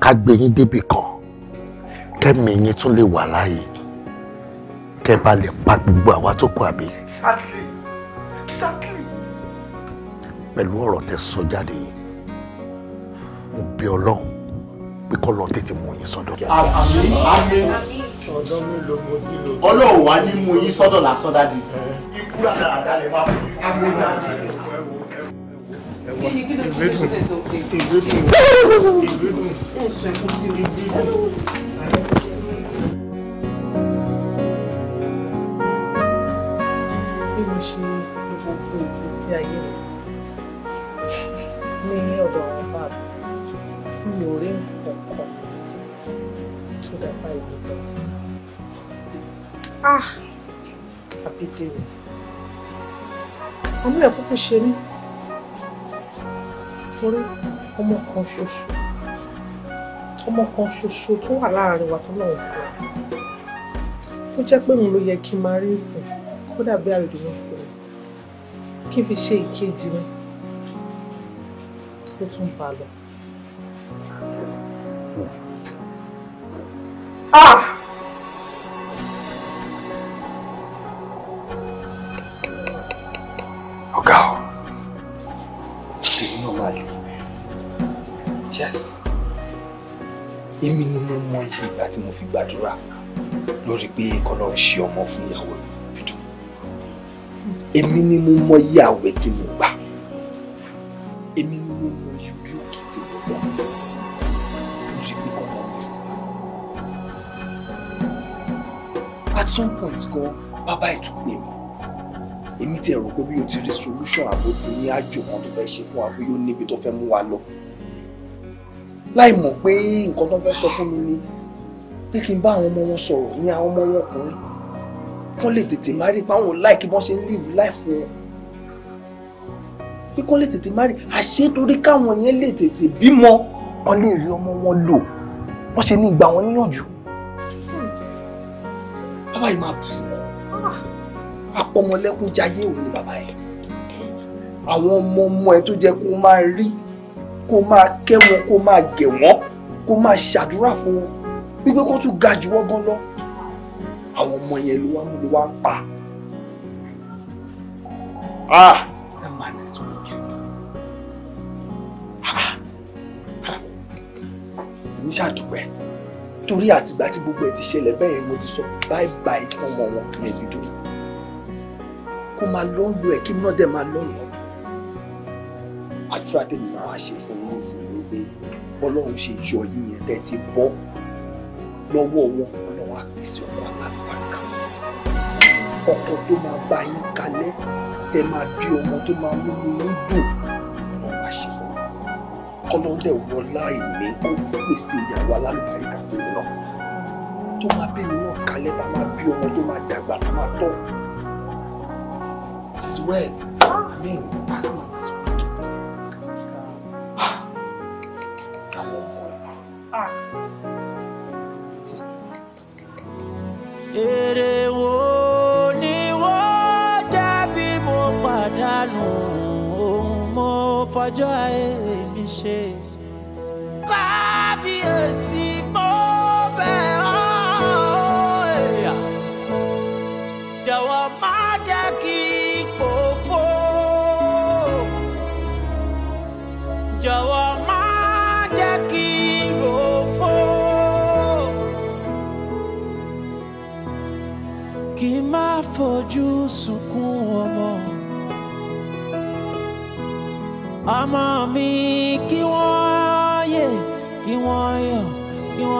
ká gbé yín débi kan kẹ́mi yín tún lè wà láàyè kẹ́ bá lè pa gbogbo àwa tó kù àbí. exactly exactly pẹ̀lú ọ̀rọ̀ tẹ sọ jáde yìí mo bẹ̀ ọlọ́run pé kọ́ lọ tètè mú yín sọ́dọ̀. àmín àmín ọlọ́run wá ní mú yín sọ́dọ̀ lásán dájú ikú àdàràdà lè máa fún yín. ìwédùn ìwédùn ìwédùn ìwédùn. ṣe gbogbo ìgbésí ayé mi ọ̀dọ̀ àwọn babs tí mi ò rí nǹkan kan tó dàgbà ìlú lọ. ah àbídé o àmú ẹ̀ kúkú ṣe mí torí ọmọ kan ṣoṣo ọmọ kan ṣoṣo tó wà láàrin wa tó lọ́wọ́ fún wa tó jẹ́ pé òun ló yẹ kí n máa rí ìsìn kódà bí àròdì mi kí n fi ṣe ìkejì mi kó tún bá lọ. Ah! Ọ̀gá o, èmi náà máa lò. ni mo mọ iye ìgbà tí mo fi gbàdúrà lórí pé kọ́lọ́run ṣe ọmọ fún ìyàwó mi. Èmi ni mo mọ iye àwẹ̀ tí mo some point gan bàbá ìtúpè mi èmi ti rò pé bí o ti rí solution àbò ti ní àjò kan tó fẹ́ ṣe fún wa bí ó níbi tó fẹ́ mú wa lọ láì mọ̀ pé nǹkan tó fẹ́ sọ fún mi ni pé kí n bá àwọn ọmọ wọn sọ̀rọ̀ ní àwọn ọmọ wọn ọkùnrin kán lè tètè má rí báwọn láìkí bọ́n ṣe ń live life wọn pé kán lè tètè má rí àṣé torí káwọn yẹn lè tètè bímọ wọn lè rí ọmọ wọn lò wọ́n ṣe ní ìgbà wọn níyànjú bàbá yìí máa bù apọmọlẹ́kún jayé òní bàbá yẹn àwọn ọmọ ọmọ ẹ tó jẹ kó máa rí kó máa kẹ́ wọn kó máa gẹ̀ wọ́n kó máa ṣàdúrà fún wọn gbígbé kó tún ga jù wọ́n gan lọ àwọn ọmọ yẹn ló wá ló wá ń pa. Ah, that man is wicked. Ah! Ah! èmi ṣàdúpẹ́ nítorí àtìgbà tí gbogbo ẹ̀ ti ṣẹlẹ̀ bẹ́ẹ̀ yẹn mo ti sọ bye bye fún ọmọ wọn yẹn dúdú kó máa lọ lu ẹ̀ kí náà dẹ̀ máa lọ lọ. àdúrà tèmi máa ṣe fún yín nísìnyí ni pé bọ́lọ́run ṣe yọ yín yẹn tẹ́ ti bọ́ lọ́wọ́ wọn ọlọ́run àpèsè ọ̀pọ̀ àpapọ̀ kan ọkọ̀ tó máa bá yín kalẹ̀ tẹ́ máa bí ọmọ tó máa múlò yín dùn kọ́lọ́dẹ̀ wọlá ìní ó pèsè ìyàwó alálùbáríkà fún mi náà tó máa bí mi náà kalẹ̀ tá máa bí ọmọ tó máa dàgbà tá máa tọ́ it is well i mean adama is wicked àwọn ọmọ ẹ. èrè wo ni wọ́n jẹ́ bí mo pàdánù ohun mo fọjọ́ ẹ. mexer. Cabe esse momento. Deu a que povo. que povo. Que mafojo amor. a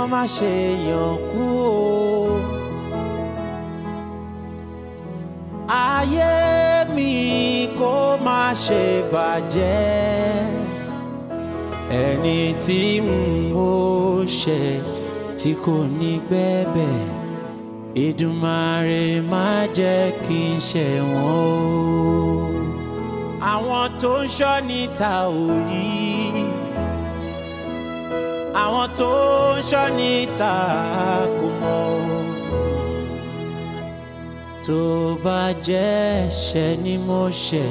wọ́n má ṣe yàn kú o. ayé mi kó má ṣe bàjẹ́ ẹni tí mo ṣe tí kò ní gbẹ́bẹ̀ Èdùmàrè má jẹ́ kí n ṣe wọ́n o. àwọn tó ń ṣọ́ níta ò rí àwọn tó ń ṣọ́ níta kò mọ̀ o. tó bá jẹ́ ẹ̀ṣẹ̀ ni mo ṣẹ̀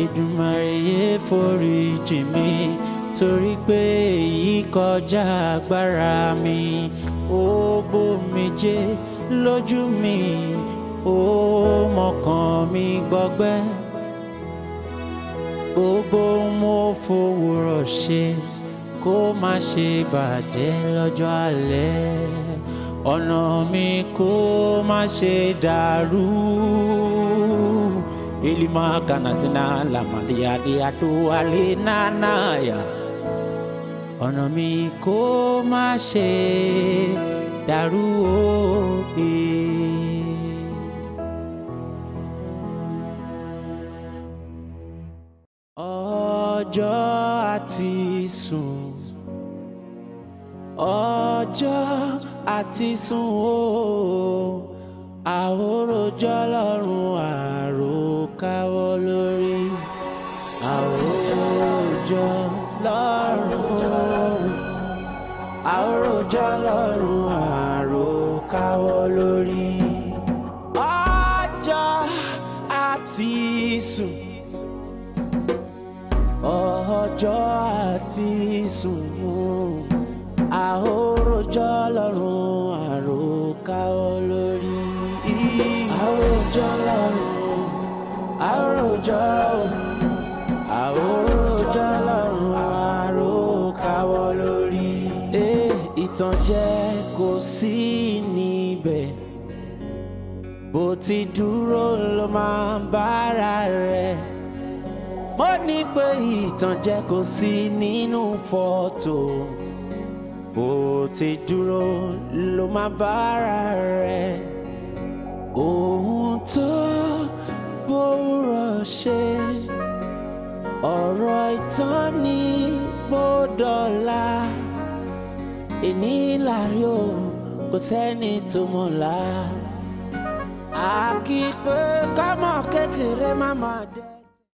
Èdùmàrè yé forí jì mí torí pé èyí kọjá agbára mi ó bòmijé lójú mi ó mọkàn mi gbọgbẹ́ gbogbo mo fowórọ̀ ṣe kó má ṣe bàjẹ́ lọ́jọ́ alẹ́ ọ̀nà mi kó má ṣe dàrú elima kanasina lamaliade adoale nanaya ọ̀nà mi kó má ṣe dàrú òkè. E. ọjọ́ àti sùn ọjọ́ àti sùn o àhórójọ́ lọ́rùn àròkáwọ́ lórí àhórójọ́ lọ́rùn àhórójọ́ lọ́rùn àròkáwọ́ lórí ọjọ́ àti sùn ọjọ́ àti sùn àhórójọ́ lọ́rùn àròkà olórí. àhórójọ́ lọ́rùn àhórójọ́ àhórójọ́ lọ́rùn àròkà olórí. ìtànjẹ kò sí níbẹ̀ bó ti dúró ló máa ń bára rẹ̀ mo ní pé ìtànjẹ kò sí nínú fọ́tò bó ti dúró ló má bára rẹ̀ ohun tó fòrọ̀ ṣe ọ̀rọ̀ ìtàn ní bódọ́là èní o kò sẹ́ni tó mọ̀lá àkìpé kámọ̀ kékeré má má dé.